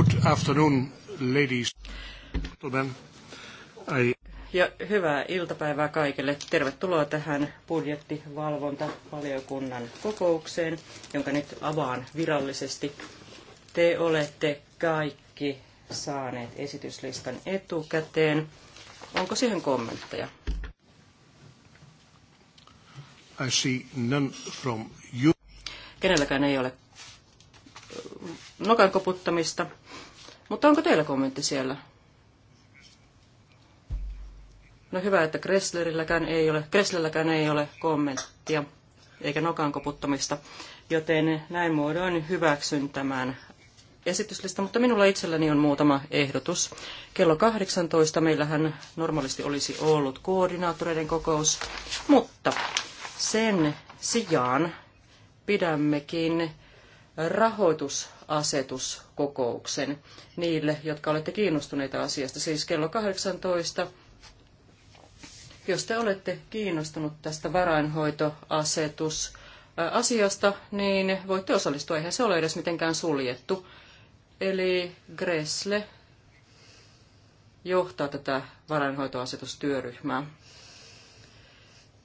Good afternoon, ladies and Ja hyvää iltapäivää kaikille. Tervetuloa tähän budjettivalvontavaliokunnan kokoukseen, jonka nyt avaan virallisesti. Te olette kaikki saaneet esityslistan etukäteen. Onko siihen kommentteja? I see none from you. Kenelläkään ei ole nokan koputtamista. Mutta onko teillä kommentti siellä? No hyvä, että Kresslerilläkään ei ole, kresslerilläkään ei ole kommenttia eikä nokan koputtamista, joten näin muodoin hyväksyn tämän esityslistan, mutta minulla itselläni on muutama ehdotus. Kello 18 meillähän normaalisti olisi ollut koordinaattoreiden kokous, mutta sen sijaan pidämmekin rahoitusasetuskokouksen niille, jotka olette kiinnostuneita asiasta, siis kello 18. Jos te olette kiinnostunut tästä varainhoitoasetusasiasta, niin voitte osallistua. Eihän se ole edes mitenkään suljettu. Eli Gressle johtaa tätä varainhoitoasetustyöryhmää.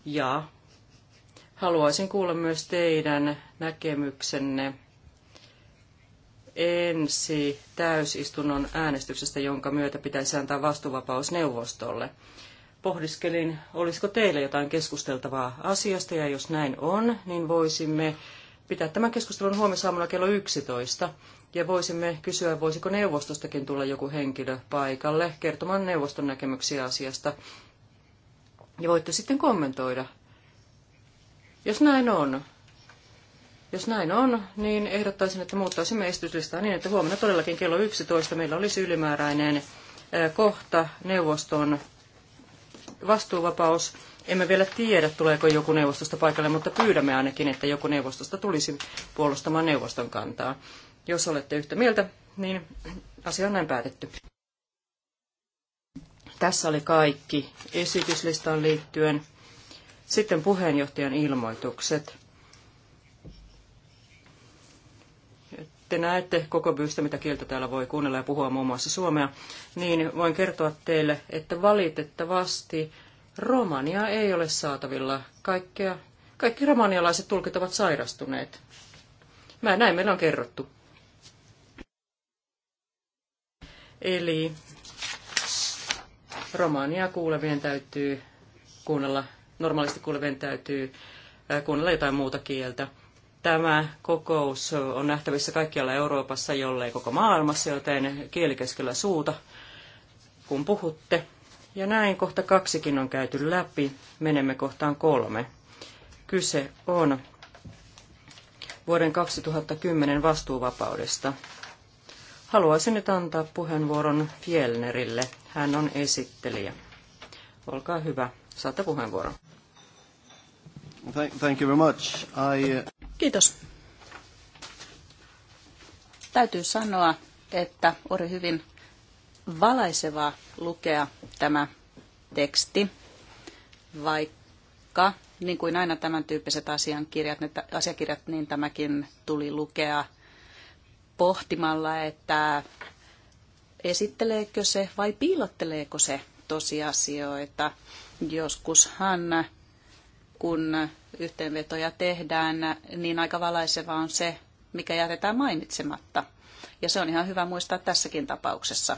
Ja haluaisin kuulla myös teidän näkemyksenne ensi täysistunnon äänestyksestä, jonka myötä pitäisi antaa vastuvapaus neuvostolle. Pohdiskelin, olisiko teillä jotain keskusteltavaa asiasta, ja jos näin on, niin voisimme pitää tämän keskustelun huomisaamuna kello 11, ja voisimme kysyä, voisiko neuvostostakin tulla joku henkilö paikalle kertomaan neuvoston näkemyksiä asiasta, ja voitte sitten kommentoida. Jos näin on, jos näin on, niin ehdottaisin, että muuttaisimme esityslistaa niin, että huomenna todellakin kello 11 meillä olisi ylimääräinen kohta neuvoston vastuuvapaus. Emme vielä tiedä, tuleeko joku neuvostosta paikalle, mutta pyydämme ainakin, että joku neuvostosta tulisi puolustamaan neuvoston kantaa. Jos olette yhtä mieltä, niin asia on näin päätetty. Tässä oli kaikki esityslistaan liittyen. Sitten puheenjohtajan ilmoitukset. te näette koko bystä, mitä kieltä täällä voi kuunnella ja puhua muun muassa suomea, niin voin kertoa teille, että valitettavasti romania ei ole saatavilla. Kaikkea, kaikki romanialaiset tulkit ovat sairastuneet. Mä näin meillä on kerrottu. Eli Romania kuulevien täytyy kuunnella, normaalisti kuulevien täytyy äh, kuunnella jotain muuta kieltä. Tämä kokous on nähtävissä kaikkialla Euroopassa, jollei koko maailmassa, joten kielikeskellä suuta, kun puhutte. Ja näin kohta kaksikin on käyty läpi. Menemme kohtaan kolme. Kyse on vuoden 2010 vastuuvapaudesta. Haluaisin nyt antaa puheenvuoron Fjellnerille. Hän on esittelijä. Olkaa hyvä. Saatte puheenvuoron. Thank you very much. I... Uh, Kiitos. Täytyy sanoa, että oli hyvin valaisevaa lukea tämä teksti, vaikka niin kuin aina tämän tyyppiset asiakirjat, ne asiakirjat, niin tämäkin tuli lukea pohtimalla, että esitteleekö se vai piilotteleeko se tosiasioita. Joskushan kun yhteenvetoja tehdään, niin aika valaiseva on se, mikä jätetään mainitsematta. Ja se on ihan hyvä muistaa tässäkin tapauksessa.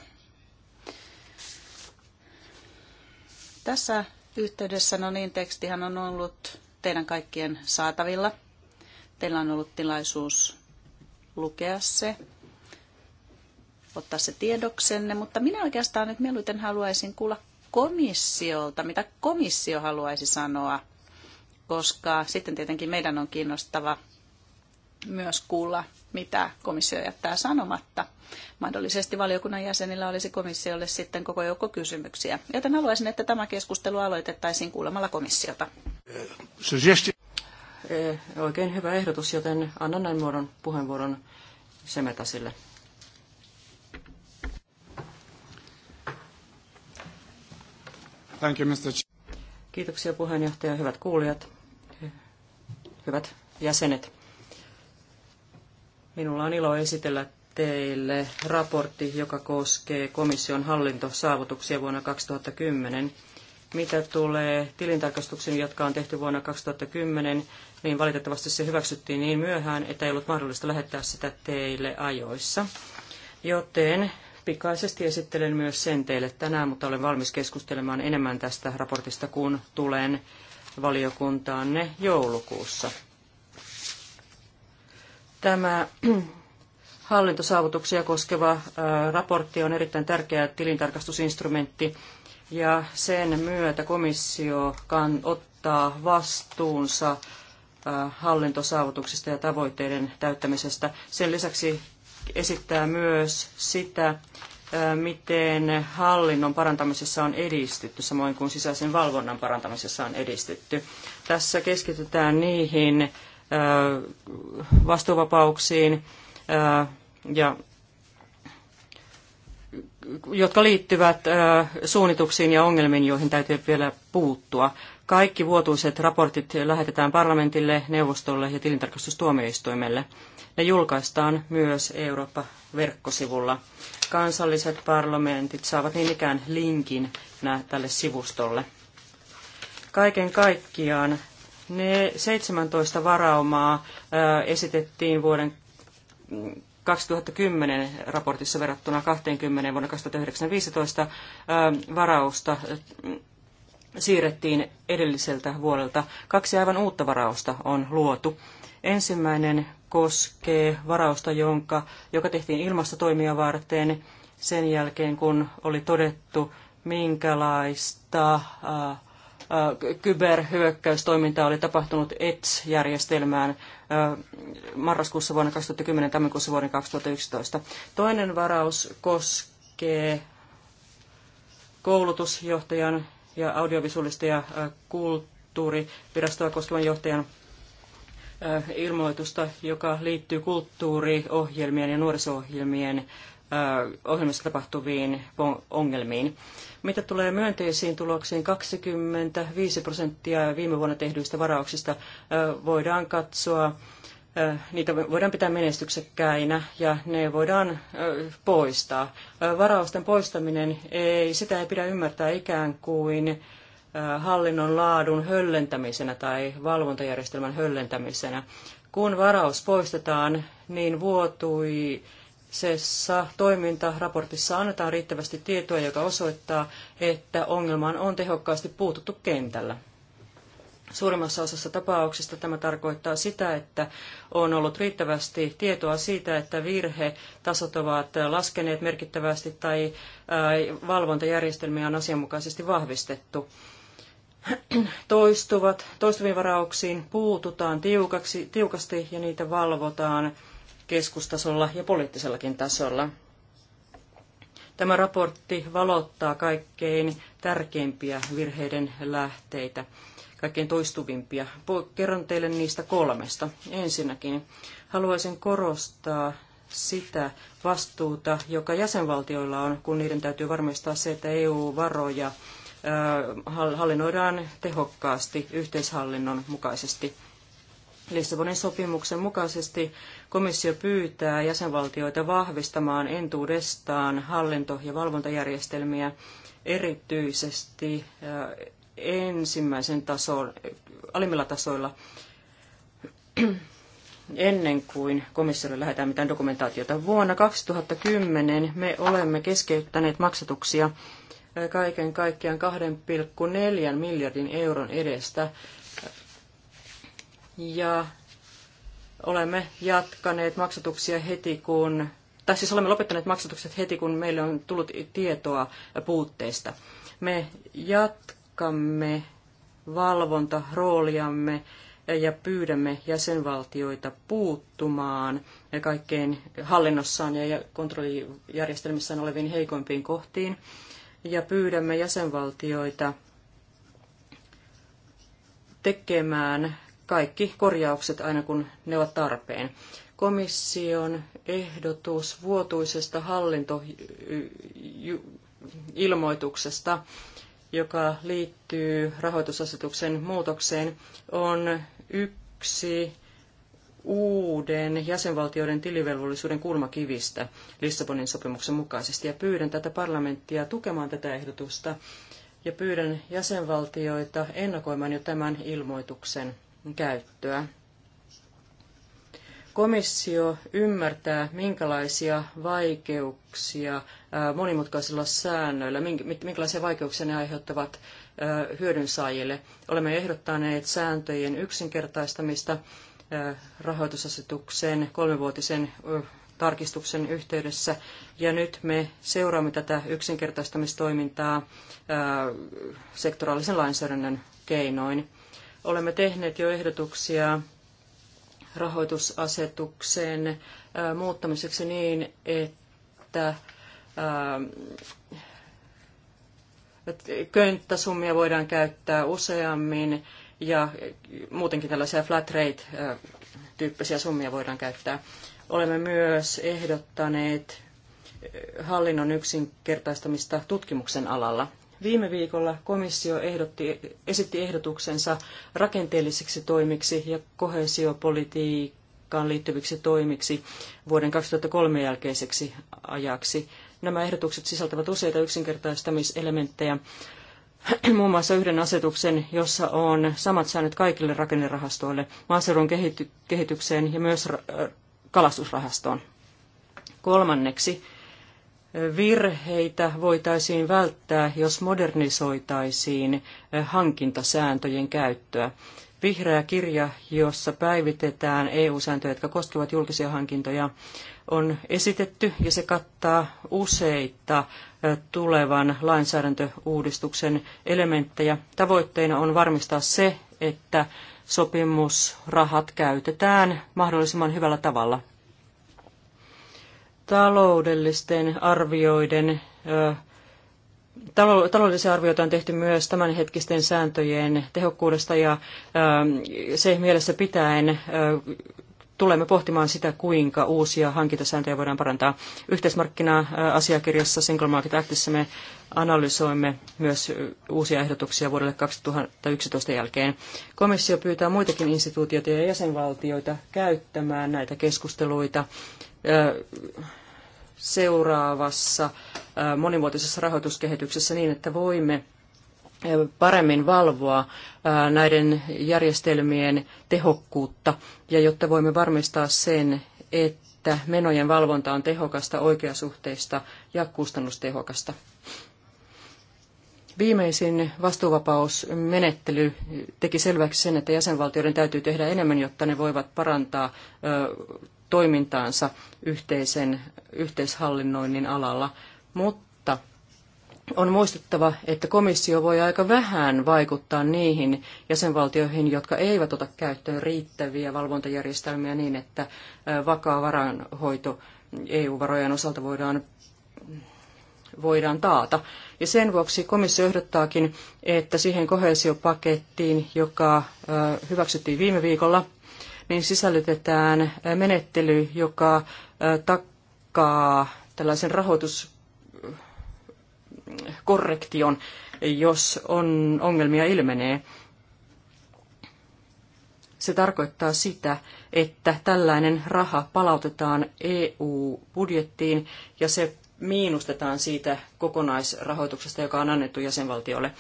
Tässä yhteydessä, no niin, tekstihän on ollut teidän kaikkien saatavilla. Teillä on ollut tilaisuus lukea se, ottaa se tiedoksenne, mutta minä oikeastaan nyt mieluiten haluaisin kuulla komissiolta, mitä komissio haluaisi sanoa – koska sitten tietenkin meidän on kiinnostava myös kuulla, mitä komissio jättää sanomatta. Mahdollisesti valiokunnan jäsenillä olisi komissiolle sitten koko joukko kysymyksiä, joten haluaisin, että tämä keskustelu aloitettaisiin kuulemalla komissiota. Eh, oikein hyvä ehdotus, joten annan näin muodon puheenvuoron Semetasille. Thank you, Mr. Kiitoksia puheenjohtaja, hyvät kuulijat hyvät jäsenet. Minulla on ilo esitellä teille raportti, joka koskee komission hallintosaavutuksia vuonna 2010. Mitä tulee tilintarkastuksiin, jotka on tehty vuonna 2010, niin valitettavasti se hyväksyttiin niin myöhään, että ei ollut mahdollista lähettää sitä teille ajoissa. Joten pikaisesti esittelen myös sen teille tänään, mutta olen valmis keskustelemaan enemmän tästä raportista, kun tulen valiokuntaanne joulukuussa. Tämä hallintosaavutuksia koskeva raportti on erittäin tärkeä tilintarkastusinstrumentti ja sen myötä komissio kan ottaa vastuunsa hallintosaavutuksista ja tavoitteiden täyttämisestä. Sen lisäksi esittää myös sitä, miten hallinnon parantamisessa on edistytty, samoin kuin sisäisen valvonnan parantamisessa on edistytty. Tässä keskitytään niihin vastuuvapauksiin, ja, jotka liittyvät suunnituksiin ja ongelmiin, joihin täytyy vielä puuttua. Kaikki vuotuiset raportit lähetetään parlamentille, neuvostolle ja tilintarkastustuomioistuimelle. Ne julkaistaan myös Eurooppa-verkkosivulla. Kansalliset parlamentit saavat niin ikään linkin tälle sivustolle. Kaiken kaikkiaan ne 17 varaumaa esitettiin vuoden 2010 raportissa verrattuna 20 vuonna 2015 varausta siirrettiin edelliseltä vuodelta. Kaksi aivan uutta varausta on luotu. Ensimmäinen koskee varausta, jonka, joka tehtiin ilmastotoimia varten sen jälkeen, kun oli todettu, minkälaista äh, äh, kyberhyökkäystoimintaa oli tapahtunut ETS-järjestelmään äh, marraskuussa vuonna 2010 tammikuussa vuonna 2011. Toinen varaus koskee koulutusjohtajan ja audiovisuaalista ja kulttuurivirastoa koskevan johtajan ilmoitusta, joka liittyy kulttuuriohjelmien ja nuoriso-ohjelmien ohjelmissa tapahtuviin ongelmiin. Mitä tulee myönteisiin tuloksiin, 25 prosenttia viime vuonna tehdyistä varauksista voidaan katsoa, niitä voidaan pitää menestyksekkäinä ja ne voidaan poistaa. Varausten poistaminen, ei, sitä ei pidä ymmärtää ikään kuin hallinnon laadun höllentämisenä tai valvontajärjestelmän höllentämisenä. Kun varaus poistetaan, niin vuotuisessa toimintaraportissa annetaan riittävästi tietoa, joka osoittaa, että ongelmaan on tehokkaasti puututtu kentällä. Suurimmassa osassa tapauksista tämä tarkoittaa sitä, että on ollut riittävästi tietoa siitä, että virhetasot ovat laskeneet merkittävästi tai valvontajärjestelmiä on asianmukaisesti vahvistettu toistuvat, toistuviin varauksiin puututaan tiukaksi, tiukasti ja niitä valvotaan keskustasolla ja poliittisellakin tasolla. Tämä raportti valottaa kaikkein tärkeimpiä virheiden lähteitä, kaikkein toistuvimpia. Kerron teille niistä kolmesta. Ensinnäkin haluaisin korostaa sitä vastuuta, joka jäsenvaltioilla on, kun niiden täytyy varmistaa se, että EU-varoja hallinnoidaan tehokkaasti yhteishallinnon mukaisesti. Lissabonin sopimuksen mukaisesti komissio pyytää jäsenvaltioita vahvistamaan entuudestaan hallinto- ja valvontajärjestelmiä erityisesti ensimmäisen tason, alimmilla tasoilla ennen kuin komissiolle lähdetään mitään dokumentaatiota. Vuonna 2010 me olemme keskeyttäneet maksatuksia kaiken kaikkiaan 2,4 miljardin euron edestä. Ja olemme jatkaneet maksatuksia heti kun, tai siis olemme lopettaneet maksatukset heti kun meille on tullut tietoa puutteista. Me jatkamme valvontarooliamme ja pyydämme jäsenvaltioita puuttumaan kaikkein hallinnossaan ja kontrollijärjestelmissään oleviin heikoimpiin kohtiin ja pyydämme jäsenvaltioita tekemään kaikki korjaukset aina kun ne ovat tarpeen. Komission ehdotus vuotuisesta hallintoilmoituksesta, joka liittyy rahoitusasetuksen muutokseen, on yksi uuden jäsenvaltioiden tilivelvollisuuden kulmakivistä Lissabonin sopimuksen mukaisesti. Ja pyydän tätä parlamenttia tukemaan tätä ehdotusta ja pyydän jäsenvaltioita ennakoimaan jo tämän ilmoituksen käyttöä. Komissio ymmärtää, minkälaisia vaikeuksia monimutkaisilla säännöillä, minkälaisia vaikeuksia ne aiheuttavat hyödynsaajille. Olemme ehdottaneet sääntöjen yksinkertaistamista rahoitusasetuksen kolmivuotisen tarkistuksen yhteydessä. Ja nyt me seuraamme tätä yksinkertaistamistoimintaa sektoraalisen lainsäädännön keinoin. Olemme tehneet jo ehdotuksia rahoitusasetuksen muuttamiseksi niin, että könttäsummia voidaan käyttää useammin ja muutenkin tällaisia flat rate-tyyppisiä summia voidaan käyttää. Olemme myös ehdottaneet hallinnon yksinkertaistamista tutkimuksen alalla. Viime viikolla komissio ehdotti, esitti ehdotuksensa rakenteellisiksi toimiksi ja kohesiopolitiikkaan liittyviksi toimiksi vuoden 2003 jälkeiseksi ajaksi. Nämä ehdotukset sisältävät useita yksinkertaistamiselementtejä. muun muassa yhden asetuksen, jossa on samat säännöt kaikille rakennerahastoille, maaseudun kehity- kehitykseen ja myös kalastusrahastoon. Kolmanneksi, virheitä voitaisiin välttää, jos modernisoitaisiin eh, hankintasääntöjen käyttöä vihreä kirja, jossa päivitetään EU-sääntöjä, jotka koskevat julkisia hankintoja, on esitetty ja se kattaa useita tulevan lainsäädäntöuudistuksen elementtejä. Tavoitteena on varmistaa se, että sopimusrahat käytetään mahdollisimman hyvällä tavalla. Taloudellisten arvioiden Taloudellisia arvioita on tehty myös tämänhetkisten sääntöjen tehokkuudesta ja ähm, se mielessä pitäen äh, tulemme pohtimaan sitä, kuinka uusia hankintasääntöjä voidaan parantaa. Yhteismarkkina-asiakirjassa Single Market Actissa me analysoimme myös uusia ehdotuksia vuodelle 2011 jälkeen. Komissio pyytää muitakin instituutioita ja jäsenvaltioita käyttämään näitä keskusteluita äh, seuraavassa monivuotisessa rahoituskehityksessä niin, että voimme paremmin valvoa näiden järjestelmien tehokkuutta ja jotta voimme varmistaa sen, että menojen valvonta on tehokasta, oikeasuhteista ja kustannustehokasta. Viimeisin vastuuvapausmenettely teki selväksi sen, että jäsenvaltioiden täytyy tehdä enemmän, jotta ne voivat parantaa toimintaansa yhteisen, yhteishallinnoinnin alalla, mutta on muistettava, että komissio voi aika vähän vaikuttaa niihin jäsenvaltioihin, jotka eivät ota käyttöön riittäviä valvontajärjestelmiä niin, että vakaa varanhoito EU-varojen osalta voidaan, voidaan taata. Ja sen vuoksi komissio ehdottaakin, että siihen kohesiopakettiin, joka hyväksyttiin viime viikolla, niin sisällytetään menettely, joka takaa tällaisen rahoituskorrektion, jos on ongelmia ilmenee. Se tarkoittaa sitä, että tällainen raha palautetaan EU-budjettiin ja se miinustetaan siitä kokonaisrahoituksesta, joka on annettu jäsenvaltiolle.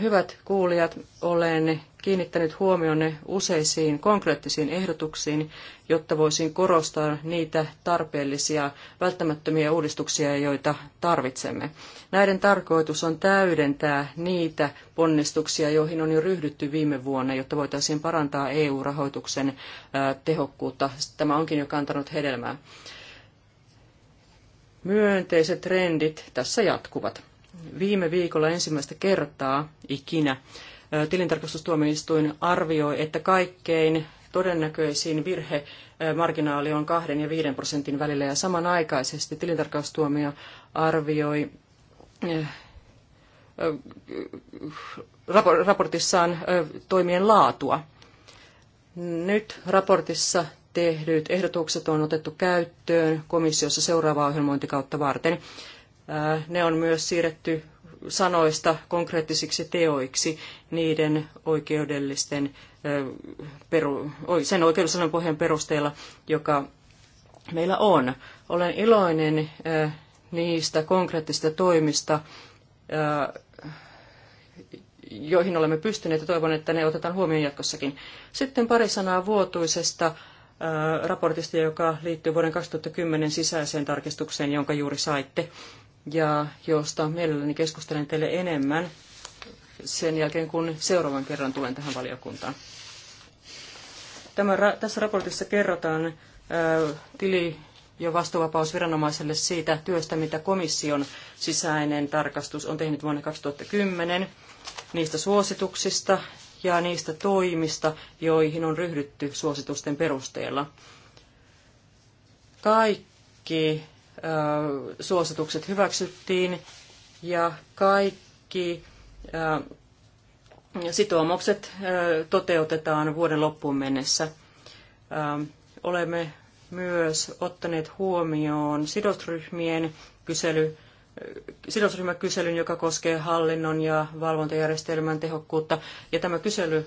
Hyvät kuulijat, olen kiinnittänyt huomionne useisiin konkreettisiin ehdotuksiin, jotta voisin korostaa niitä tarpeellisia, välttämättömiä uudistuksia, joita tarvitsemme. Näiden tarkoitus on täydentää niitä ponnistuksia, joihin on jo ryhdytty viime vuonna, jotta voitaisiin parantaa EU-rahoituksen tehokkuutta. Tämä onkin jo kantanut hedelmää. Myönteiset trendit tässä jatkuvat viime viikolla ensimmäistä kertaa ikinä tilintarkastustuomioistuin arvioi, että kaikkein todennäköisin virhe marginaali on 2 ja 5 prosentin välillä ja samanaikaisesti tilintarkastustuomio arvioi raportissaan toimien laatua. Nyt raportissa tehdyt ehdotukset on otettu käyttöön komissiossa seuraavaa ohjelmointikautta varten. Äh, ne on myös siirretty sanoista konkreettisiksi teoiksi niiden oikeudellisten, äh, peru, sen oikeudellisen pohjan perusteella, joka meillä on. Olen iloinen äh, niistä konkreettisista toimista, joihin olemme pystyneet ja toivon, että ne otetaan huomioon jatkossakin. Sitten pari sanaa vuotuisesta raportista, joka liittyy vuoden 2010 sisäiseen tarkistukseen, jonka juuri saitte ja josta mielelläni keskustelen teille enemmän sen jälkeen, kun seuraavan kerran tulen tähän valiokuntaan. Tämä, tässä raportissa kerrotaan ää, tili- ja vastuuvapausviranomaiselle siitä työstä, mitä komission sisäinen tarkastus on tehnyt vuonna 2010, niistä suosituksista ja niistä toimista, joihin on ryhdytty suositusten perusteella. Kaikki suositukset hyväksyttiin ja kaikki sitoumukset toteutetaan vuoden loppuun mennessä. Olemme myös ottaneet huomioon sidosryhmien kysely, sidosryhmäkyselyn, joka koskee hallinnon ja valvontajärjestelmän tehokkuutta. Ja tämä kysely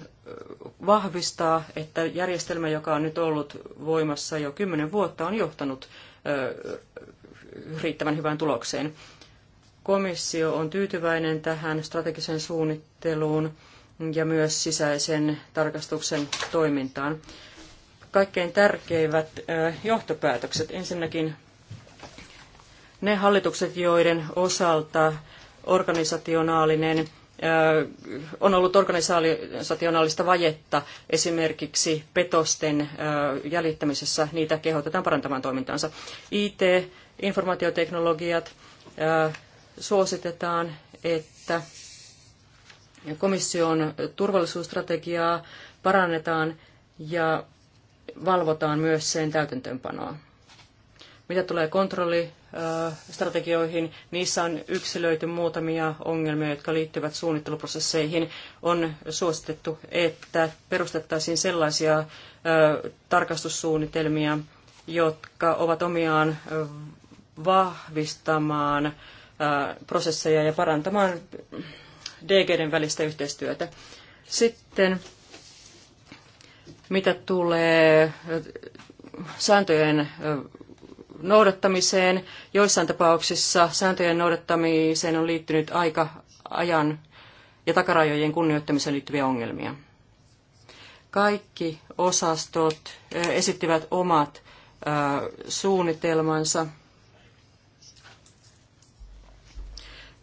vahvistaa, että järjestelmä, joka on nyt ollut voimassa jo kymmenen vuotta, on johtanut riittävän hyvään tulokseen. Komissio on tyytyväinen tähän strategiseen suunnitteluun ja myös sisäisen tarkastuksen toimintaan. Kaikkein tärkeimmät johtopäätökset. Ensinnäkin ne hallitukset, joiden osalta organisationaalinen on ollut organisaationaalista vajetta esimerkiksi petosten jäljittämisessä. Niitä kehotetaan parantamaan toimintaansa. IT, informaatioteknologiat, suositetaan, että komission turvallisuusstrategiaa parannetaan ja valvotaan myös sen täytäntöönpanoa. Mitä tulee kontrollistrategioihin, niissä on yksilöity muutamia ongelmia, jotka liittyvät suunnitteluprosesseihin. On suositettu, että perustettaisiin sellaisia tarkastussuunnitelmia, jotka ovat omiaan vahvistamaan prosesseja ja parantamaan DGden välistä yhteistyötä. Sitten mitä tulee sääntöjen noudattamiseen. Joissain tapauksissa sääntöjen noudattamiseen on liittynyt aika ajan ja takarajojen kunnioittamiseen liittyviä ongelmia. Kaikki osastot esittivät omat suunnitelmansa.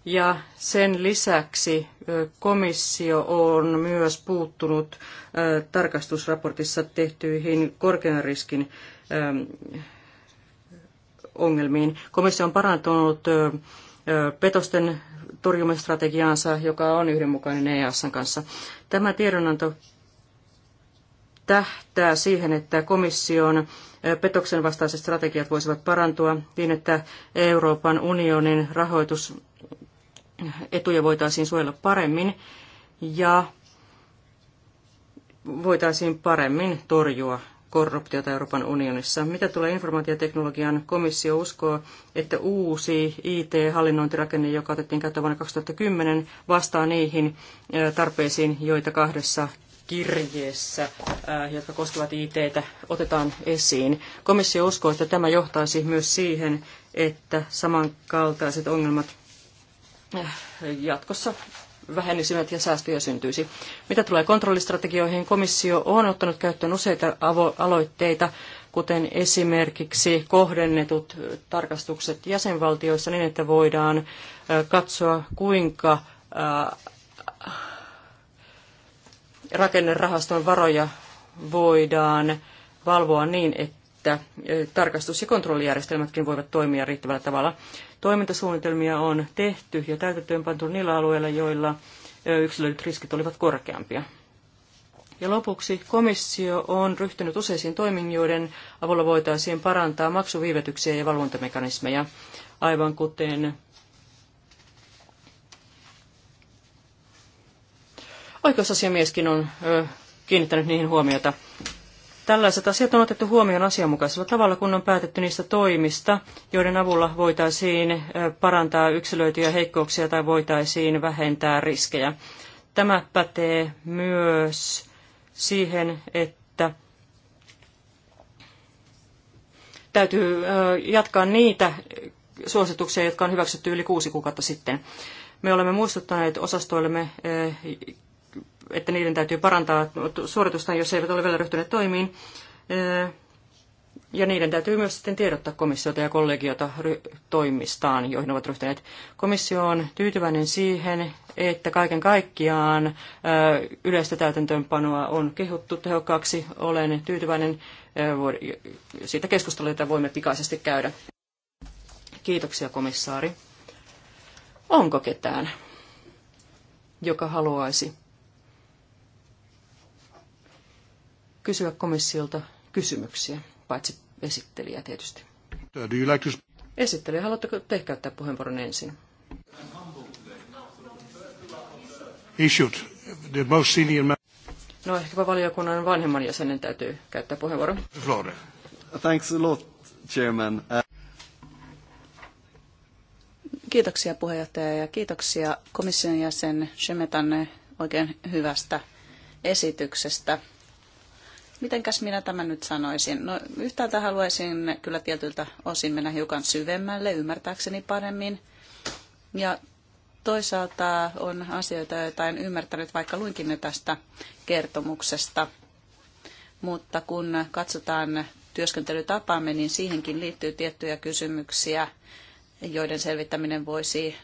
Ja sen lisäksi komissio on myös puuttunut tarkastusraportissa tehtyihin korkean riskin ongelmiin. Komissio on parantunut petosten torjumistrategiaansa, joka on yhdenmukainen EASan kanssa. Tämä tiedonanto tähtää siihen, että komission petoksen vastaiset strategiat voisivat parantua niin, että Euroopan unionin rahoitusetuja voitaisiin suojella paremmin ja voitaisiin paremmin torjua korruptiota Euroopan unionissa. Mitä tulee informaatioteknologian, komissio uskoo, että uusi IT-hallinnointirakenne, joka otettiin käyttöön vuonna 2010, vastaa niihin tarpeisiin, joita kahdessa kirjeessä, jotka koskevat it otetaan esiin. Komissio uskoo, että tämä johtaisi myös siihen, että samankaltaiset ongelmat jatkossa vähenisivät ja säästöjä syntyisi. Mitä tulee kontrollistrategioihin, komissio on ottanut käyttöön useita aloitteita, kuten esimerkiksi kohdennetut tarkastukset jäsenvaltioissa niin, että voidaan katsoa, kuinka rakennerahaston varoja voidaan valvoa niin, että että tarkastus- ja kontrollijärjestelmätkin voivat toimia riittävällä tavalla. Toimintasuunnitelmia on tehty ja täytäntöönpantu niillä alueilla, joilla yksilölliset riskit olivat korkeampia. Ja lopuksi komissio on ryhtynyt useisiin toimiin, joiden avulla voitaisiin parantaa maksuviivetyksiä ja valvontamekanismeja, aivan kuten oikeusasiamieskin on kiinnittänyt niihin huomiota. Tällaiset asiat on otettu huomioon asianmukaisella tavalla, kun on päätetty niistä toimista, joiden avulla voitaisiin parantaa yksilöityjä heikkouksia tai voitaisiin vähentää riskejä. Tämä pätee myös siihen, että täytyy jatkaa niitä suosituksia, jotka on hyväksytty yli kuusi kuukautta sitten. Me olemme muistuttaneet osastoillemme että niiden täytyy parantaa suoritusta, jos eivät ole vielä ryhtyneet toimiin. Ja niiden täytyy myös sitten tiedottaa komissiota ja kollegiota toimistaan, joihin ovat ryhtyneet. Komissio on tyytyväinen siihen, että kaiken kaikkiaan yleistä täytäntöönpanoa on kehuttu tehokkaaksi. Olen tyytyväinen siitä keskustelua, jota voimme pikaisesti käydä. Kiitoksia komissaari. Onko ketään, joka haluaisi kysyä komissiolta kysymyksiä, paitsi esittelijä tietysti. Esittelijä, haluatteko te käyttää puheenvuoron ensin? The most senior man. No ehkäpä valiokunnan vanhemman jäsenen täytyy käyttää puheenvuoron. Thanks a lot, Chairman. Uh, kiitoksia puheenjohtaja ja kiitoksia komission jäsen Shemetan oikein hyvästä esityksestä mitenkäs minä tämän nyt sanoisin? No yhtäältä haluaisin kyllä tietyltä osin mennä hiukan syvemmälle, ymmärtääkseni paremmin. Ja toisaalta on asioita, joita en ymmärtänyt, vaikka luinkin ne tästä kertomuksesta. Mutta kun katsotaan työskentelytapaamme, niin siihenkin liittyy tiettyjä kysymyksiä, joiden selvittäminen voisi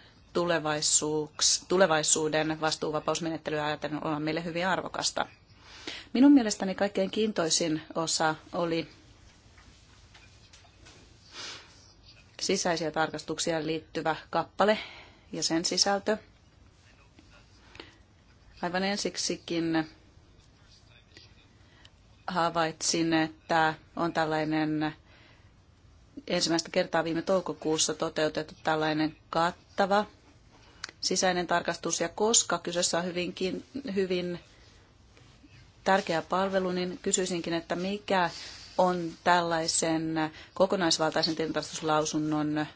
tulevaisuuden vastuuvapausmenettelyä ajatellen olla meille hyvin arvokasta. Minun mielestäni kaikkein kiintoisin osa oli sisäisiä tarkastuksia liittyvä kappale ja sen sisältö. Aivan ensiksikin havaitsin, että on tällainen ensimmäistä kertaa viime toukokuussa toteutettu tällainen kattava sisäinen tarkastus, ja koska kyseessä on hyvinkin, hyvin tärkeä palvelu, niin kysyisinkin, että mikä on tällaisen kokonaisvaltaisen tilintarkastuslausunnon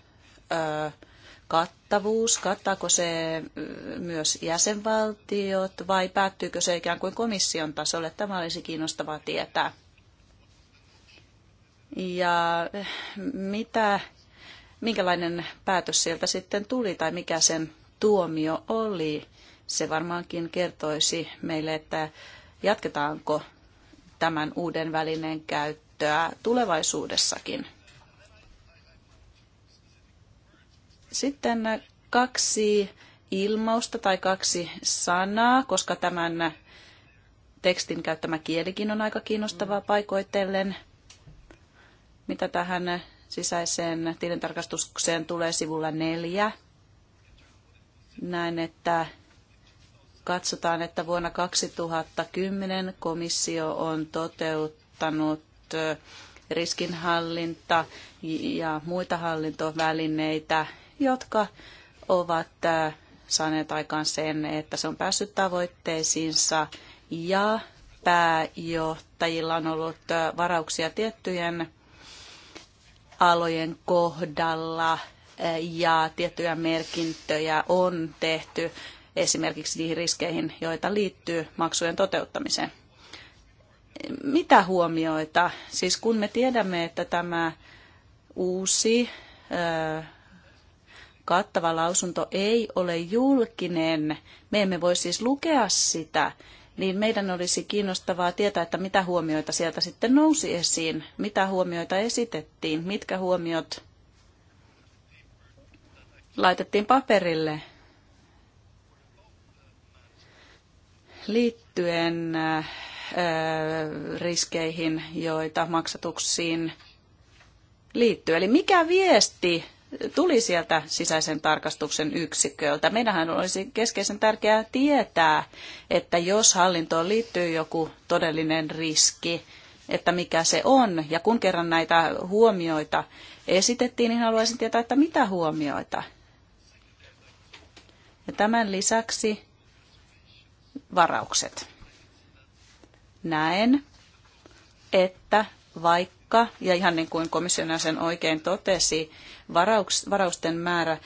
kattavuus? Kattaako se myös jäsenvaltiot vai päättyykö se ikään kuin komission tasolle? Tämä olisi kiinnostavaa tietää. Ja mitä, minkälainen päätös sieltä sitten tuli tai mikä sen tuomio oli? Se varmaankin kertoisi meille, että jatketaanko tämän uuden välineen käyttöä tulevaisuudessakin. Sitten kaksi ilmausta tai kaksi sanaa, koska tämän tekstin käyttämä kielikin on aika kiinnostavaa paikoitellen. Mitä tähän sisäiseen tilintarkastukseen tulee sivulla neljä? Näen, että katsotaan, että vuonna 2010 komissio on toteuttanut riskinhallinta ja muita hallintovälineitä, jotka ovat saaneet aikaan sen, että se on päässyt tavoitteisiinsa ja pääjohtajilla on ollut varauksia tiettyjen alojen kohdalla ja tiettyjä merkintöjä on tehty esimerkiksi niihin riskeihin, joita liittyy maksujen toteuttamiseen. Mitä huomioita? Siis kun me tiedämme, että tämä uusi kattava lausunto ei ole julkinen, me emme voi siis lukea sitä, niin meidän olisi kiinnostavaa tietää, että mitä huomioita sieltä sitten nousi esiin, mitä huomioita esitettiin, mitkä huomiot laitettiin paperille liittyen äh, äh, riskeihin, joita maksatuksiin liittyy. Eli mikä viesti tuli sieltä sisäisen tarkastuksen yksiköltä. Meidän olisi keskeisen tärkeää tietää, että jos hallintoon liittyy joku todellinen riski, että mikä se on. Ja kun kerran näitä huomioita esitettiin, niin haluaisin tietää, että mitä huomioita. Ja tämän lisäksi varaukset. Näen, että vaikka, ja ihan niin kuin komission sen oikein totesi, varauks, varausten määrä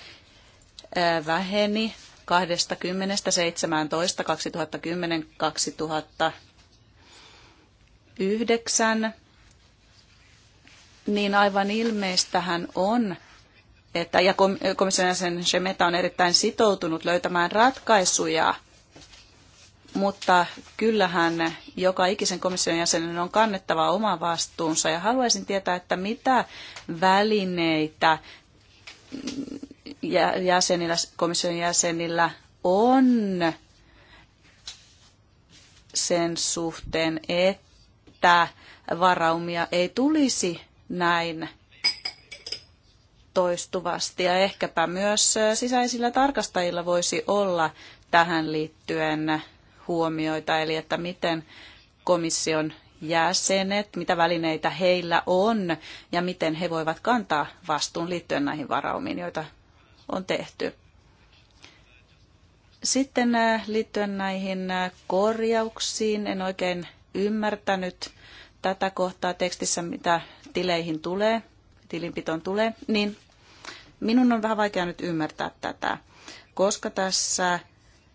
ää, väheni 20 17 2010 2009, niin aivan ilmeistähän on, että ja komission jäsen Shemeta on erittäin sitoutunut löytämään ratkaisuja – mutta kyllähän joka ikisen komission jäsenen on kannettava oma vastuunsa ja haluaisin tietää, että mitä välineitä jäsenillä, komission jäsenillä on sen suhteen, että varaumia ei tulisi näin toistuvasti ja ehkäpä myös sisäisillä tarkastajilla voisi olla tähän liittyen huomioita, eli että miten komission jäsenet, mitä välineitä heillä on ja miten he voivat kantaa vastuun liittyen näihin varaumiin, joita on tehty. Sitten äh, liittyen näihin äh, korjauksiin, en oikein ymmärtänyt tätä kohtaa tekstissä, mitä tileihin tulee, tilinpitoon tulee, niin minun on vähän vaikea nyt ymmärtää tätä, koska tässä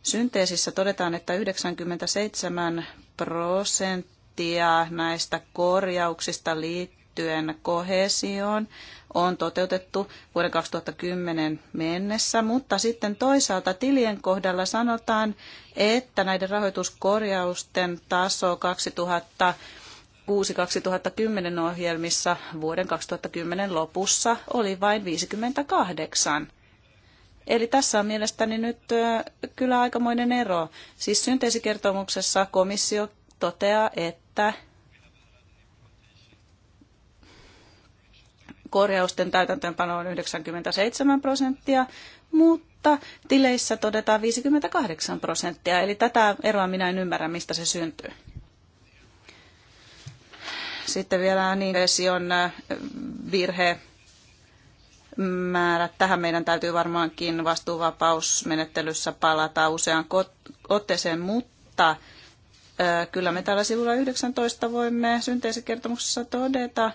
Synteesissä todetaan, että 97 prosenttia näistä korjauksista liittyen kohesioon on toteutettu vuoden 2010 mennessä, mutta sitten toisaalta tilien kohdalla sanotaan, että näiden rahoituskorjausten taso 2000 2010 ohjelmissa vuoden 2010 lopussa oli vain 58 Eli tässä on mielestäni nyt kyllä aikamoinen ero. Siis synteesikertomuksessa komissio toteaa, että korjausten täytäntöönpano on 97 prosenttia, mutta tileissä todetaan 58 prosenttia. Eli tätä eroa minä en ymmärrä, mistä se syntyy. Sitten vielä niin on virhe määrät. Tähän meidän täytyy varmaankin vastuuvapausmenettelyssä palata useaan otteeseen, mutta kyllä me täällä sivulla 19 voimme synteesikertomuksessa todeta,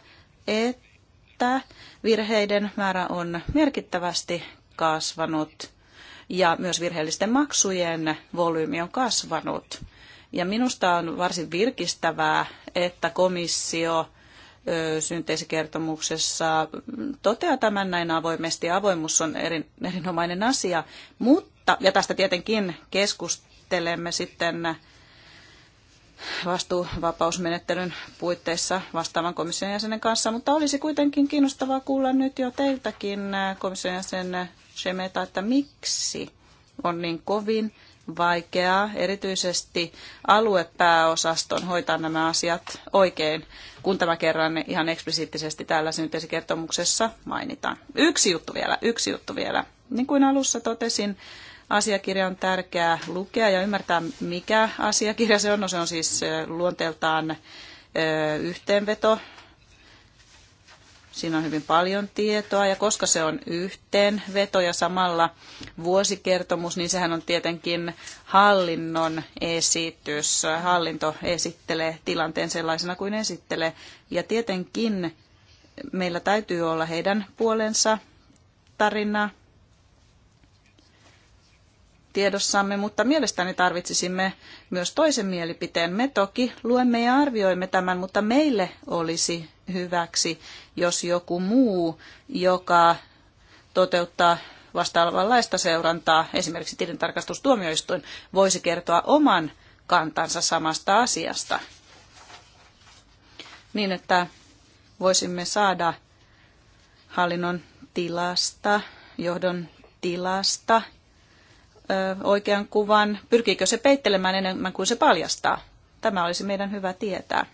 että virheiden määrä on merkittävästi kasvanut ja myös virheellisten maksujen volyymi on kasvanut. Ja minusta on varsin virkistävää, että komissio synteesikertomuksessa toteaa tämän näin avoimesti. Avoimuus on erin, erinomainen asia, mutta, ja tästä tietenkin keskustelemme sitten vastuuvapausmenettelyn puitteissa vastaavan komission jäsenen kanssa, mutta olisi kuitenkin kiinnostavaa kuulla nyt jo teiltäkin komission jäsen Shemeta, että miksi on niin kovin vaikeaa, erityisesti aluepääosaston hoitaa nämä asiat oikein, kun tämä kerran ihan eksplisiittisesti täällä synteesikertomuksessa mainitaan. Yksi juttu vielä, yksi juttu vielä. Niin kuin alussa totesin, asiakirja on tärkeää lukea ja ymmärtää, mikä asiakirja se on. No se on siis eh, luonteeltaan eh, yhteenveto Siinä on hyvin paljon tietoa ja koska se on yhteenveto ja samalla vuosikertomus, niin sehän on tietenkin hallinnon esitys. Hallinto esittelee tilanteen sellaisena kuin esittelee ja tietenkin meillä täytyy olla heidän puolensa tarina tiedossamme, mutta mielestäni tarvitsisimme myös toisen mielipiteen. Me toki luemme ja arvioimme tämän, mutta meille olisi hyväksi, jos joku muu, joka toteuttaa vastaavanlaista seurantaa, esimerkiksi tilintarkastustuomioistuin, voisi kertoa oman kantansa samasta asiasta. Niin, että voisimme saada hallinnon tilasta, johdon tilasta oikean kuvan? Pyrkiikö se peittelemään enemmän kuin se paljastaa? Tämä olisi meidän hyvä tietää.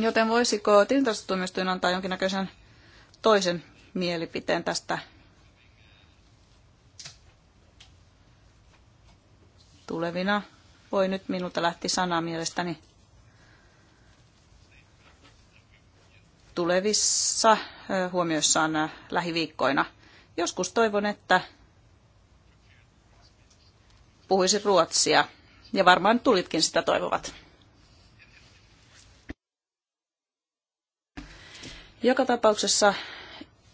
Joten voisiko tilintarkastustuomioistuin antaa jonkinnäköisen toisen mielipiteen tästä tulevina? Voi nyt minulta lähti sana mielestäni. Tulevissa huomioissaan lähiviikkoina – Joskus toivon, että puhuisi ruotsia, ja varmaan tulitkin sitä toivovat. Joka tapauksessa,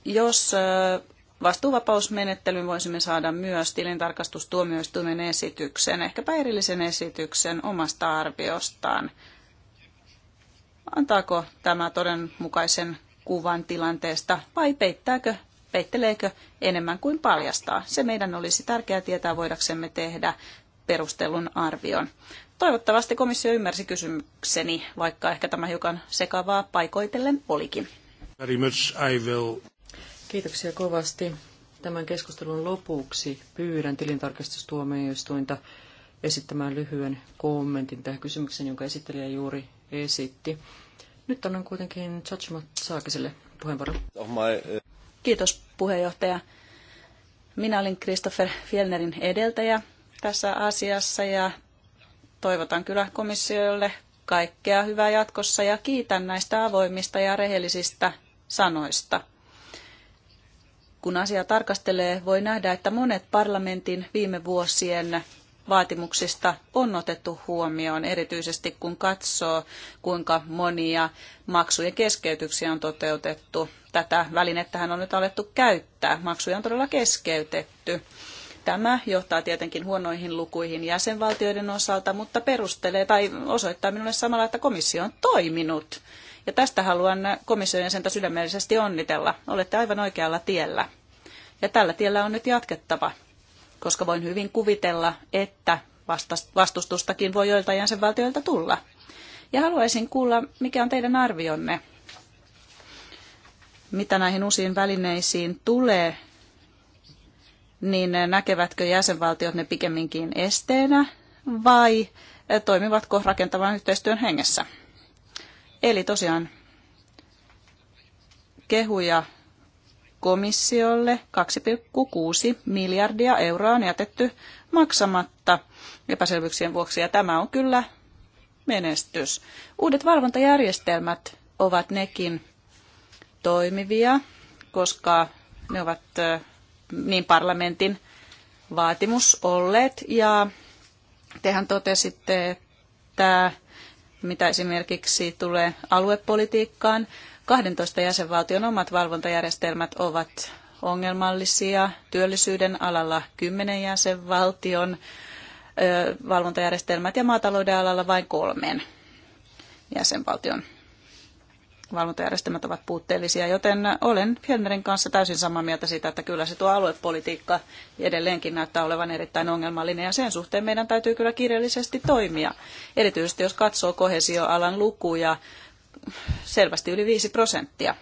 jos vastuuvapausmenettelyn voisimme saada myös tilintarkastustuomioistuimen esityksen, ehkäpä erillisen esityksen omasta arviostaan. Antaako tämä todenmukaisen kuvan tilanteesta vai peittääkö peitteleekö enemmän kuin paljastaa. Se meidän olisi tärkeää tietää voidaksemme tehdä perustelun arvion. Toivottavasti komissio ymmärsi kysymykseni, vaikka ehkä tämä hiukan sekavaa paikoitellen olikin. Very much I will. Kiitoksia kovasti. Tämän keskustelun lopuksi pyydän tilintarkastustuomioistuinta esittämään lyhyen kommentin tähän kysymykseen, jonka esittelijä juuri esitti. Nyt annan kuitenkin Chachimat Saakiselle puheenvuoron. Kiitos puheenjohtaja. Minä olin Christopher Fjellnerin edeltäjä tässä asiassa ja toivotan kyllä komissiolle kaikkea hyvää jatkossa ja kiitän näistä avoimista ja rehellisistä sanoista. Kun asiaa tarkastelee, voi nähdä, että monet parlamentin viime vuosien vaatimuksista on otettu huomioon, erityisesti kun katsoo, kuinka monia maksujen keskeytyksiä on toteutettu. Tätä välinettähän on nyt alettu käyttää. Maksuja on todella keskeytetty. Tämä johtaa tietenkin huonoihin lukuihin jäsenvaltioiden osalta, mutta perustelee tai osoittaa minulle samalla, että komissio on toiminut. Ja tästä haluan komission jäsentä sydämellisesti onnitella. Olette aivan oikealla tiellä. Ja tällä tiellä on nyt jatkettava koska voin hyvin kuvitella, että vastustustakin voi joilta jäsenvaltioilta tulla. Ja haluaisin kuulla, mikä on teidän arvionne, mitä näihin uusiin välineisiin tulee, niin näkevätkö jäsenvaltiot ne pikemminkin esteenä vai toimivatko rakentavan yhteistyön hengessä? Eli tosiaan kehuja komissiolle 2,6 miljardia euroa on jätetty maksamatta epäselvyyksien vuoksi, ja tämä on kyllä menestys. Uudet valvontajärjestelmät ovat nekin toimivia, koska ne ovat niin parlamentin vaatimus olleet, ja tehän totesitte, että mitä esimerkiksi tulee aluepolitiikkaan, 12 jäsenvaltion omat valvontajärjestelmät ovat ongelmallisia. Työllisyyden alalla 10 jäsenvaltion valvontajärjestelmät ja maatalouden alalla vain kolmen jäsenvaltion valvontajärjestelmät ovat puutteellisia, joten olen Fjellnerin kanssa täysin samaa mieltä siitä, että kyllä se tuo aluepolitiikka edelleenkin näyttää olevan erittäin ongelmallinen ja sen suhteen meidän täytyy kyllä kirjallisesti toimia. Erityisesti jos katsoo kohesioalan lukuja, selvästi yli 5 prosenttia.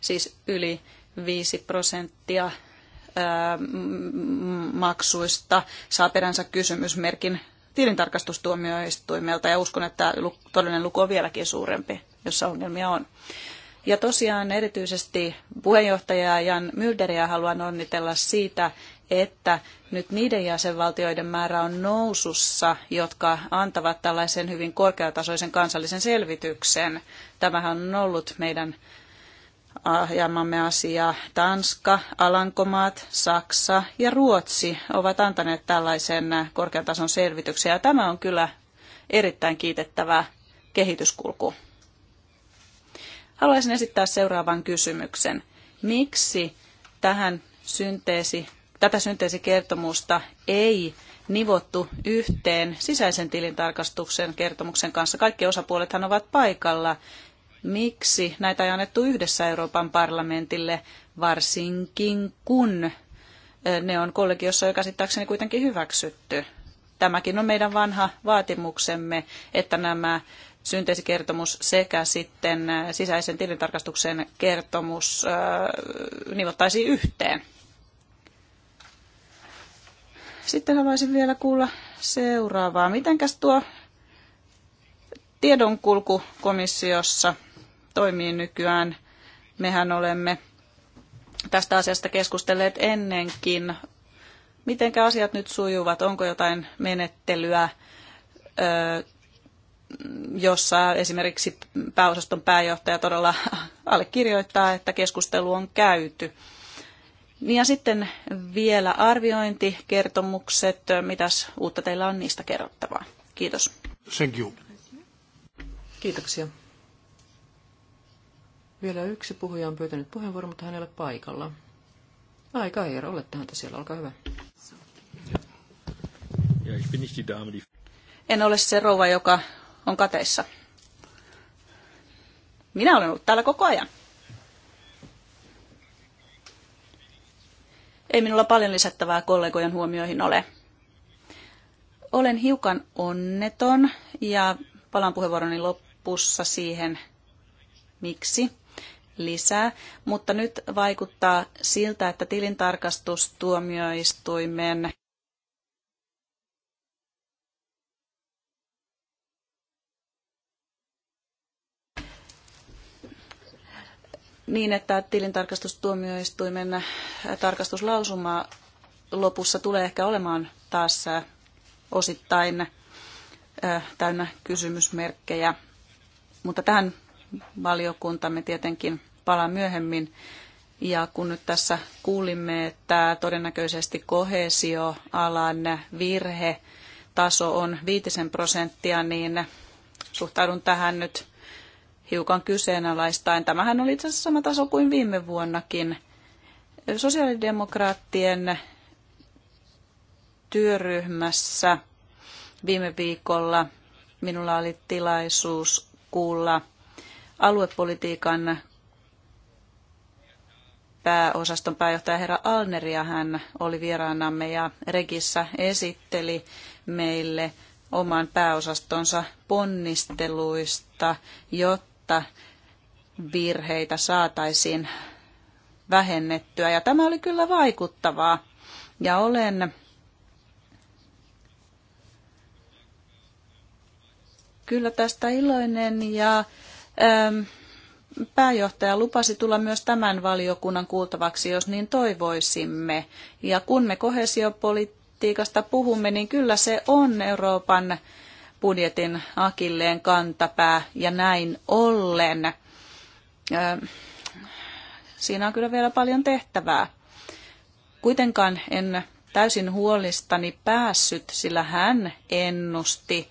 Siis yli 5 prosenttia maksuista saa peränsä kysymysmerkin tilintarkastustuomioistuimelta ja uskon, että todellinen luku on vieläkin suurempi, jossa ongelmia on. Ja tosiaan erityisesti puheenjohtaja Jan Mylderiä haluan onnitella siitä, että nyt niiden jäsenvaltioiden määrä on nousussa, jotka antavat tällaisen hyvin korkeatasoisen kansallisen selvityksen. Tämähän on ollut meidän ajamamme asia. Tanska, Alankomaat, Saksa ja Ruotsi ovat antaneet tällaisen korkeatason selvityksen. Ja tämä on kyllä erittäin kiitettävä kehityskulku. Haluaisin esittää seuraavan kysymyksen. Miksi tähän synteesi tätä synteesikertomusta ei nivottu yhteen sisäisen tilintarkastuksen kertomuksen kanssa. Kaikki osapuolethan ovat paikalla. Miksi näitä ei annettu yhdessä Euroopan parlamentille, varsinkin kun ne on kollegiossa jo käsittääkseni kuitenkin hyväksytty? Tämäkin on meidän vanha vaatimuksemme, että nämä synteesikertomus sekä sitten sisäisen tilintarkastuksen kertomus nivottaisiin yhteen. Sitten haluaisin vielä kuulla seuraavaa. Mitenkäs tuo tiedonkulku komissiossa toimii nykyään? Mehän olemme tästä asiasta keskustelleet ennenkin. Mitenkä asiat nyt sujuvat? Onko jotain menettelyä, jossa esimerkiksi pääosaston pääjohtaja todella allekirjoittaa, että keskustelu on käyty? Ja sitten vielä arviointikertomukset. Mitäs uutta teillä on niistä kerrottavaa? Kiitos. Thank you. Kiitoksia. Vielä yksi puhuja on pyytänyt puheenvuoron, mutta hän ei ole paikalla. Aika ei olettehan tähän siellä, olkaa hyvä. En ole se rouva, joka on kateissa. Minä olen ollut täällä koko ajan. Ei minulla paljon lisättävää kollegojen huomioihin ole. Olen hiukan onneton ja palaan puheenvuoroni lopussa siihen, miksi lisää, mutta nyt vaikuttaa siltä, että tilintarkastustuomioistuimen niin, että tilintarkastustuomioistuimen tarkastuslausuma lopussa tulee ehkä olemaan taas äh, osittain äh, täynnä kysymysmerkkejä. Mutta tähän valiokuntamme tietenkin palaa myöhemmin. Ja kun nyt tässä kuulimme, että todennäköisesti kohesioalan virhe taso on viitisen prosenttia, niin suhtaudun tähän nyt hiukan kyseenalaistaen. Tämähän oli itse asiassa sama taso kuin viime vuonnakin. Sosiaalidemokraattien työryhmässä viime viikolla minulla oli tilaisuus kuulla aluepolitiikan pääosaston pääjohtaja herra Alneria. Hän oli vieraanamme ja Regissä esitteli meille oman pääosastonsa ponnisteluista, jotta että virheitä saataisiin vähennettyä. Ja tämä oli kyllä vaikuttavaa. Ja olen kyllä tästä iloinen ja ähm, pääjohtaja lupasi tulla myös tämän valiokunnan kuultavaksi, jos niin toivoisimme. Ja kun me kohesiopolitiikasta puhumme, niin kyllä se on Euroopan budjetin akilleen kantapää ja näin ollen. Siinä on kyllä vielä paljon tehtävää. Kuitenkaan en täysin huolistani päässyt, sillä hän ennusti,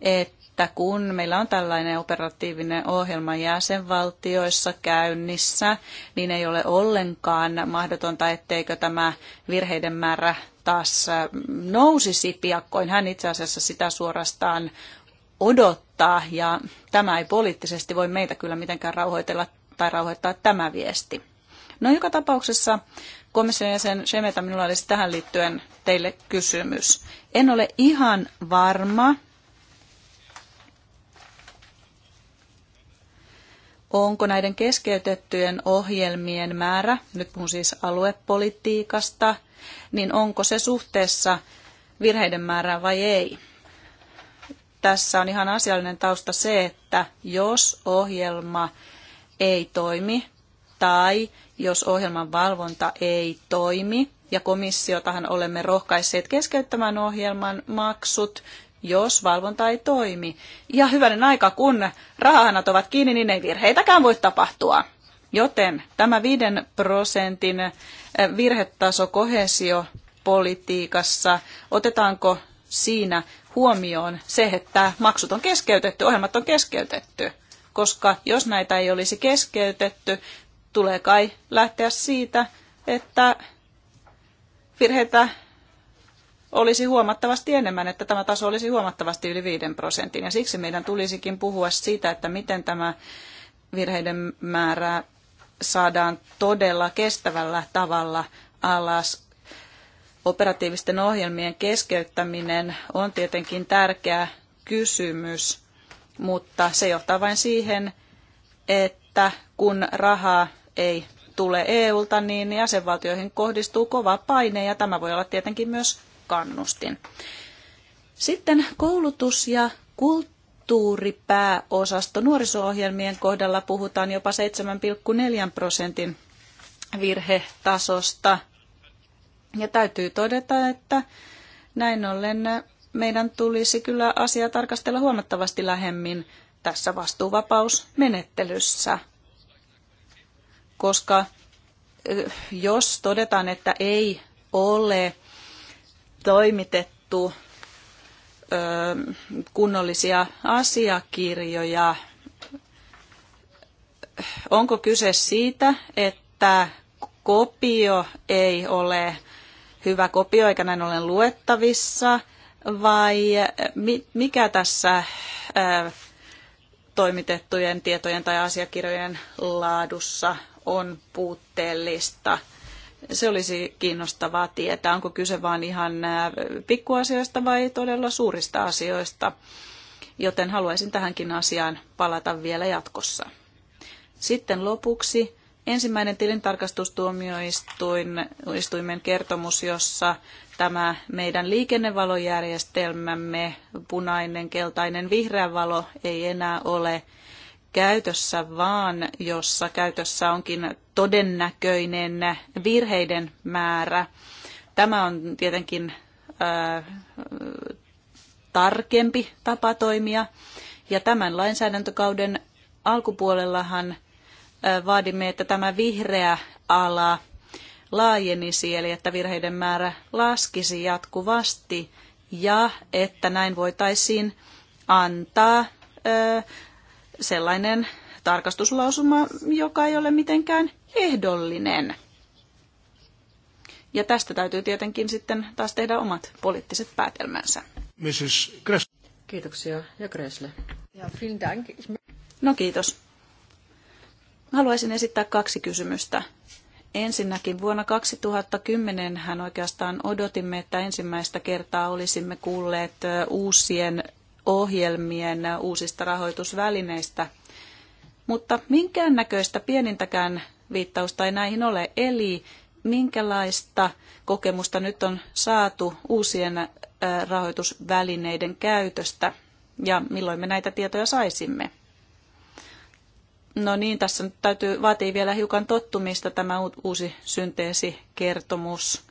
että kun meillä on tällainen operatiivinen ohjelma jäsenvaltioissa käynnissä, niin ei ole ollenkaan mahdotonta, etteikö tämä virheiden määrä taas nousisi piakkoin. Hän itse asiassa sitä suorastaan odottaa ja tämä ei poliittisesti voi meitä kyllä mitenkään rauhoitella tai rauhoittaa tämä viesti. No joka tapauksessa komission jäsen Shemeta, minulla olisi tähän liittyen teille kysymys. En ole ihan varma, onko näiden keskeytettyjen ohjelmien määrä, nyt puhun siis aluepolitiikasta, niin onko se suhteessa virheiden määrään vai ei? Tässä on ihan asiallinen tausta se, että jos ohjelma ei toimi tai jos ohjelman valvonta ei toimi, ja komissiotahan olemme rohkaisseet keskeyttämään ohjelman maksut, jos valvonta ei toimi. Ja hyvänen aika, kun rahanat ovat kiinni, niin ei virheitäkään voi tapahtua. Joten tämä 5 prosentin eh, virhetaso kohesiopolitiikassa, otetaanko siinä huomioon se, että maksut on keskeytetty, ohjelmat on keskeytetty? Koska jos näitä ei olisi keskeytetty, tulee kai lähteä siitä, että virheitä olisi huomattavasti enemmän, että tämä taso olisi huomattavasti yli 5 prosentin. Ja siksi meidän tulisikin puhua siitä, että miten tämä virheiden määrä saadaan todella kestävällä tavalla alas. Operatiivisten ohjelmien keskeyttäminen on tietenkin tärkeä kysymys, mutta se johtaa vain siihen, että kun rahaa ei tule EUlta, niin jäsenvaltioihin kohdistuu kova paine ja tämä voi olla tietenkin myös kannustin. Sitten koulutus ja kulttuuripääosasto nuoriso-ohjelmien kohdalla puhutaan jopa 7,4 prosentin virhetasosta. Ja täytyy todeta, että näin ollen meidän tulisi kyllä asiaa tarkastella huomattavasti lähemmin tässä vastuuvapausmenettelyssä. Koska jos todetaan, että ei ole toimitettu kunnollisia asiakirjoja. Onko kyse siitä, että kopio ei ole hyvä kopio eikä näin ollen luettavissa, vai mikä tässä toimitettujen tietojen tai asiakirjojen laadussa on puutteellista? Se olisi kiinnostavaa tietää, onko kyse vain ihan äh, pikkuasioista vai todella suurista asioista, joten haluaisin tähänkin asiaan palata vielä jatkossa. Sitten lopuksi ensimmäinen tilintarkastustuomioistuimen kertomus, jossa tämä meidän liikennevalojärjestelmämme, punainen, keltainen, vihreä valo, ei enää ole käytössä, vaan jossa käytössä onkin todennäköinen virheiden määrä. Tämä on tietenkin äh, tarkempi tapa toimia. Ja tämän lainsäädäntökauden alkupuolellahan äh, vaadimme, että tämä vihreä ala laajenisi, eli että virheiden määrä laskisi jatkuvasti ja että näin voitaisiin antaa sellainen tarkastuslausuma, joka ei ole mitenkään ehdollinen. Ja tästä täytyy tietenkin sitten taas tehdä omat poliittiset päätelmänsä. Mrs. Kiitoksia. Ja Gressle. Ja vielen dank. No kiitos. Haluaisin esittää kaksi kysymystä. Ensinnäkin vuonna 2010 hän oikeastaan odotimme, että ensimmäistä kertaa olisimme kuulleet uusien ohjelmien uusista rahoitusvälineistä. Mutta minkään näköistä pienintäkään viittausta ei näihin ole. Eli minkälaista kokemusta nyt on saatu uusien rahoitusvälineiden käytöstä ja milloin me näitä tietoja saisimme? No niin, tässä nyt täytyy, vaatii vielä hiukan tottumista tämä uusi synteesikertomus.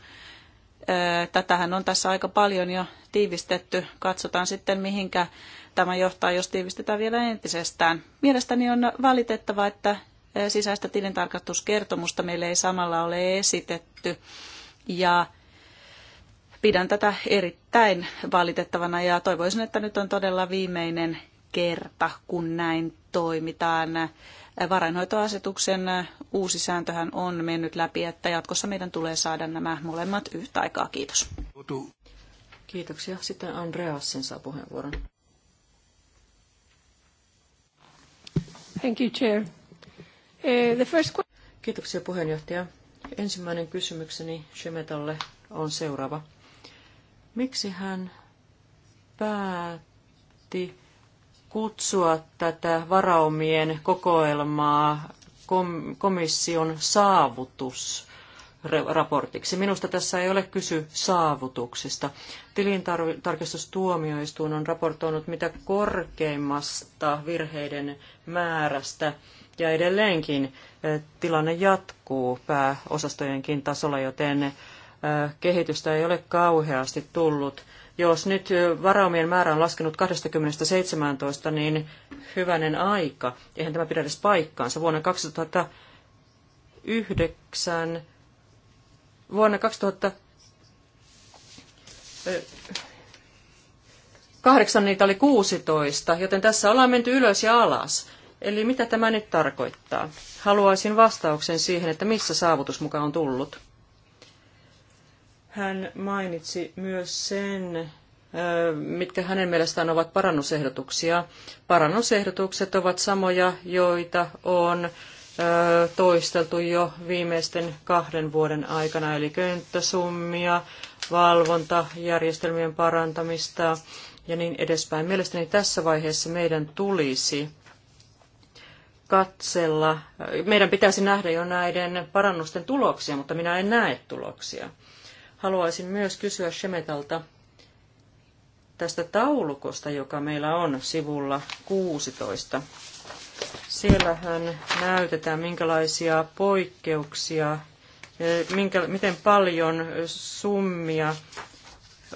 Tätähän on tässä aika paljon jo tiivistetty. Katsotaan sitten, mihinkä tämä johtaa, jos tiivistetään vielä entisestään. Mielestäni on valitettava, että sisäistä tilintarkastuskertomusta meille ei samalla ole esitetty. Ja pidän tätä erittäin valitettavana ja toivoisin, että nyt on todella viimeinen kerta, kun näin toimitaan varainhoitoasetuksen uusi sääntöhän on mennyt läpi, että jatkossa meidän tulee saada nämä molemmat yhtä aikaa. Kiitos. Kiitoksia. Sitten Andreasin saa puheenvuoron. Thank you, Chair. Eh, the first... Kiitoksia puheenjohtaja. Ensimmäinen kysymykseni Shemetalle on seuraava. Miksi hän päätti kutsua tätä varaumien kokoelmaa komission saavutusraportiksi. Minusta tässä ei ole kysy saavutuksista. Tilintarkastustuomioistuin on raportoinut mitä korkeimmasta virheiden määrästä ja edelleenkin eh, tilanne jatkuu pääosastojenkin tasolla, joten eh, kehitystä ei ole kauheasti tullut. Jos nyt varaumien määrä on laskenut 20-17, niin hyvänen aika. Eihän tämä pidä edes paikkaansa. Vuonna 2009, vuonna 2008, niitä oli 16, joten tässä ollaan menty ylös ja alas. Eli mitä tämä nyt tarkoittaa? Haluaisin vastauksen siihen, että missä saavutus mukaan on tullut. Hän mainitsi myös sen, mitkä hänen mielestään ovat parannusehdotuksia. Parannusehdotukset ovat samoja, joita on toisteltu jo viimeisten kahden vuoden aikana, eli könttäsummia, valvontajärjestelmien parantamista ja niin edespäin. Mielestäni tässä vaiheessa meidän tulisi katsella, meidän pitäisi nähdä jo näiden parannusten tuloksia, mutta minä en näe tuloksia. Haluaisin myös kysyä Shemetalta tästä taulukosta, joka meillä on sivulla 16. Siellähän näytetään, minkälaisia poikkeuksia, eh, minkä, miten paljon summia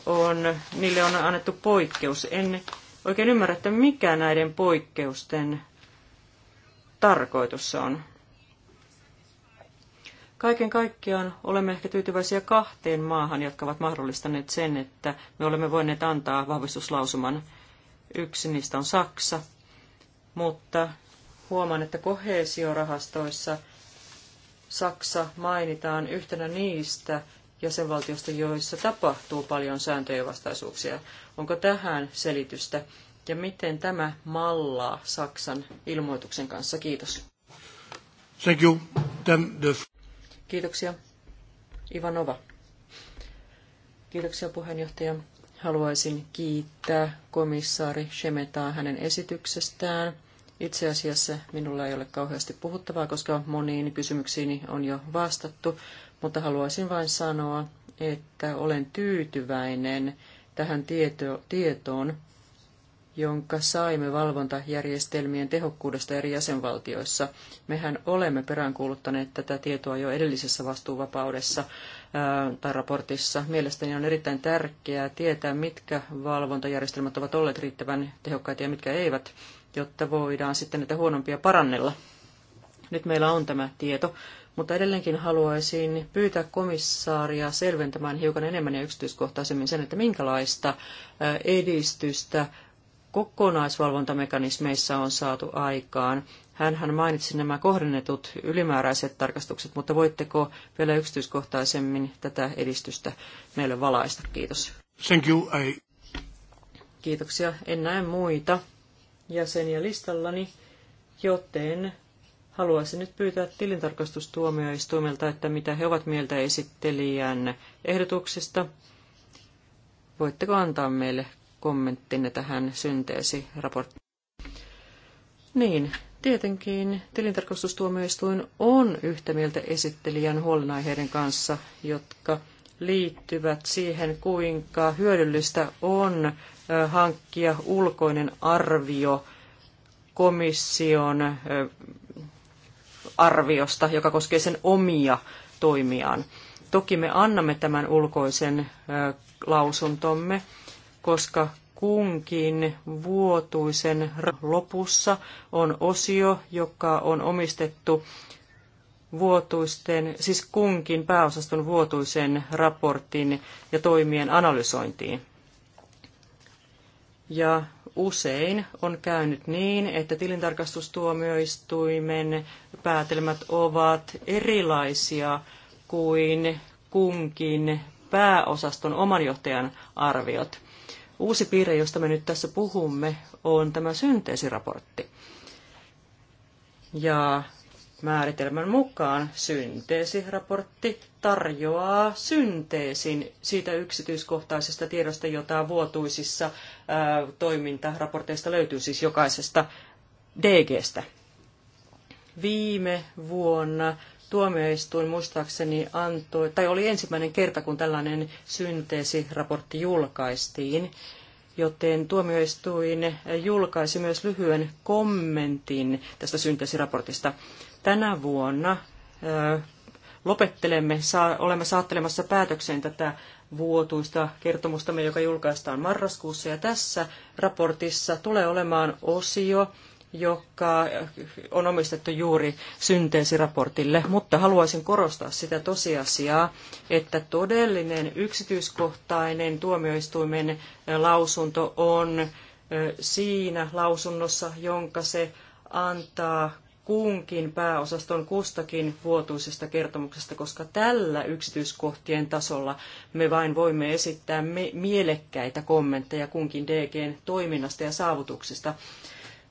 on, niille on annettu poikkeus. En oikein ymmärrä, että mikä näiden poikkeusten tarkoitus on. Kaiken kaikkiaan olemme ehkä tyytyväisiä kahteen maahan, jotka ovat mahdollistaneet sen, että me olemme voineet antaa vahvistuslausuman. Yksi niistä on Saksa, mutta huomaan, että kohesiorahastoissa Saksa mainitaan yhtenä niistä jäsenvaltiosta, joissa tapahtuu paljon sääntöjen vastaisuuksia. Onko tähän selitystä ja miten tämä mallaa Saksan ilmoituksen kanssa? Kiitos. Thank you. Then the... Kiitoksia. Ivanova. Kiitoksia puheenjohtaja. Haluaisin kiittää komissaari Shemetaa hänen esityksestään. Itse asiassa minulla ei ole kauheasti puhuttavaa, koska moniin kysymyksiini on jo vastattu, mutta haluaisin vain sanoa, että olen tyytyväinen tähän tieto, tietoon, jonka saimme valvontajärjestelmien tehokkuudesta eri jäsenvaltioissa. Mehän olemme peräänkuuluttaneet tätä tietoa jo edellisessä vastuuvapaudessa tai raportissa. Mielestäni on erittäin tärkeää tietää, mitkä valvontajärjestelmät ovat olleet riittävän tehokkaita ja mitkä eivät, jotta voidaan sitten näitä huonompia parannella. Nyt meillä on tämä tieto, mutta edelleenkin haluaisin pyytää komissaaria selventämään hiukan enemmän ja yksityiskohtaisemmin sen, että minkälaista edistystä kokonaisvalvontamekanismeissa on saatu aikaan. Hänhän mainitsi nämä kohdennetut ylimääräiset tarkastukset, mutta voitteko vielä yksityiskohtaisemmin tätä edistystä meille valaista? Kiitos. Thank you. I... Kiitoksia. En näe muita jäseniä listallani, joten haluaisin nyt pyytää tilintarkastustuomioistuimelta, että mitä he ovat mieltä esittelijän ehdotuksista. Voitteko antaa meille kommenttinne tähän synteesiraporttiin. Niin, tietenkin tilintarkastustuomioistuin on yhtä mieltä esittelijän huolenaiheiden kanssa, jotka liittyvät siihen, kuinka hyödyllistä on hankkia ulkoinen arvio komission arviosta, joka koskee sen omia toimiaan. Toki me annamme tämän ulkoisen lausuntomme koska kunkin vuotuisen lopussa on osio, joka on omistettu vuotuisten, siis kunkin pääosaston vuotuisen raportin ja toimien analysointiin. Ja usein on käynyt niin, että tilintarkastustuomioistuimen päätelmät ovat erilaisia kuin kunkin pääosaston johtajan arviot – Uusi piirre, josta me nyt tässä puhumme, on tämä synteesiraportti. Ja määritelmän mukaan synteesiraportti tarjoaa synteesin siitä yksityiskohtaisesta tiedosta, jota vuotuisissa ää, toimintaraporteista löytyy siis jokaisesta DGstä. Viime vuonna tuomioistuin muistaakseni antoi, tai oli ensimmäinen kerta, kun tällainen synteesiraportti julkaistiin, joten tuomioistuin julkaisi myös lyhyen kommentin tästä synteesiraportista. Tänä vuonna lopettelemme, olemme saattelemassa päätökseen tätä vuotuista kertomustamme, joka julkaistaan marraskuussa. Ja tässä raportissa tulee olemaan osio, joka on omistettu juuri synteesiraportille, mutta haluaisin korostaa sitä tosiasiaa, että todellinen yksityiskohtainen tuomioistuimen lausunto on siinä lausunnossa, jonka se antaa kunkin pääosaston kustakin vuotuisesta kertomuksesta, koska tällä yksityiskohtien tasolla me vain voimme esittää me- mielekkäitä kommentteja kunkin DGn toiminnasta ja saavutuksista.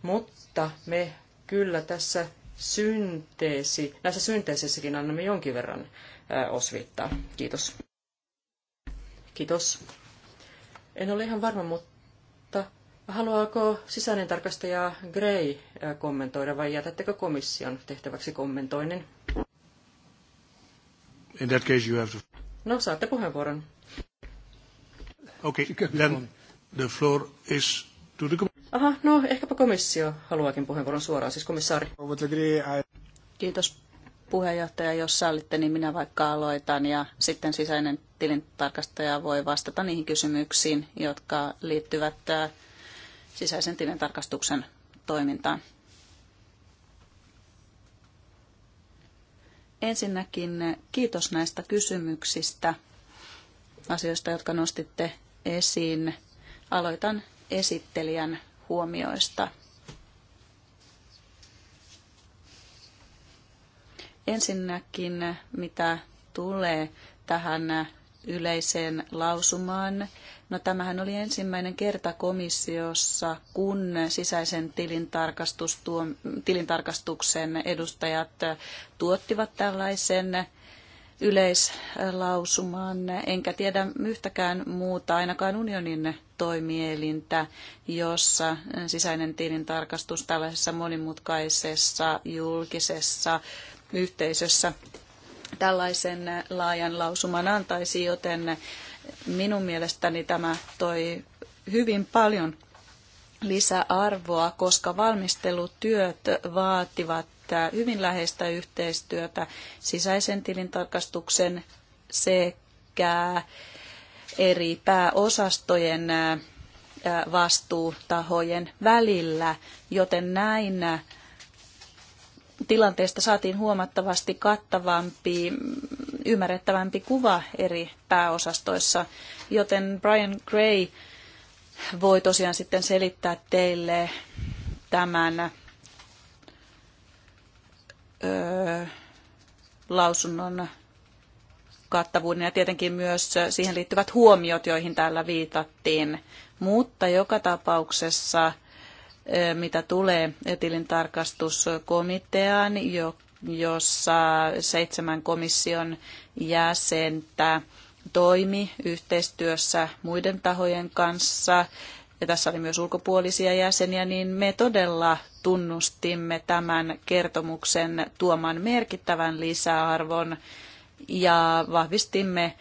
Mutta mutta me kyllä tässä synteesi, näissä synteeseissäkin annamme jonkin verran osviittaa. Kiitos. Kiitos. En ole ihan varma, mutta haluaako sisäinen tarkastaja Gray kommentoida vai jätättekö komission tehtäväksi kommentoinnin? In that case you have to... No, saatte puheenvuoron. Okay, then the floor is to the... Aha, no ehkäpä komissio haluaakin puheenvuoron suoraan, siis komissaari. Kiitos puheenjohtaja, jos sallitte, niin minä vaikka aloitan ja sitten sisäinen tilintarkastaja voi vastata niihin kysymyksiin, jotka liittyvät sisäisen tilintarkastuksen toimintaan. Ensinnäkin kiitos näistä kysymyksistä, asioista, jotka nostitte esiin. Aloitan esittelijän huomioista. Ensinnäkin, mitä tulee tähän yleiseen lausumaan. No tämähän oli ensimmäinen kerta komissiossa, kun sisäisen tilintarkastuksen edustajat tuottivat tällaisen yleislausumaan, enkä tiedä yhtäkään muuta, ainakaan unionin toimielintä, jossa sisäinen tilintarkastus tällaisessa monimutkaisessa julkisessa yhteisössä tällaisen laajan lausuman antaisi, joten minun mielestäni tämä toi hyvin paljon lisäarvoa, koska valmistelutyöt vaativat käyttää hyvin läheistä yhteistyötä sisäisen tilintarkastuksen sekä eri pääosastojen vastuutahojen välillä, joten näin tilanteesta saatiin huomattavasti kattavampi, ymmärrettävämpi kuva eri pääosastoissa, joten Brian Gray voi tosiaan sitten selittää teille tämän lausunnon kattavuuden ja tietenkin myös siihen liittyvät huomiot, joihin täällä viitattiin. Mutta joka tapauksessa, mitä tulee jo, jossa seitsemän komission jäsentä toimi yhteistyössä muiden tahojen kanssa, ja tässä oli myös ulkopuolisia jäseniä, niin me todella tunnustimme tämän kertomuksen tuoman merkittävän lisäarvon ja vahvistimme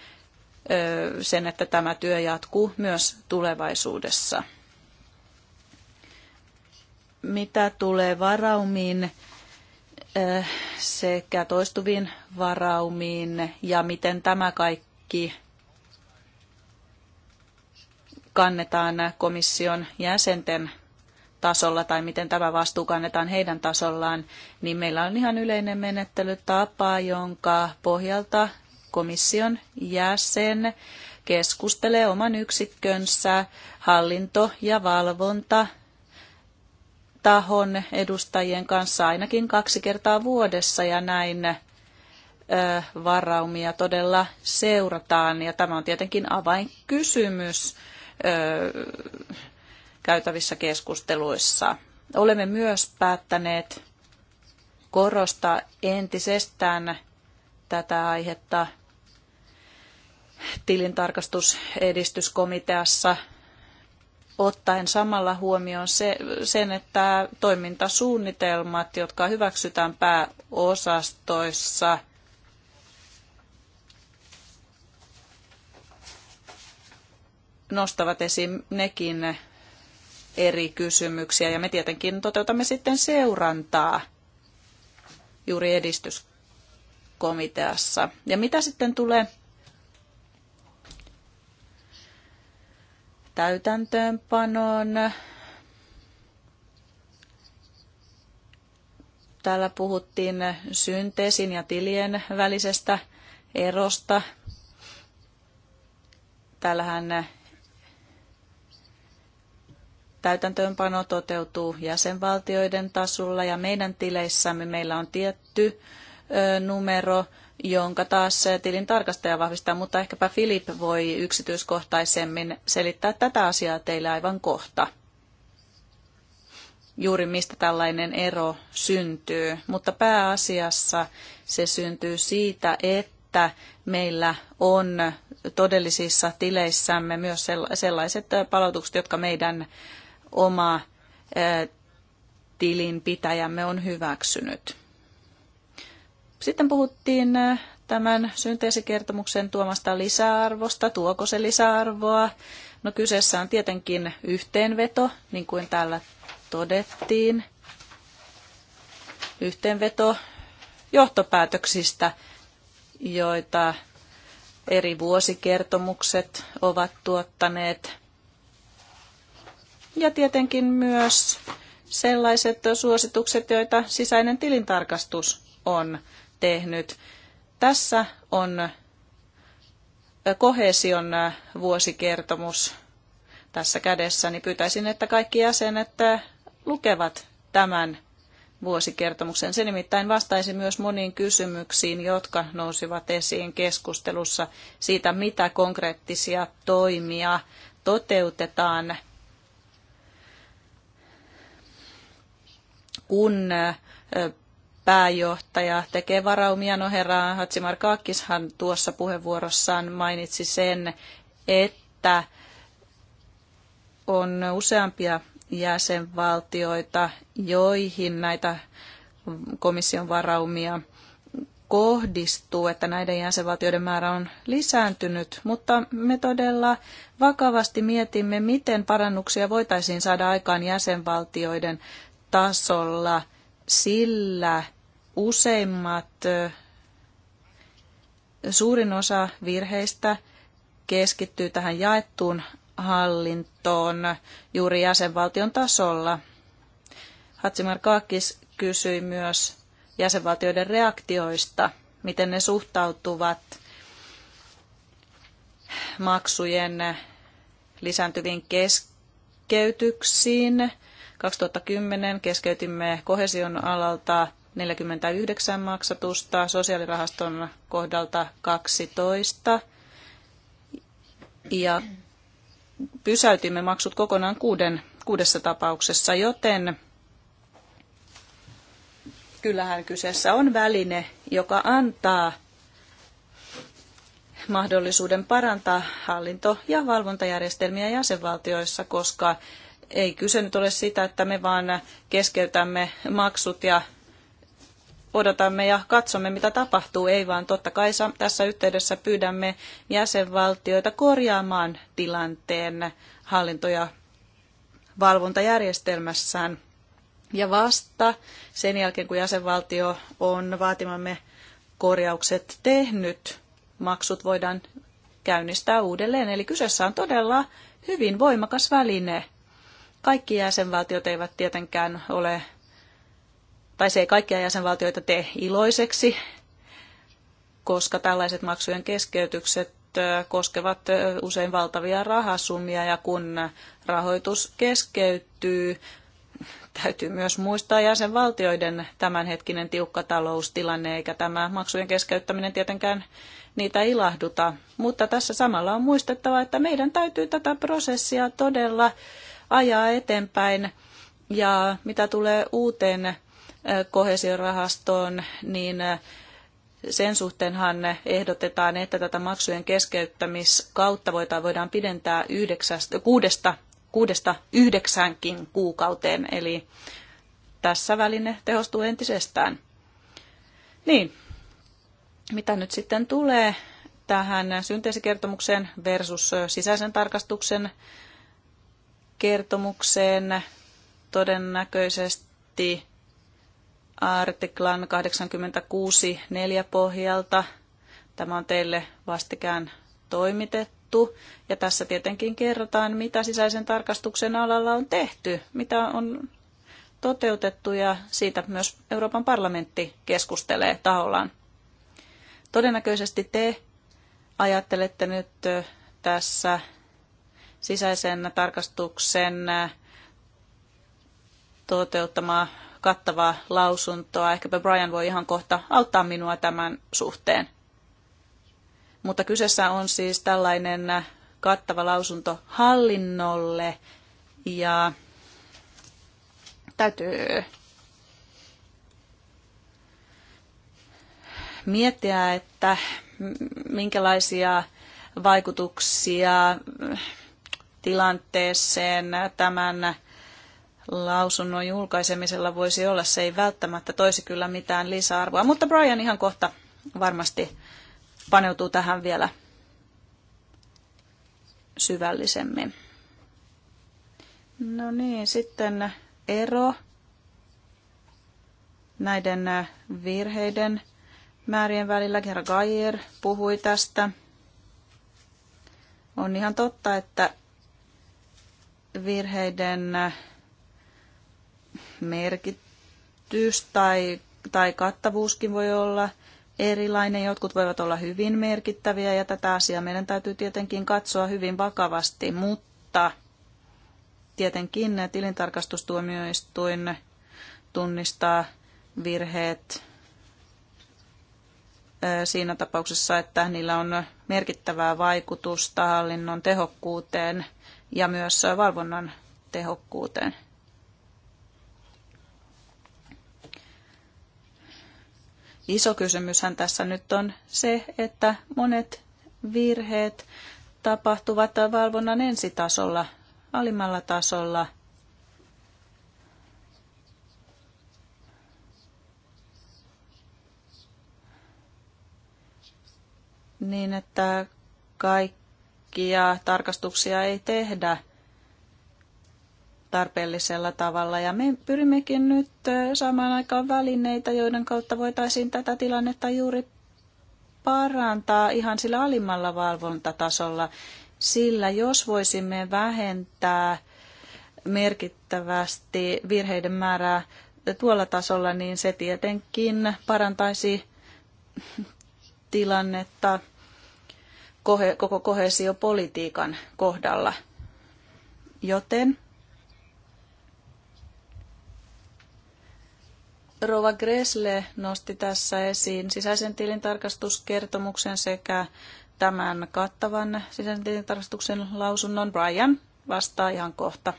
sen, että tämä työ jatkuu myös tulevaisuudessa. Mitä tulee varaumiin sekä toistuviin varaumiin ja miten tämä kaikki kannetaan komission jäsenten tasolla tai miten tämä vastuu kannetaan heidän tasollaan, niin meillä on ihan yleinen menettelytapa, jonka pohjalta komission jäsen keskustelee oman yksikkönsä hallinto- ja valvonta tahon edustajien kanssa ainakin kaksi kertaa vuodessa ja näin varaumia todella seurataan. Ja tämä on tietenkin avainkysymys käytävissä keskusteluissa. Olemme myös päättäneet korostaa entisestään tätä aihetta tilintarkastusedistyskomiteassa ottaen samalla huomioon se, sen, että toimintasuunnitelmat, jotka hyväksytään pääosastoissa, nostavat esiin nekin eri kysymyksiä ja me tietenkin toteutamme sitten seurantaa juuri edistyskomiteassa. Ja mitä sitten tulee täytäntöönpanoon? Täällä puhuttiin synteesin ja tilien välisestä erosta. Täällähän täytäntöönpano toteutuu jäsenvaltioiden tasolla ja meidän tileissämme meillä on tietty numero, jonka taas tilin tarkastaja vahvistaa, mutta ehkäpä Filip voi yksityiskohtaisemmin selittää tätä asiaa teille aivan kohta. Juuri mistä tällainen ero syntyy, mutta pääasiassa se syntyy siitä, että meillä on todellisissa tileissämme myös sellaiset palautukset, jotka meidän oma tilinpitäjämme on hyväksynyt. Sitten puhuttiin tämän synteesikertomuksen tuomasta lisäarvosta. Tuoko se lisäarvoa? No kyseessä on tietenkin yhteenveto, niin kuin täällä todettiin. Yhteenveto johtopäätöksistä, joita eri vuosikertomukset ovat tuottaneet ja tietenkin myös sellaiset suositukset, joita sisäinen tilintarkastus on tehnyt. Tässä on kohesion vuosikertomus tässä kädessä, niin pyytäisin, että kaikki jäsenet lukevat tämän vuosikertomuksen. Se nimittäin vastaisi myös moniin kysymyksiin, jotka nousivat esiin keskustelussa siitä, mitä konkreettisia toimia toteutetaan – kun pääjohtaja tekee varaumia. No herra Hatsimar Kaakkishan tuossa puheenvuorossaan mainitsi sen, että on useampia jäsenvaltioita, joihin näitä komission varaumia kohdistuu, että näiden jäsenvaltioiden määrä on lisääntynyt, mutta me todella vakavasti mietimme, miten parannuksia voitaisiin saada aikaan jäsenvaltioiden tasolla, sillä useimmat, suurin osa virheistä keskittyy tähän jaettuun hallintoon juuri jäsenvaltion tasolla. Kaakis kysyi myös jäsenvaltioiden reaktioista, miten ne suhtautuvat maksujen lisääntyviin keskeytyksiin 2010 keskeytimme kohesion alalta 49 maksatusta, sosiaalirahaston kohdalta 12 ja pysäytimme maksut kokonaan kuuden, kuudessa tapauksessa, joten kyllähän kyseessä on väline, joka antaa mahdollisuuden parantaa hallinto- ja valvontajärjestelmiä jäsenvaltioissa, koska ei kyse nyt ole sitä, että me vaan keskeytämme maksut ja odotamme ja katsomme, mitä tapahtuu. Ei vaan totta kai tässä yhteydessä pyydämme jäsenvaltioita korjaamaan tilanteen hallinto- ja valvontajärjestelmässään. Ja vasta sen jälkeen, kun jäsenvaltio on vaatimamme korjaukset tehnyt, maksut voidaan käynnistää uudelleen. Eli kyseessä on todella hyvin voimakas väline kaikki jäsenvaltiot eivät tietenkään ole, tai se ei kaikkia jäsenvaltioita tee iloiseksi, koska tällaiset maksujen keskeytykset koskevat usein valtavia rahasummia ja kun rahoitus keskeytyy, täytyy myös muistaa jäsenvaltioiden tämänhetkinen tiukka taloustilanne, eikä tämä maksujen keskeyttäminen tietenkään niitä ilahduta. Mutta tässä samalla on muistettava, että meidän täytyy tätä prosessia todella ajaa eteenpäin. Ja mitä tulee uuteen kohesiorahastoon, niin sen suhteenhan ehdotetaan, että tätä maksujen keskeyttämiskautta voidaan, voidaan pidentää yhdeksästä, kuudesta, kuudesta yhdeksänkin kuukauteen, eli tässä väline tehostuu entisestään. Niin, mitä nyt sitten tulee tähän synteesikertomukseen versus sisäisen tarkastuksen kertomukseen todennäköisesti artiklan 86.4 pohjalta. Tämä on teille vastikään toimitettu. Ja tässä tietenkin kerrotaan, mitä sisäisen tarkastuksen alalla on tehty, mitä on toteutettu ja siitä myös Euroopan parlamentti keskustelee tahollaan. Todennäköisesti te ajattelette nyt tässä sisäisen tarkastuksen äh, toteuttamaa kattavaa lausuntoa. Ehkäpä Brian voi ihan kohta auttaa minua tämän suhteen. Mutta kyseessä on siis tällainen äh, kattava lausunto hallinnolle ja täytyy miettiä, että minkälaisia vaikutuksia tilanteeseen tämän lausunnon julkaisemisella voisi olla. Se ei välttämättä toisi kyllä mitään lisäarvoa, mutta Brian ihan kohta varmasti paneutuu tähän vielä syvällisemmin. No niin, sitten ero näiden virheiden määrien välillä. Herra Gaier puhui tästä. On ihan totta, että virheiden äh, merkitys tai, tai kattavuuskin voi olla erilainen. Jotkut voivat olla hyvin merkittäviä ja tätä asiaa meidän täytyy tietenkin katsoa hyvin vakavasti, mutta tietenkin tilintarkastustuomioistuin tunnistaa virheet äh, siinä tapauksessa, että niillä on merkittävää vaikutusta hallinnon tehokkuuteen – ja myös valvonnan tehokkuuteen. Iso kysymyshän tässä nyt on se, että monet virheet tapahtuvat valvonnan ensitasolla, alimmalla tasolla. Niin, että kaikki takia tarkastuksia ei tehdä tarpeellisella tavalla. Ja me pyrimmekin nyt saamaan aikaan välineitä, joiden kautta voitaisiin tätä tilannetta juuri parantaa ihan sillä alimmalla valvontatasolla. Sillä jos voisimme vähentää merkittävästi virheiden määrää tuolla tasolla, niin se tietenkin parantaisi tilannetta koko kohesiopolitiikan kohdalla. Joten Rova Gresle nosti tässä esiin sisäisen tilintarkastuskertomuksen sekä tämän kattavan sisäisen tilintarkastuksen lausunnon. Brian vastaa ihan kohta.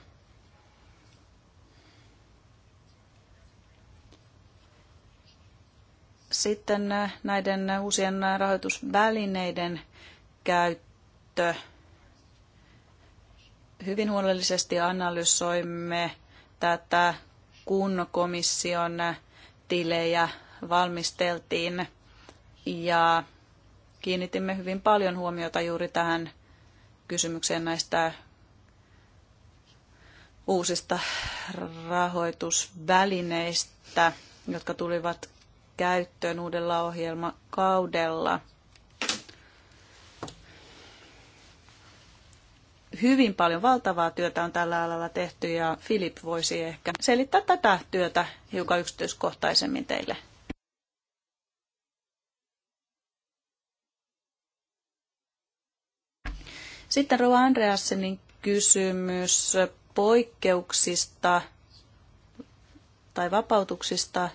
Sitten näiden uusien rahoitusvälineiden käyttö. Hyvin huolellisesti analysoimme tätä, kun komission tilejä valmisteltiin ja kiinnitimme hyvin paljon huomiota juuri tähän kysymykseen näistä uusista rahoitusvälineistä, jotka tulivat käyttöön uudella ohjelmakaudella – hyvin paljon valtavaa työtä on tällä alalla tehty ja Filip voisi ehkä selittää tätä työtä hiukan yksityiskohtaisemmin teille. Sitten Rova Andreassenin kysymys poikkeuksista tai vapautuksista.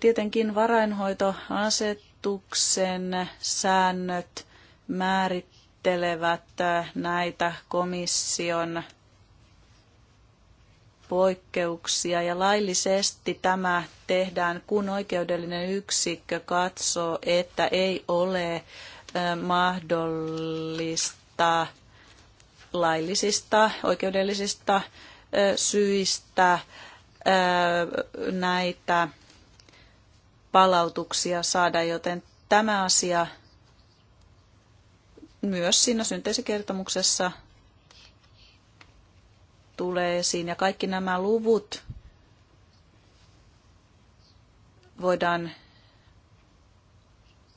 Tietenkin varainhoitoaset asetuksen säännöt määrittelevät näitä komission poikkeuksia ja laillisesti tämä tehdään, kun oikeudellinen yksikkö katsoo, että ei ole mahdollista laillisista oikeudellisista syistä näitä palautuksia saada, joten tämä asia myös siinä synteesikertomuksessa tulee esiin. Ja kaikki nämä luvut voidaan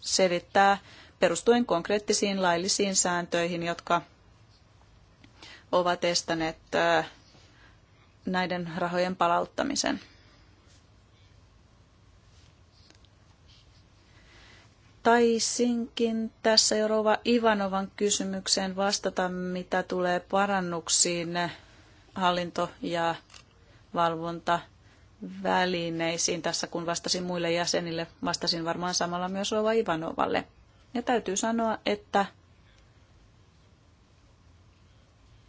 selittää perustuen konkreettisiin laillisiin sääntöihin, jotka ovat estäneet äh, näiden rahojen palauttamisen. taisinkin tässä jo Rova Ivanovan kysymykseen vastata, mitä tulee parannuksiin hallinto- ja valvontavälineisiin. Tässä kun vastasin muille jäsenille, vastasin varmaan samalla myös Rova Ivanovalle. Ja täytyy sanoa, että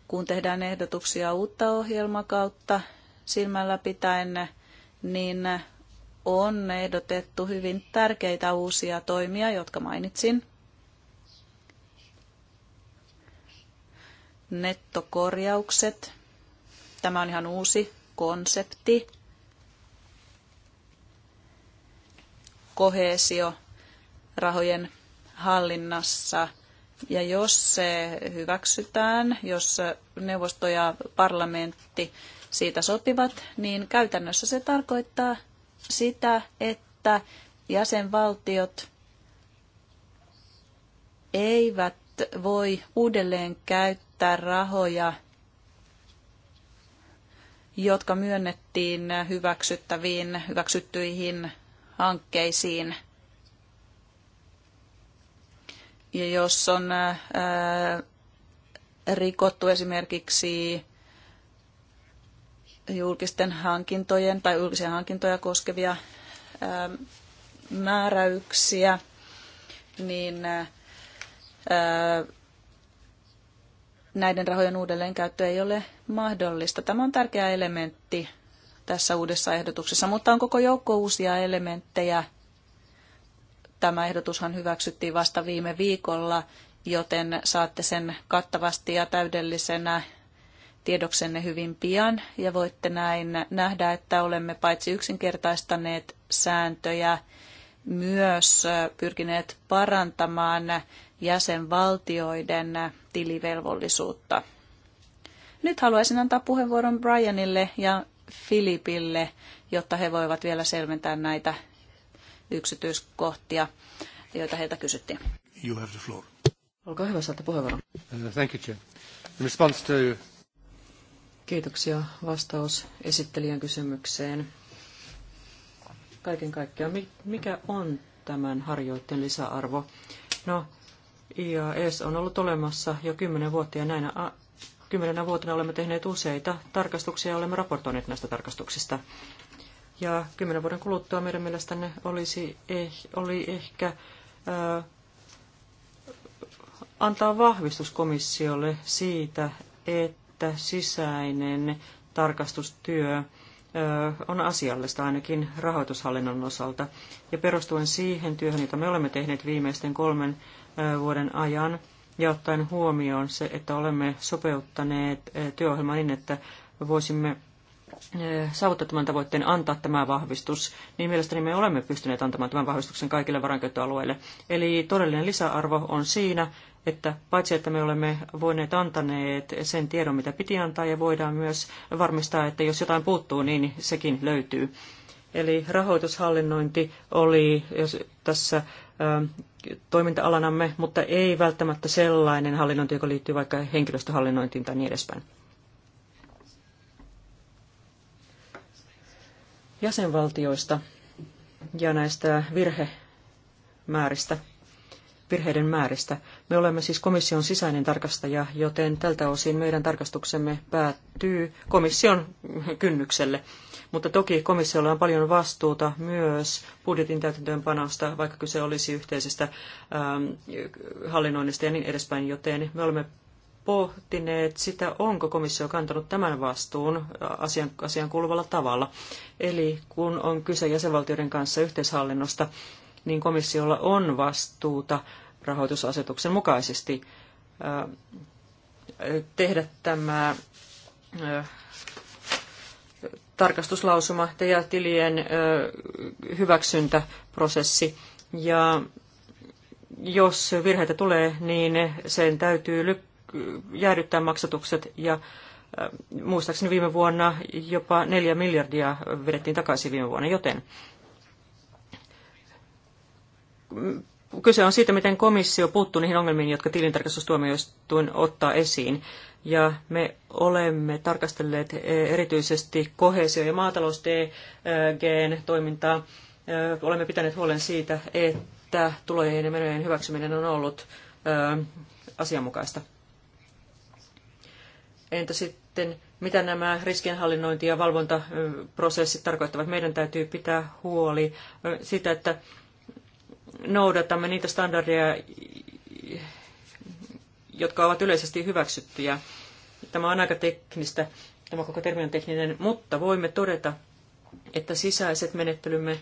kun tehdään ehdotuksia uutta ohjelmakautta silmällä pitäen, niin on ehdotettu hyvin tärkeitä uusia toimia, jotka mainitsin. Nettokorjaukset. Tämä on ihan uusi konsepti. Kohesio rahojen hallinnassa. Ja jos se hyväksytään, jos neuvosto ja parlamentti siitä sopivat, niin käytännössä se tarkoittaa sitä, että jäsenvaltiot eivät voi uudelleen käyttää rahoja, jotka myönnettiin hyväksyttäviin, hyväksyttyihin hankkeisiin. Ja jos on ää, äh, rikottu esimerkiksi julkisten hankintojen tai julkisia hankintoja koskevia ähm, määräyksiä, niin äh, näiden rahojen uudelleenkäyttö ei ole mahdollista. Tämä on tärkeä elementti tässä uudessa ehdotuksessa, mutta on koko joukko uusia elementtejä. Tämä ehdotushan hyväksyttiin vasta viime viikolla, joten saatte sen kattavasti ja täydellisenä tiedoksenne hyvin pian ja voitte näin nähdä, että olemme paitsi yksinkertaistaneet sääntöjä, myös pyrkineet parantamaan jäsenvaltioiden tilivelvollisuutta. Nyt haluaisin antaa puheenvuoron Brianille ja Filipille, jotta he voivat vielä selventää näitä yksityiskohtia, joita heiltä kysyttiin. You have the floor. Olkaa hyvä, saatte puheenvuoron. Uh, thank you, Chair. In response to Kiitoksia vastaus esittelijän kysymykseen. Kaiken kaikkiaan, mikä on tämän harjoitteen lisäarvo? No, IAS on ollut olemassa jo kymmenen vuotta ja näinä kymmenenä vuotena olemme tehneet useita tarkastuksia ja olemme raportoineet näistä tarkastuksista. Ja kymmenen vuoden kuluttua meidän mielestämme olisi, eh-, oli ehkä ää, antaa vahvistus komissiolle siitä, että että sisäinen tarkastustyö on asiallista ainakin rahoitushallinnon osalta. Ja perustuen siihen työhön, jota me olemme tehneet viimeisten kolmen vuoden ajan, ja ottaen huomioon se, että olemme sopeuttaneet työohjelmaa niin, että voisimme saavuttaa tämän tavoitteen, antaa tämä vahvistus, niin mielestäni me olemme pystyneet antamaan tämän vahvistuksen kaikille varankäyttöalueille. Eli todellinen lisäarvo on siinä, että paitsi että me olemme voineet antaneet sen tiedon, mitä piti antaa, ja voidaan myös varmistaa, että jos jotain puuttuu, niin sekin löytyy. Eli rahoitushallinnointi oli tässä toiminta-alanamme, mutta ei välttämättä sellainen hallinnointi, joka liittyy vaikka henkilöstöhallinnointiin tai niin edespäin. Jäsenvaltioista ja näistä virhemääristä – virheiden määristä. Me olemme siis komission sisäinen tarkastaja, joten tältä osin meidän tarkastuksemme päättyy komission kynnykselle. Mutta toki komissiolla on paljon vastuuta myös budjetin täytäntöönpanosta, vaikka kyse olisi yhteisestä ähm, hallinnoinnista ja niin edespäin, joten me olemme pohtineet sitä, onko komissio kantanut tämän vastuun asian, asian kuuluvalla tavalla. Eli kun on kyse jäsenvaltioiden kanssa yhteishallinnosta, niin komissiolla on vastuuta rahoitusasetuksen mukaisesti tehdä tämä tarkastuslausuma ja tilien hyväksyntäprosessi. Ja jos virheitä tulee, niin sen täytyy jäädyttää maksatukset ja muistaakseni viime vuonna jopa neljä miljardia vedettiin takaisin viime vuonna, joten kyse on siitä, miten komissio puuttuu niihin ongelmiin, jotka tilintarkastustuomioistuin ottaa esiin. Ja me olemme tarkastelleet eh, erityisesti kohesio- ja maatalous toimintaa. Eh, olemme pitäneet huolen siitä, että tulojen ja menojen hyväksyminen on ollut eh, asianmukaista. Entä sitten, mitä nämä riskienhallinnointi- ja valvontaprosessit tarkoittavat? Meidän täytyy pitää huoli siitä, että noudatamme niitä standardeja, jotka ovat yleisesti hyväksyttyjä. Tämä on aika teknistä, tämä koko termi on tekninen, mutta voimme todeta, että sisäiset menettelymme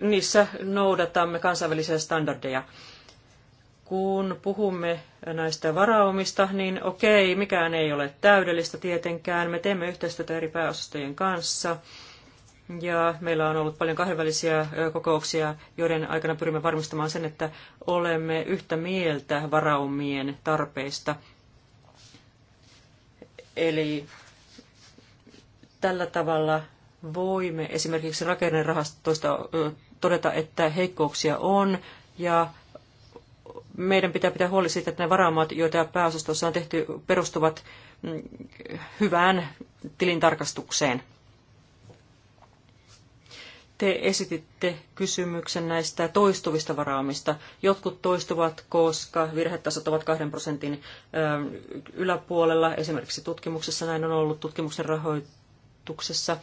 niissä noudatamme kansainvälisiä standardeja. Kun puhumme näistä varaumista, niin okei, mikään ei ole täydellistä tietenkään. Me teemme yhteistyötä eri pääosastojen kanssa ja meillä on ollut paljon kahdenvälisiä kokouksia, joiden aikana pyrimme varmistamaan sen, että olemme yhtä mieltä varaumien tarpeista. Eli tällä tavalla voimme esimerkiksi rakennerahastoista todeta, että heikkouksia on ja meidän pitää pitää huoli siitä, että ne varaumat, joita pääosastossa on tehty, perustuvat mm, hyvään tilintarkastukseen. Te esititte kysymyksen näistä toistuvista varaamista. Jotkut toistuvat, koska virhetasot ovat kahden prosentin yläpuolella. Esimerkiksi tutkimuksessa näin on ollut tutkimuksen rahoituksessa.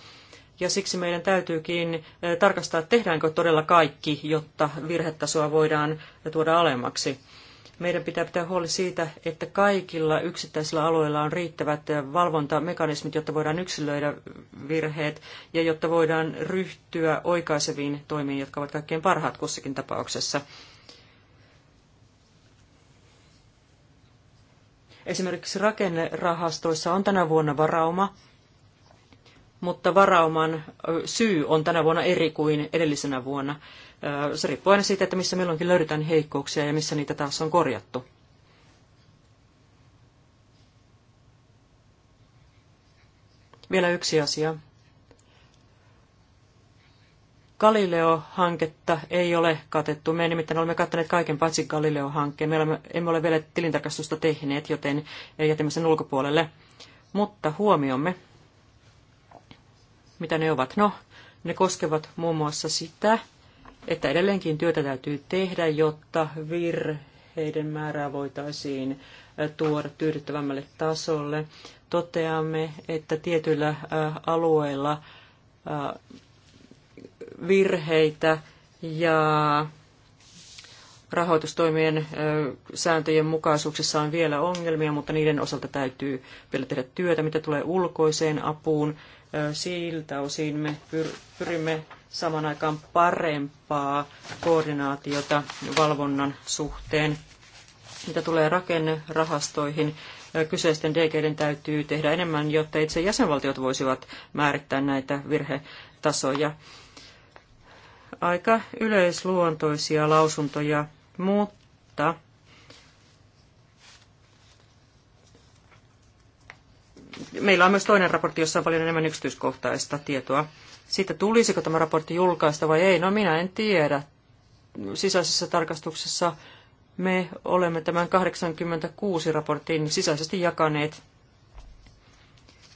Ja siksi meidän täytyykin tarkastaa, tehdäänkö todella kaikki, jotta virhetasoa voidaan tuoda alemmaksi. Meidän pitää pitää huoli siitä, että kaikilla yksittäisillä alueilla on riittävät valvontamekanismit, jotta voidaan yksilöidä virheet ja jotta voidaan ryhtyä oikaiseviin toimiin, jotka ovat kaikkein parhaat kussakin tapauksessa. Esimerkiksi rakennerahastoissa on tänä vuonna varauma, mutta varauman syy on tänä vuonna eri kuin edellisenä vuonna. Se riippuu aina siitä, että missä milloinkin löydetään heikkouksia ja missä niitä taas on korjattu. Vielä yksi asia. Galileo-hanketta ei ole katettu. Me nimittäin olemme kattaneet kaiken paitsi Galileo-hankkeen. Me olemme, emme ole vielä tilintarkastusta tehneet, joten jätämme sen ulkopuolelle. Mutta huomiomme mitä ne ovat? No, ne koskevat muun muassa sitä, että edelleenkin työtä täytyy tehdä, jotta virheiden määrää voitaisiin tuoda tyydyttävämmälle tasolle. Toteamme, että tietyillä alueilla virheitä ja rahoitustoimien sääntöjen mukaisuuksissa on vielä ongelmia, mutta niiden osalta täytyy vielä tehdä työtä, mitä tulee ulkoiseen apuun. Siltä osin me pyrimme saman aikaan parempaa koordinaatiota valvonnan suhteen. Mitä tulee rakennerahastoihin, kyseisten DGden täytyy tehdä enemmän, jotta itse jäsenvaltiot voisivat määrittää näitä virhetasoja. Aika yleisluontoisia lausuntoja, mutta meillä on myös toinen raportti, jossa on paljon enemmän yksityiskohtaista tietoa. Siitä tulisiko tämä raportti julkaista vai ei, no minä en tiedä. Sisäisessä tarkastuksessa me olemme tämän 86 raportin sisäisesti jakaneet.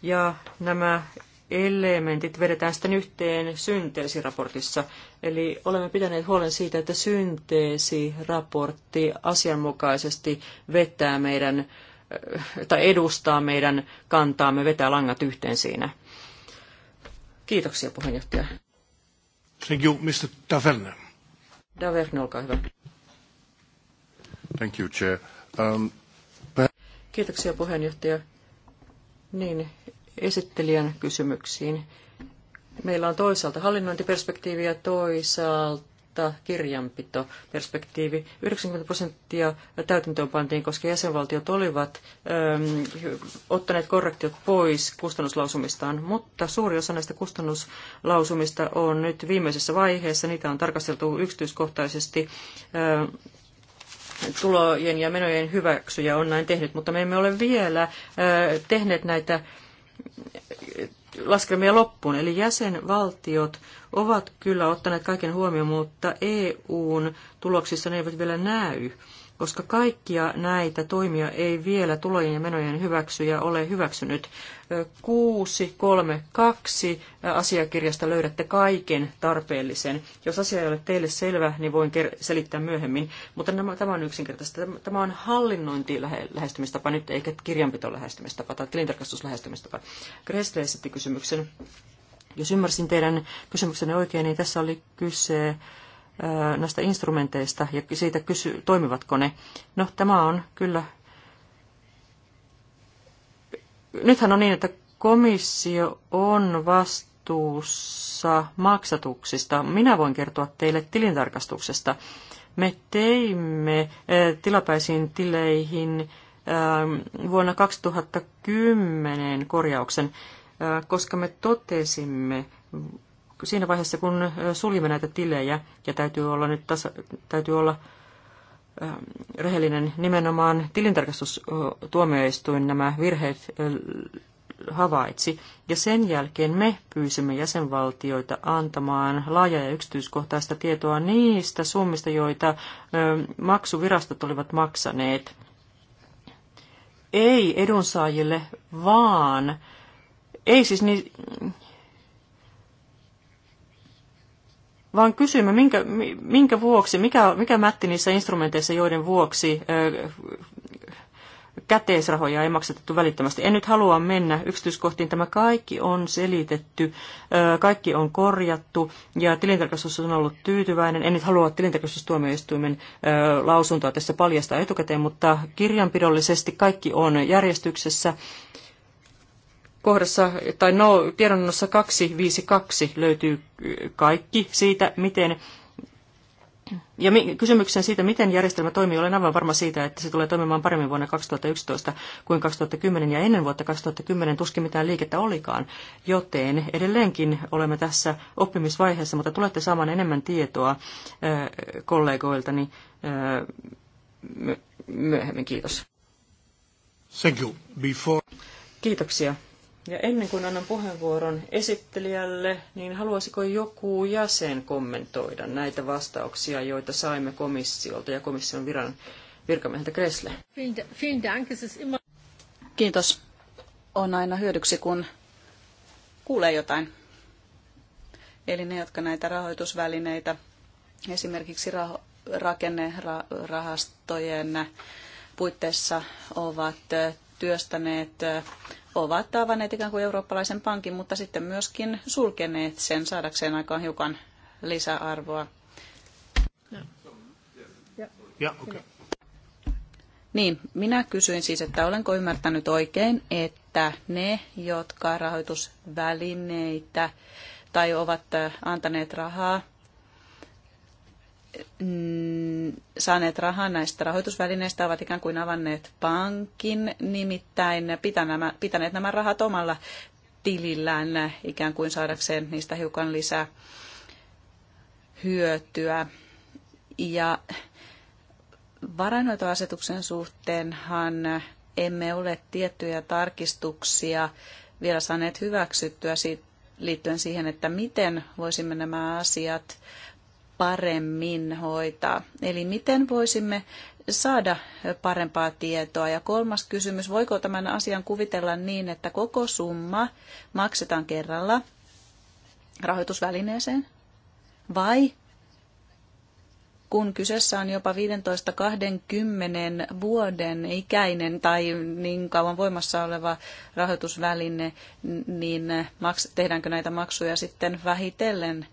Ja nämä elementit vedetään sitten yhteen synteesiraportissa. Eli olemme pitäneet huolen siitä, että synteesiraportti asianmukaisesti vetää meidän tai edustaa meidän kantaamme, vetää langat yhteen siinä. Kiitoksia puheenjohtaja. Thank you, Mr. Taverne. Taverne, olkaa hyvä. Thank you, Chair. Um, Kiitoksia puheenjohtaja. Niin, esittelijän kysymyksiin. Meillä on toisaalta hallinnointiperspektiiviä, toisaalta ottaa kirjanpitoperspektiivi. 90 prosenttia pantiin, koska jäsenvaltiot olivat äm, ottaneet korrektiot pois kustannuslausumistaan, mutta suuri osa näistä kustannuslausumista on nyt viimeisessä vaiheessa. Niitä on tarkasteltu yksityiskohtaisesti. Äm, tulojen ja menojen hyväksyjä on näin tehnyt, mutta me emme ole vielä äh, tehneet näitä laskelmia loppuun. Eli jäsenvaltiot ovat kyllä ottaneet kaiken huomioon, mutta EUn tuloksissa ne eivät vielä näy koska kaikkia näitä toimia ei vielä tulojen ja menojen hyväksyjä ole hyväksynyt. 632 asiakirjasta löydätte kaiken tarpeellisen. Jos asia ei ole teille selvä, niin voin selittää myöhemmin, mutta nämä, tämä on yksinkertaista. Tämä on hallinnointi lähestymistapa nyt, eikä kirjanpito lähestymistapa tai tilintarkastuslähestymistapa. Gressle esitti kysymyksen. Jos ymmärsin teidän kysymyksenne oikein, niin tässä oli kyse näistä instrumenteista ja siitä kysy, toimivatko ne. No tämä on kyllä... Nythän on niin, että komissio on vastuussa maksatuksista. Minä voin kertoa teille tilintarkastuksesta. Me teimme tilapäisiin tileihin vuonna 2010 korjauksen, koska me totesimme siinä vaiheessa, kun suljimme näitä tilejä, ja täytyy olla nyt tasa, täytyy olla rehellinen nimenomaan tilintarkastustuomioistuin nämä virheet havaitsi, ja sen jälkeen me pyysimme jäsenvaltioita antamaan laaja- ja yksityiskohtaista tietoa niistä summista, joita maksuvirastot olivat maksaneet. Ei edunsaajille, vaan ei siis niin, vaan kysymme, minkä, minkä vuoksi, mikä, mikä mätti niissä instrumenteissa, joiden vuoksi ö, käteisrahoja ei maksatettu välittömästi. En nyt halua mennä yksityiskohtiin. Tämä kaikki on selitetty, ö, kaikki on korjattu ja tilintarkastus on ollut tyytyväinen. En nyt halua tilintarkastustuomioistuimen ö, lausuntoa tässä paljastaa etukäteen, mutta kirjanpidollisesti kaikki on järjestyksessä kohdassa tai no, tiedonannossa 252 löytyy kaikki siitä, miten ja kysymyksen siitä, miten järjestelmä toimii, olen aivan varma siitä, että se tulee toimimaan paremmin vuonna 2011 kuin 2010 ja ennen vuotta 2010 tuskin mitään liikettä olikaan, joten edelleenkin olemme tässä oppimisvaiheessa, mutta tulette saamaan enemmän tietoa kollegoiltani myöhemmin. Kiitos. Thank you. Before... Kiitoksia. Ja ennen kuin annan puheenvuoron esittelijälle, niin haluaisiko joku jäsen kommentoida näitä vastauksia, joita saimme komissiolta ja komission viran virkamieheltä Kresle? Kiitos. On aina hyödyksi, kun kuulee jotain. Eli ne, jotka näitä rahoitusvälineitä, esimerkiksi rakennerahastojen puitteissa ovat työstäneet ovat tavanneet ikään kuin eurooppalaisen pankin, mutta sitten myöskin sulkeneet sen saadakseen aikaan hiukan lisäarvoa. Ja. Ja, okay. Niin, minä kysyin siis, että olenko ymmärtänyt oikein, että ne, jotka rahoitusvälineitä tai ovat äh, antaneet rahaa Mm, saaneet rahaa näistä rahoitusvälineistä, ovat ikään kuin avanneet pankin, nimittäin pitäneet nämä rahat omalla tilillään ikään kuin saadakseen niistä hiukan lisää hyötyä. Ja varainhoitoasetuksen suhteenhan emme ole tiettyjä tarkistuksia vielä saaneet hyväksyttyä liittyen siihen, että miten voisimme nämä asiat paremmin hoitaa. Eli miten voisimme saada parempaa tietoa? Ja kolmas kysymys, voiko tämän asian kuvitella niin, että koko summa maksetaan kerralla rahoitusvälineeseen? Vai kun kyseessä on jopa 15-20 vuoden ikäinen tai niin kauan voimassa oleva rahoitusväline, niin tehdäänkö näitä maksuja sitten vähitellen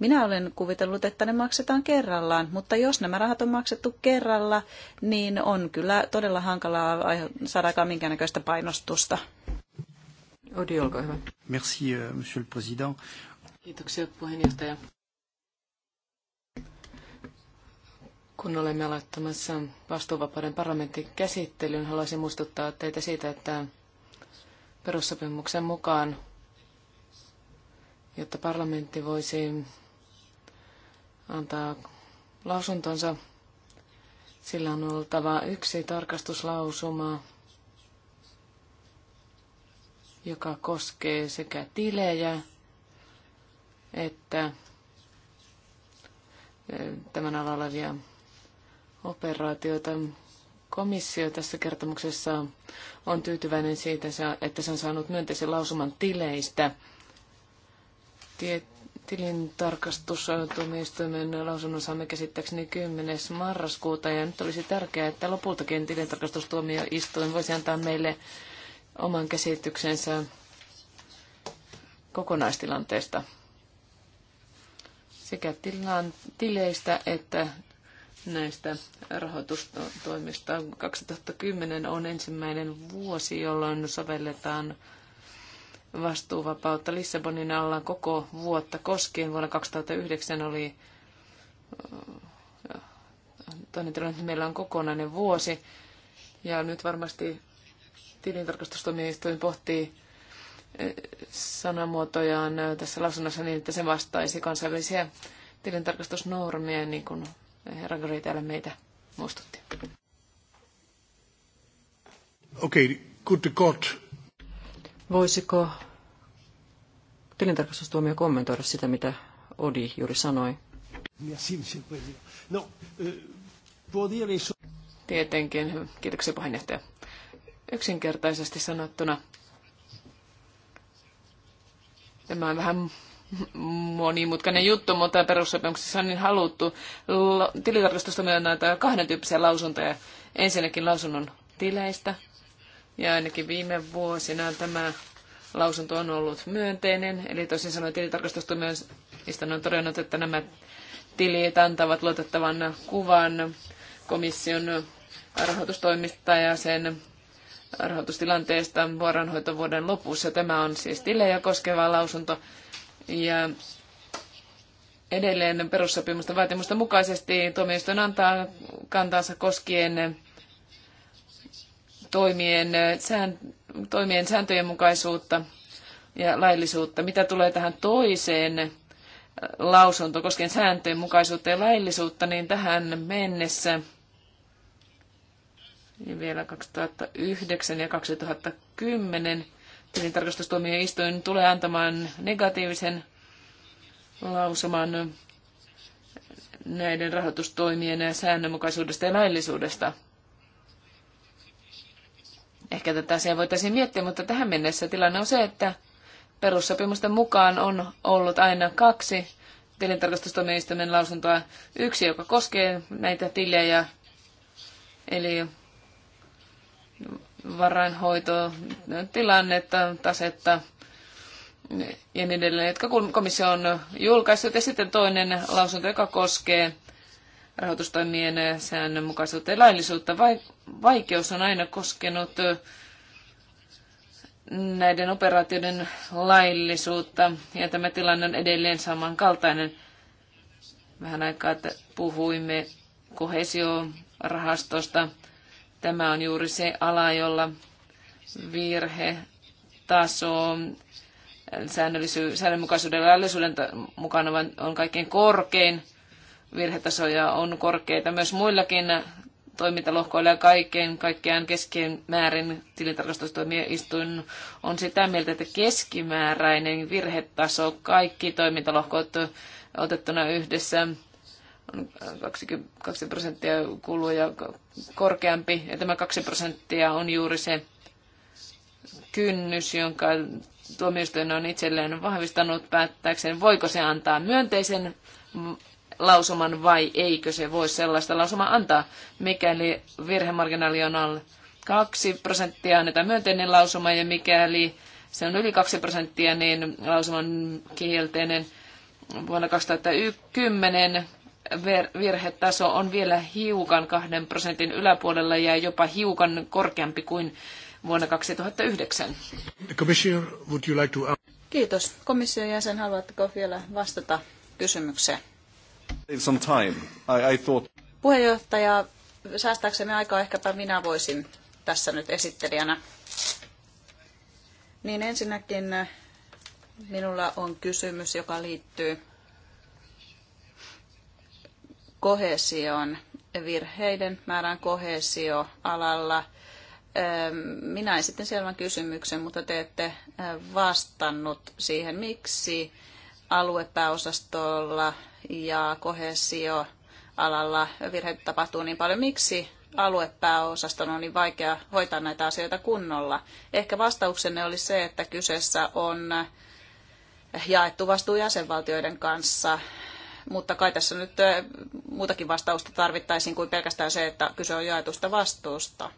minä olen kuvitellut, että ne maksetaan kerrallaan, mutta jos nämä rahat on maksettu kerralla, niin on kyllä todella hankalaa saadaakaan minkäännäköistä painostusta. Odi, olkaa hyvä. Merci, euh, monsieur le président. Kiitoksia puheenjohtaja. Kun olemme aloittamassa vastuuvapauden parlamentin käsittelyyn, haluaisin muistuttaa teitä siitä, että perussopimuksen mukaan, jotta parlamentti voisi antaa lausuntonsa. Sillä on oltava yksi tarkastuslausuma, joka koskee sekä tilejä että tämän alalla olevia operaatioita. Komissio tässä kertomuksessa on tyytyväinen siitä, että se on saanut myönteisen lausuman tileistä. Tiet- tilintarkastustuomioistuimen lausunnon saamme käsittääkseni 10. marraskuuta ja nyt olisi tärkeää, että lopultakin tilintarkastustuomioistuin voisi antaa meille oman käsityksensä kokonaistilanteesta sekä tilan, tileistä että näistä rahoitustoimista. 2010 on ensimmäinen vuosi, jolloin sovelletaan vastuuvapautta Lissabonin alla koko vuotta koskien. Vuonna 2009 oli äh, toinen tilanne, että meillä on kokonainen vuosi. Ja nyt varmasti tilintarkastustuomioistuin pohtii äh, sanamuotojaan äh, tässä lausunnossa niin, että se vastaisi kansainvälisiä tilintarkastusnormeja, niin kuin herra Gori täällä meitä muistutti. Okei, okay, good to God. Voisiko tilintarkastustuomio kommentoida sitä, mitä Odi juuri sanoi? Euh, Tietenkin. Kiitoksia puheenjohtaja. Yksinkertaisesti sanottuna tämä on vähän monimutkainen juttu, mutta perussopimuksessa on niin haluttu on näitä kahden tyyppisiä lausuntoja. Ensinnäkin lausunnon tileistä ja ainakin viime vuosina tämä lausunto on ollut myönteinen. Eli toisin sanoen tilintarkastustuomioistuin on todennut, että nämä tilit antavat luotettavan kuvan komission rahoitustoimista ja sen rahoitustilanteesta vuoranhoitovuoden lopussa. Tämä on siis tilejä koskeva lausunto. Ja edelleen perussopimusten vaatimusten mukaisesti tuomioistuin antaa kantansa koskien toimien, sään, toimien sääntöjen mukaisuutta ja laillisuutta. Mitä tulee tähän toiseen lausunto koskien sääntöjen mukaisuutta ja laillisuutta, niin tähän mennessä niin vielä 2009 ja 2010 tilintarkastustuomioistuin tulee antamaan negatiivisen lausuman näiden rahoitustoimien säännönmukaisuudesta ja laillisuudesta. Ehkä tätä asiaa voitaisiin miettiä, mutta tähän mennessä tilanne on se, että perussopimusten mukaan on ollut aina kaksi tilintarkastustuomioistuimen lausuntoa. Yksi, joka koskee näitä tilejä, eli tilannetta, tasetta ja niin edelleen, jotka komissio on julkaissut. Ja sitten toinen lausunto, joka koskee rahoitustoimien säännönmukaisuutta ja laillisuutta. Vaikeus on aina koskenut näiden operaatioiden laillisuutta, ja tämä tilanne on edelleen samankaltainen. Vähän aikaa että puhuimme kohesiorahastosta. Tämä on juuri se ala, jolla virhe taso säännönmukaisuuden ja laillisuuden mukana on kaikkein korkein virhetasoja on korkeita myös muillakin toimintalohkoilla ja kaikkein kaikkiaan keskimäärin tilintarkastustoimioistuin on sitä mieltä, että keskimääräinen virhetaso, kaikki toimintalohkot otettuna yhdessä on 2 prosenttia kuluja korkeampi. Ja tämä 2 prosenttia on juuri se kynnys, jonka tuomioistuin on itselleen vahvistanut päättääkseen, voiko se antaa myönteisen lausuman vai eikö se voi sellaista lausumaa antaa, mikäli virhemarginaali on alle 2 prosenttia, annetaan myönteinen lausuma ja mikäli se on yli 2 prosenttia, niin lausuman kielteinen vuonna 2010 virhetaso on vielä hiukan 2 prosentin yläpuolella ja jopa hiukan korkeampi kuin vuonna 2009. Commissioner, would you like to... Kiitos. Komission jäsen, haluatteko vielä vastata kysymykseen? Some time. I, I thought... Puheenjohtaja, säästääksemme aikaa ehkäpä minä voisin tässä nyt esittelijänä. Niin ensinnäkin eh, minulla on kysymys, joka liittyy kohesioon, virheiden määrän kohesioalalla. Eh, minä esitin selvän kysymyksen, mutta te ette eh, vastannut siihen, miksi aluepääosastolla ja kohesioalalla virheitä tapahtuu niin paljon. Miksi aluepääosaston on niin vaikea hoitaa näitä asioita kunnolla? Ehkä vastauksenne oli se, että kyseessä on jaettu vastuu jäsenvaltioiden kanssa, mutta kai tässä nyt muutakin vastausta tarvittaisiin kuin pelkästään se, että kyse on jaetusta vastuusta.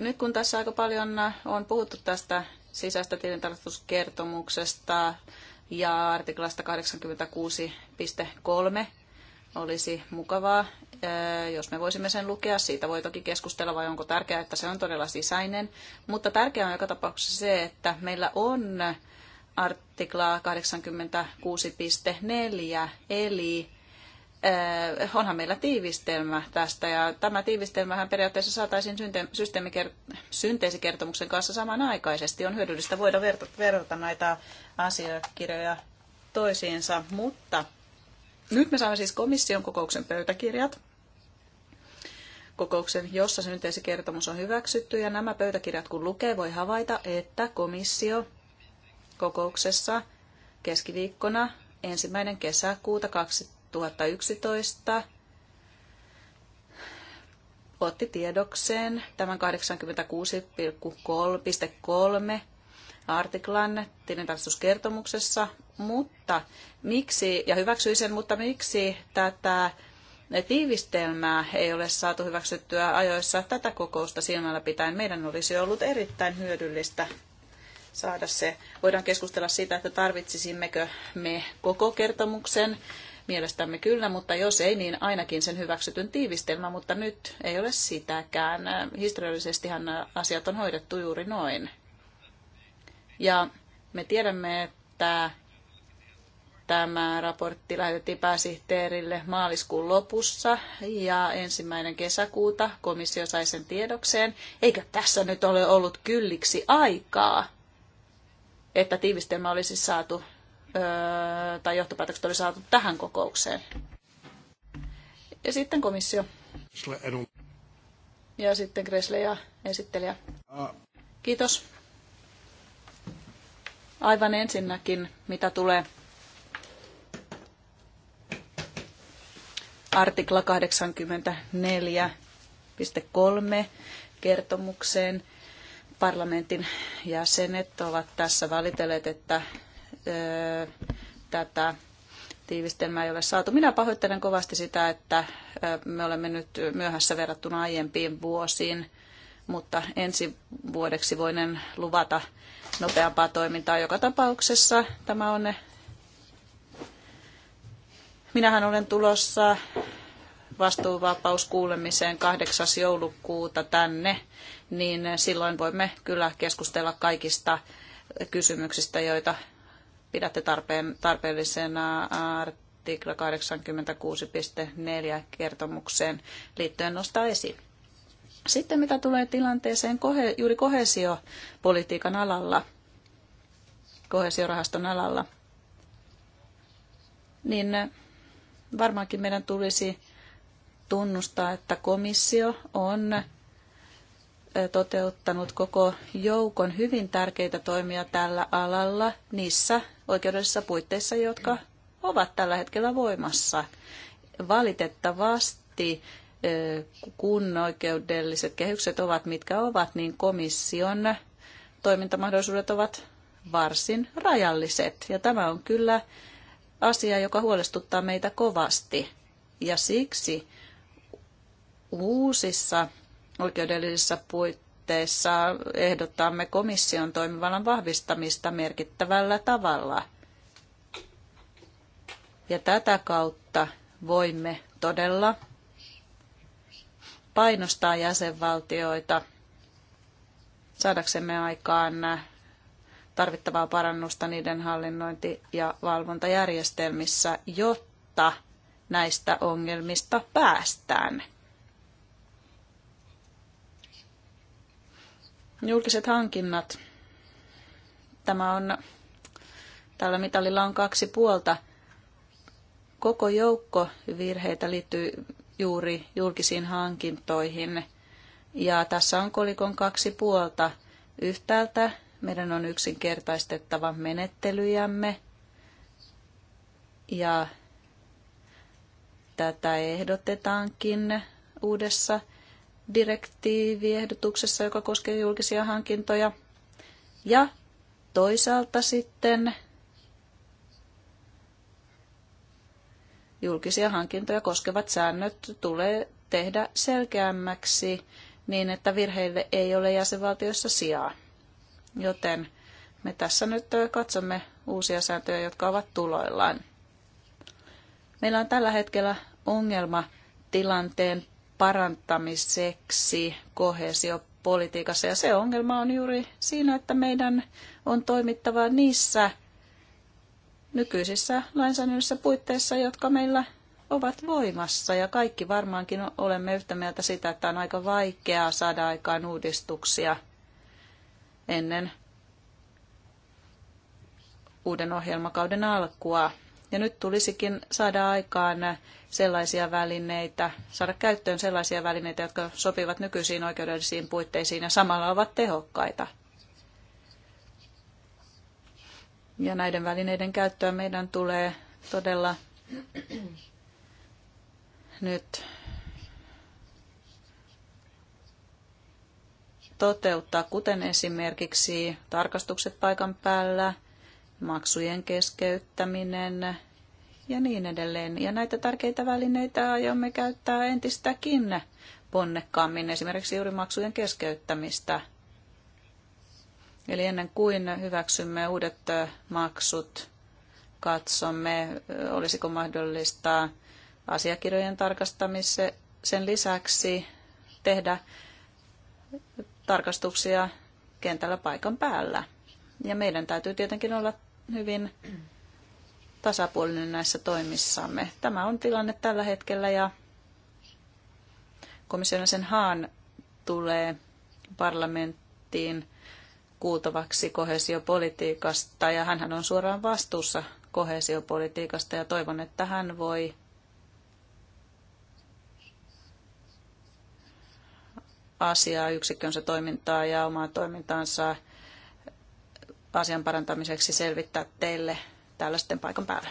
Nyt kun tässä aika paljon on puhuttu tästä sisäistä tilintarkastuskertomuksesta ja artiklasta 86.3 olisi mukavaa, jos me voisimme sen lukea. Siitä voi toki keskustella, vai onko tärkeää, että se on todella sisäinen. Mutta tärkeää on joka tapauksessa se, että meillä on artiklaa 86.4, eli Äh, onhan meillä tiivistelmä tästä ja tämä tiivistelmähän periaatteessa saataisiin synteesikertomuksen kanssa samanaikaisesti. On hyödyllistä voida verrata näitä asiakirjoja toisiinsa, mutta nyt me saamme siis komission kokouksen pöytäkirjat kokouksen, jossa synteesikertomus on hyväksytty ja nämä pöytäkirjat kun lukee, voi havaita, että komissio kokouksessa keskiviikkona ensimmäinen kesäkuuta 2000 2011 otti tiedokseen tämän 86,3 artiklan tilintarkastuskertomuksessa, mutta miksi, ja hyväksyi sen, mutta miksi tätä tiivistelmää ei ole saatu hyväksyttyä ajoissa tätä kokousta silmällä pitäen. Meidän olisi ollut erittäin hyödyllistä saada se. Voidaan keskustella siitä, että tarvitsisimmekö me koko kertomuksen mielestämme kyllä, mutta jos ei, niin ainakin sen hyväksytyn tiivistelmä, mutta nyt ei ole sitäkään. Historiallisestihan asiat on hoidettu juuri noin. Ja me tiedämme, että tämä raportti lähetettiin pääsihteerille maaliskuun lopussa ja ensimmäinen kesäkuuta komissio sai sen tiedokseen. Eikä tässä nyt ole ollut kylliksi aikaa, että tiivistelmä olisi saatu tai johtopäätökset oli saatu tähän kokoukseen. Ja sitten komissio. Ja sitten Gresle ja esittelijä. Kiitos. Aivan ensinnäkin, mitä tulee artikla 84.3 kertomukseen. Parlamentin jäsenet ovat tässä valitelleet, että Äh, tätä tiivistelmää ei ole saatu. Minä pahoittelen kovasti sitä, että äh, me olemme nyt myöhässä verrattuna aiempiin vuosiin, mutta ensi vuodeksi voinen luvata nopeampaa toimintaa. Joka tapauksessa tämä on... ne. Minähän olen tulossa vastuuvapauskuulemiseen 8. joulukuuta tänne, niin silloin voimme kyllä keskustella kaikista kysymyksistä, joita pidätte tarpeen, tarpeellisena artikla 86.4 kertomukseen liittyen nostaa esiin. Sitten mitä tulee tilanteeseen kohe, juuri kohesiopolitiikan alalla, kohesiorahaston alalla, niin varmaankin meidän tulisi tunnustaa, että komissio on toteuttanut koko joukon hyvin tärkeitä toimia tällä alalla niissä oikeudellisissa puitteissa, jotka ovat tällä hetkellä voimassa. Valitettavasti, kun oikeudelliset kehykset ovat mitkä ovat, niin komission toimintamahdollisuudet ovat varsin rajalliset. Ja tämä on kyllä asia, joka huolestuttaa meitä kovasti. Ja siksi uusissa oikeudellisissa puitteissa ehdotamme komission toimivallan vahvistamista merkittävällä tavalla. Ja tätä kautta voimme todella painostaa jäsenvaltioita saadaksemme aikaan tarvittavaa parannusta niiden hallinnointi- ja valvontajärjestelmissä, jotta näistä ongelmista päästään. Julkiset hankinnat. Tämä on, tällä mitalilla on kaksi puolta. Koko joukko virheitä liittyy juuri julkisiin hankintoihin. Ja tässä on kolikon kaksi puolta. Yhtäältä meidän on yksinkertaistettava menettelyjämme ja tätä ehdotetaankin uudessa direktiiviehdotuksessa, joka koskee julkisia hankintoja. Ja toisaalta sitten julkisia hankintoja koskevat säännöt tulee tehdä selkeämmäksi niin, että virheille ei ole jäsenvaltioissa sijaa. Joten me tässä nyt katsomme uusia sääntöjä, jotka ovat tuloillaan. Meillä on tällä hetkellä ongelma tilanteen parantamiseksi kohesiopolitiikassa. Ja se ongelma on juuri siinä, että meidän on toimittava niissä nykyisissä lainsäädännössä puitteissa, jotka meillä ovat voimassa. Ja kaikki varmaankin olemme yhtä mieltä sitä, että on aika vaikeaa saada aikaan uudistuksia ennen uuden ohjelmakauden alkua. Ja nyt tulisikin saada aikaan sellaisia välineitä, saada käyttöön sellaisia välineitä, jotka sopivat nykyisiin oikeudellisiin puitteisiin ja samalla ovat tehokkaita. Ja näiden välineiden käyttöä meidän tulee todella nyt toteuttaa, kuten esimerkiksi tarkastukset paikan päällä, maksujen keskeyttäminen, ja niin edelleen. Ja näitä tärkeitä välineitä aiomme käyttää entistäkin ponnekkaammin, esimerkiksi juuri maksujen keskeyttämistä. Eli ennen kuin hyväksymme uudet maksut, katsomme, olisiko mahdollista asiakirjojen tarkastamisen sen lisäksi tehdä tarkastuksia kentällä paikan päällä. Ja meidän täytyy tietenkin olla hyvin tasapuolinen näissä toimissamme. Tämä on tilanne tällä hetkellä ja komission sen Haan tulee parlamenttiin kuultavaksi kohesiopolitiikasta ja hän on suoraan vastuussa kohesiopolitiikasta ja toivon, että hän voi asiaa, yksikkönsä toimintaa ja omaa toimintaansa asian parantamiseksi selvittää teille täällä sitten paikan päällä.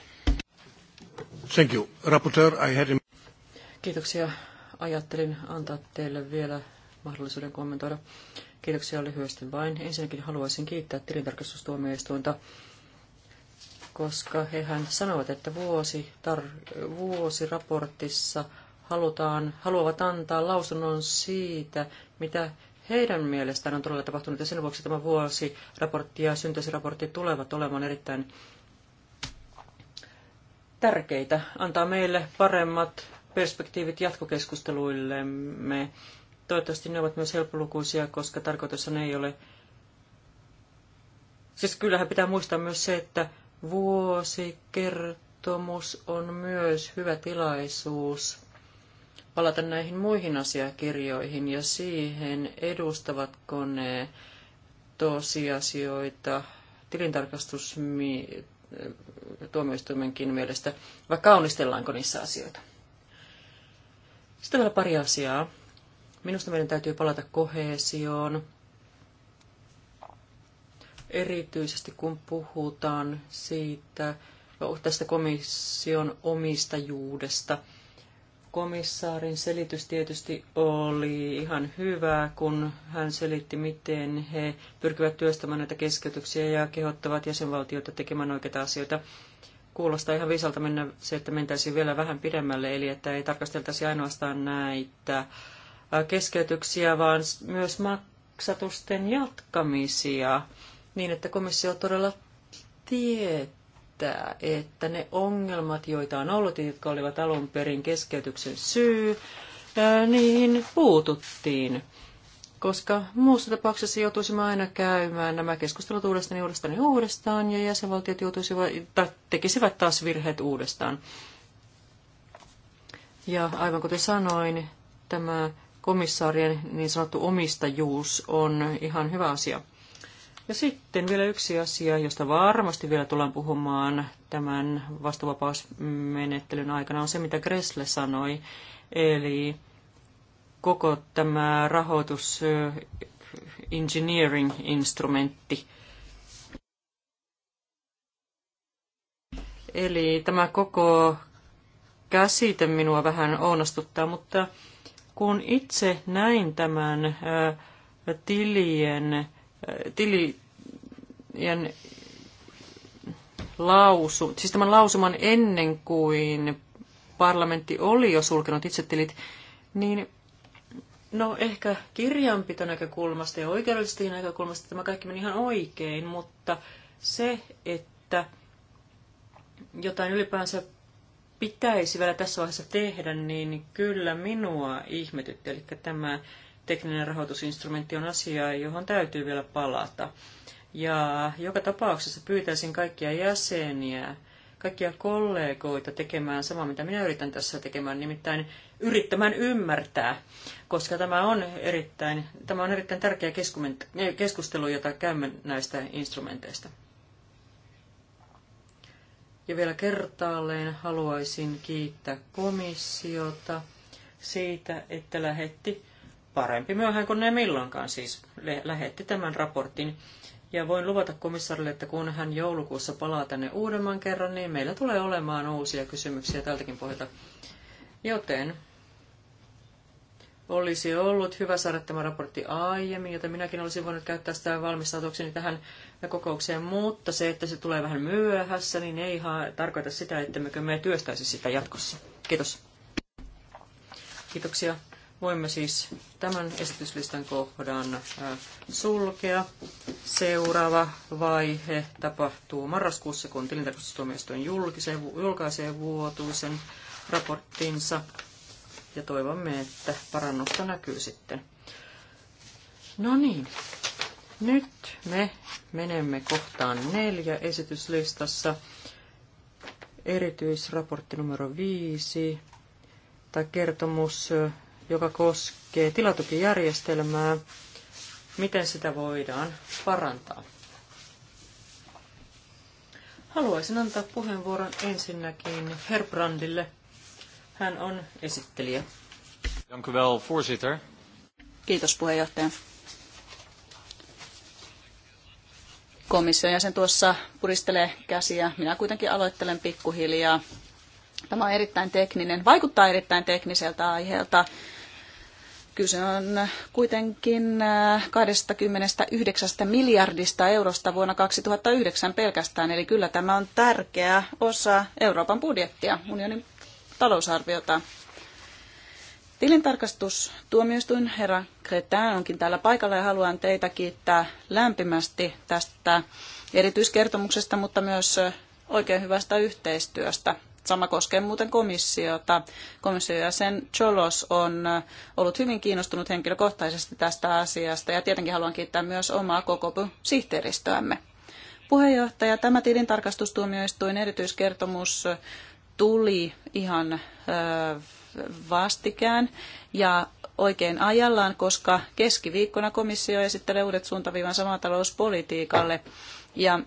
Thank you. Rapporteur, I had... Kiitoksia. Ajattelin antaa teille vielä mahdollisuuden kommentoida. Kiitoksia lyhyesti vain. Ensinnäkin haluaisin kiittää tilintarkastustuomioistuinta, koska hehän sanovat, että vuosi tar- vuosiraportissa halutaan, haluavat antaa lausunnon siitä, mitä heidän mielestään on todella tapahtunut, ja sen vuoksi tämä vuosiraportti ja synteesiraportti tulevat olemaan erittäin tärkeitä, antaa meille paremmat perspektiivit jatkokeskusteluillemme. Toivottavasti ne ovat myös helppolukuisia, koska tarkoitus ne ei ole... Siis kyllähän pitää muistaa myös se, että vuosikertomus on myös hyvä tilaisuus palata näihin muihin asiakirjoihin ja siihen, edustavatko ne tosiasioita tilintarkastus tuomioistuimenkin mielestä, vaikka kaunistellaanko niissä asioita. Sitten vielä pari asiaa. Minusta meidän täytyy palata kohesioon. erityisesti kun puhutaan siitä, tästä komission omistajuudesta – komissaarin selitys tietysti oli ihan hyvä, kun hän selitti, miten he pyrkivät työstämään näitä keskeytyksiä ja kehottavat jäsenvaltioita tekemään oikeita asioita. Kuulostaa ihan viisalta mennä se, että mentäisiin vielä vähän pidemmälle, eli että ei tarkasteltaisi ainoastaan näitä keskeytyksiä, vaan myös maksatusten jatkamisia, niin että komissio todella tietää, sitä, että ne ongelmat, joita on ollut ja jotka olivat alun perin keskeytyksen syy, niihin puututtiin. Koska muussa tapauksessa joutuisimme aina käymään nämä keskustelut uudestaan ja uudestaan ja uudestaan, ja jäsenvaltiot joutuisivat, tekisivät taas virheet uudestaan. Ja aivan kuten sanoin, tämä komissaarien niin sanottu omistajuus on ihan hyvä asia – ja sitten vielä yksi asia, josta varmasti vielä tullaan puhumaan tämän vastuvapausmenettelyn aikana, on se, mitä Gressle sanoi. Eli koko tämä rahoitus engineering-instrumentti. Eli tämä koko käsite minua vähän onnostuttaa, mutta kun itse näin tämän tilien tilien lausu, siis tämän lausuman ennen kuin parlamentti oli jo sulkenut itse tilit, niin no ehkä näkökulmasta ja oikeudellisesti näkökulmasta tämä kaikki meni ihan oikein, mutta se, että jotain ylipäänsä pitäisi vielä tässä vaiheessa tehdä, niin kyllä minua ihmetytti. Eli tämä tekninen rahoitusinstrumentti on asia, johon täytyy vielä palata. Ja joka tapauksessa pyytäisin kaikkia jäseniä, kaikkia kollegoita tekemään samaa, mitä minä yritän tässä tekemään, nimittäin yrittämään ymmärtää, koska tämä on erittäin, tämä on erittäin tärkeä eh, keskustelu, jota käymme näistä instrumenteista. Ja vielä kertaalleen haluaisin kiittää komissiota siitä, että lähetti parempi myöhään kuin ne milloinkaan siis, lähetti tämän raportin. Ja voin luvata komissarille, että kun hän joulukuussa palaa tänne uudemman kerran, niin meillä tulee olemaan uusia kysymyksiä tältäkin pohjalta. Joten olisi ollut hyvä saada tämä raportti aiemmin, joten minäkin olisin voinut käyttää sitä valmistautuakseni tähän kokoukseen, mutta se, että se tulee vähän myöhässä, niin ei tarkoita sitä, että me työstäisi sitä jatkossa. Kiitos. Kiitoksia. Voimme siis tämän esityslistan kohdan äh, sulkea. Seuraava vaihe tapahtuu marraskuussa, kun tilintarkastustuomioistuin julkaisee vuotuisen raporttinsa. Ja toivomme, että parannusta näkyy sitten. No niin, nyt me menemme kohtaan neljä esityslistassa. Erityisraportti numero viisi tai kertomus joka koskee tilatukijärjestelmää, miten sitä voidaan parantaa. Haluaisin antaa puheenvuoron ensinnäkin Herbrandille. Hän on esittelijä. Dank u wel, voorzitter. Kiitos puheenjohtaja. Komission jäsen tuossa puristelee käsiä. Minä kuitenkin aloittelen pikkuhiljaa Tämä on erittäin tekninen, vaikuttaa erittäin tekniseltä aiheelta. Kyse on kuitenkin 29 äh, miljardista eurosta vuonna 2009 pelkästään, eli kyllä tämä on tärkeä osa Euroopan budjettia, unionin talousarviota. Tilintarkastus tuomioistuin herra Kretään onkin täällä paikalla ja haluan teitä kiittää lämpimästi tästä erityiskertomuksesta, mutta myös äh, oikein hyvästä yhteistyöstä. Sama koskee muuten komissiota. Komission jäsen Cholos on ollut hyvin kiinnostunut henkilökohtaisesti tästä asiasta ja tietenkin haluan kiittää myös omaa koko sihteeristöämme. Puheenjohtaja, tämä tilintarkastustuomioistuin erityiskertomus tuli ihan vastikään ja oikein ajallaan, koska keskiviikkona komissio esittelee uudet suuntaviivansa maatalouspolitiikalle. Ja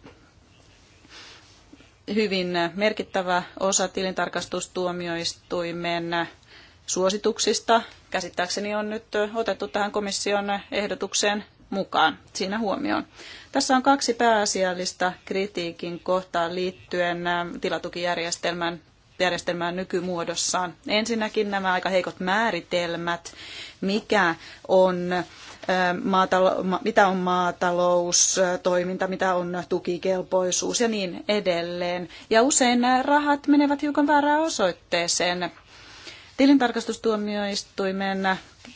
hyvin merkittävä osa tilintarkastustuomioistuimen suosituksista käsittääkseni on nyt otettu tähän komission ehdotukseen mukaan siinä huomioon. Tässä on kaksi pääasiallista kritiikin kohtaa liittyen tilatukijärjestelmän järjestelmään nykymuodossaan. Ensinnäkin nämä aika heikot määritelmät, mikä on mitä on maataloustoiminta, mitä on tukikelpoisuus ja niin edelleen. Ja usein nämä rahat menevät hiukan väärään osoitteeseen. Tilintarkastustuomioistuimen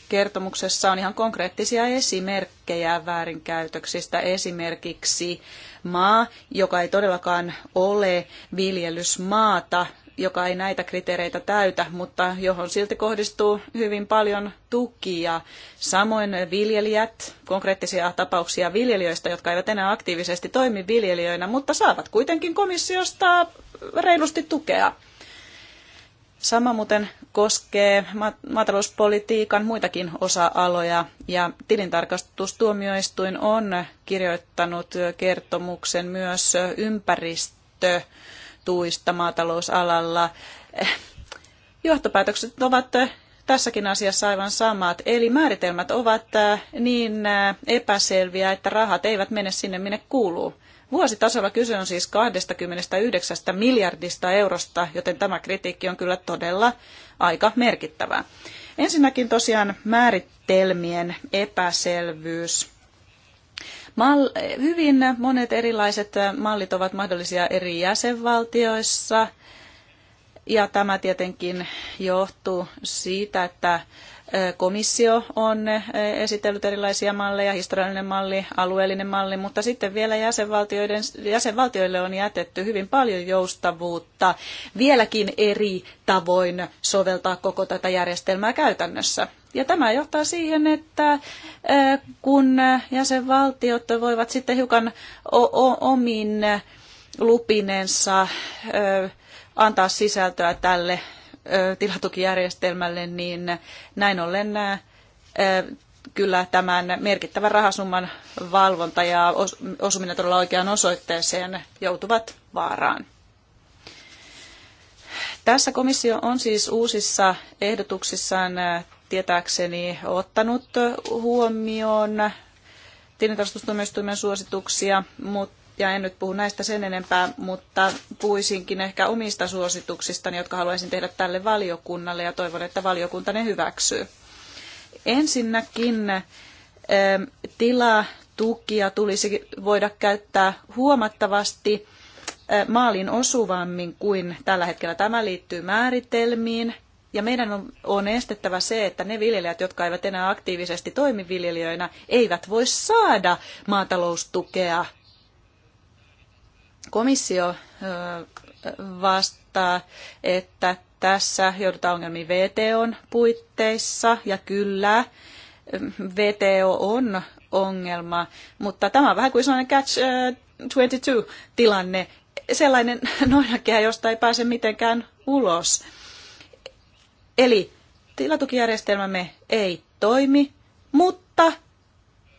kertomuksessa on ihan konkreettisia esimerkkejä väärinkäytöksistä. Esimerkiksi maa, joka ei todellakaan ole viljelysmaata, joka ei näitä kriteereitä täytä, mutta johon silti kohdistuu hyvin paljon tukia. Samoin viljelijät, konkreettisia tapauksia viljelijöistä, jotka eivät enää aktiivisesti toimi viljelijöinä, mutta saavat kuitenkin komissiosta reilusti tukea. Sama muuten koskee maatalouspolitiikan muitakin osa-aloja ja tilintarkastustuomioistuin on kirjoittanut kertomuksen myös ympäristö tuista maatalousalalla. Johtopäätökset ovat tässäkin asiassa aivan samat. Eli määritelmät ovat niin epäselviä, että rahat eivät mene sinne, minne kuuluu. Vuositasolla kyse on siis 29 miljardista eurosta, joten tämä kritiikki on kyllä todella aika merkittävää. Ensinnäkin tosiaan määritelmien epäselvyys hyvin monet erilaiset mallit ovat mahdollisia eri jäsenvaltioissa. Ja tämä tietenkin johtuu siitä, että komissio on esitellyt erilaisia malleja, historiallinen malli, alueellinen malli, mutta sitten vielä jäsenvaltioiden, jäsenvaltioille on jätetty hyvin paljon joustavuutta vieläkin eri tavoin soveltaa koko tätä järjestelmää käytännössä. Ja tämä johtaa siihen, että äh, kun äh, jäsenvaltiot voivat sitten hiukan omin lupinensa äh, antaa sisältöä tälle tilatukijärjestelmälle, niin näin ollen kyllä tämän merkittävän rahasumman valvonta ja osuminen todella oikeaan osoitteeseen joutuvat vaaraan. Tässä komissio on siis uusissa ehdotuksissaan tietääkseni ottanut huomioon tilintarkastustuomioistuimen suosituksia, mutta ja en nyt puhu näistä sen enempää, mutta puhuisinkin ehkä omista suosituksistani, jotka haluaisin tehdä tälle valiokunnalle ja toivon, että valiokunta ne hyväksyy. Ensinnäkin ähm, tilaa tukia tulisi voida käyttää huomattavasti äh, maalin osuvammin kuin tällä hetkellä. Tämä liittyy määritelmiin, ja meidän on, on estettävä se, että ne viljelijät, jotka eivät enää aktiivisesti toimi viljelijöinä, eivät voi saada maataloustukea. Komissio vastaa, että tässä joudutaan ongelmiin VTOn puitteissa, ja kyllä, VTO on ongelma, mutta tämä on vähän kuin sellainen catch 22-tilanne, sellainen noinakin, josta ei pääse mitenkään ulos Eli tilatukijärjestelmämme ei toimi, mutta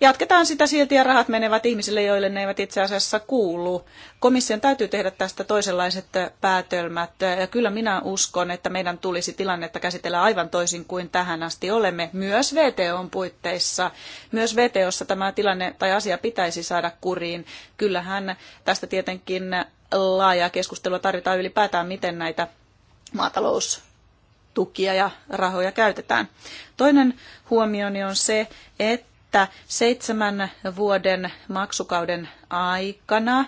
jatketaan sitä silti ja rahat menevät ihmisille, joille ne eivät itse asiassa kuulu. Komission täytyy tehdä tästä toisenlaiset päätelmät. Ja kyllä minä uskon, että meidän tulisi tilannetta käsitellä aivan toisin kuin tähän asti olemme, myös VTOn puitteissa. Myös VTOssa tämä tilanne tai asia pitäisi saada kuriin. Kyllähän tästä tietenkin laajaa keskustelua tarvitaan ylipäätään, miten näitä maatalous tukia ja rahoja käytetään. Toinen huomioni on se, että seitsemän vuoden maksukauden aikana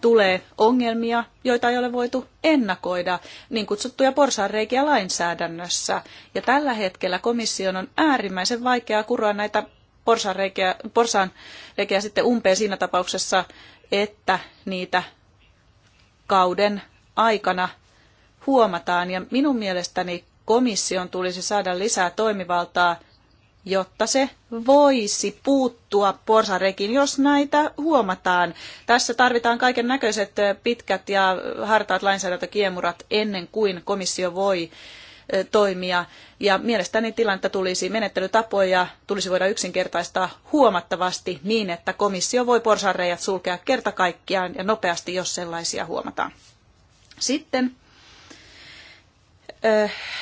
tulee ongelmia, joita ei ole voitu ennakoida, niin kutsuttuja porsaanreikiä lainsäädännössä. Ja tällä hetkellä komission on äärimmäisen vaikeaa kuroa näitä porsaanreikiä, porsaanreikiä sitten umpeen siinä tapauksessa, että niitä kauden aikana huomataan. Ja minun mielestäni komission tulisi saada lisää toimivaltaa, jotta se voisi puuttua porsarekin, jos näitä huomataan. Tässä tarvitaan kaiken näköiset pitkät ja hartaat lainsäädäntökiemurat ennen kuin komissio voi toimia. Ja mielestäni tilannetta tulisi menettelytapoja, tulisi voida yksinkertaistaa huomattavasti niin, että komissio voi porsareijat sulkea kerta kaikkiaan ja nopeasti, jos sellaisia huomataan. Sitten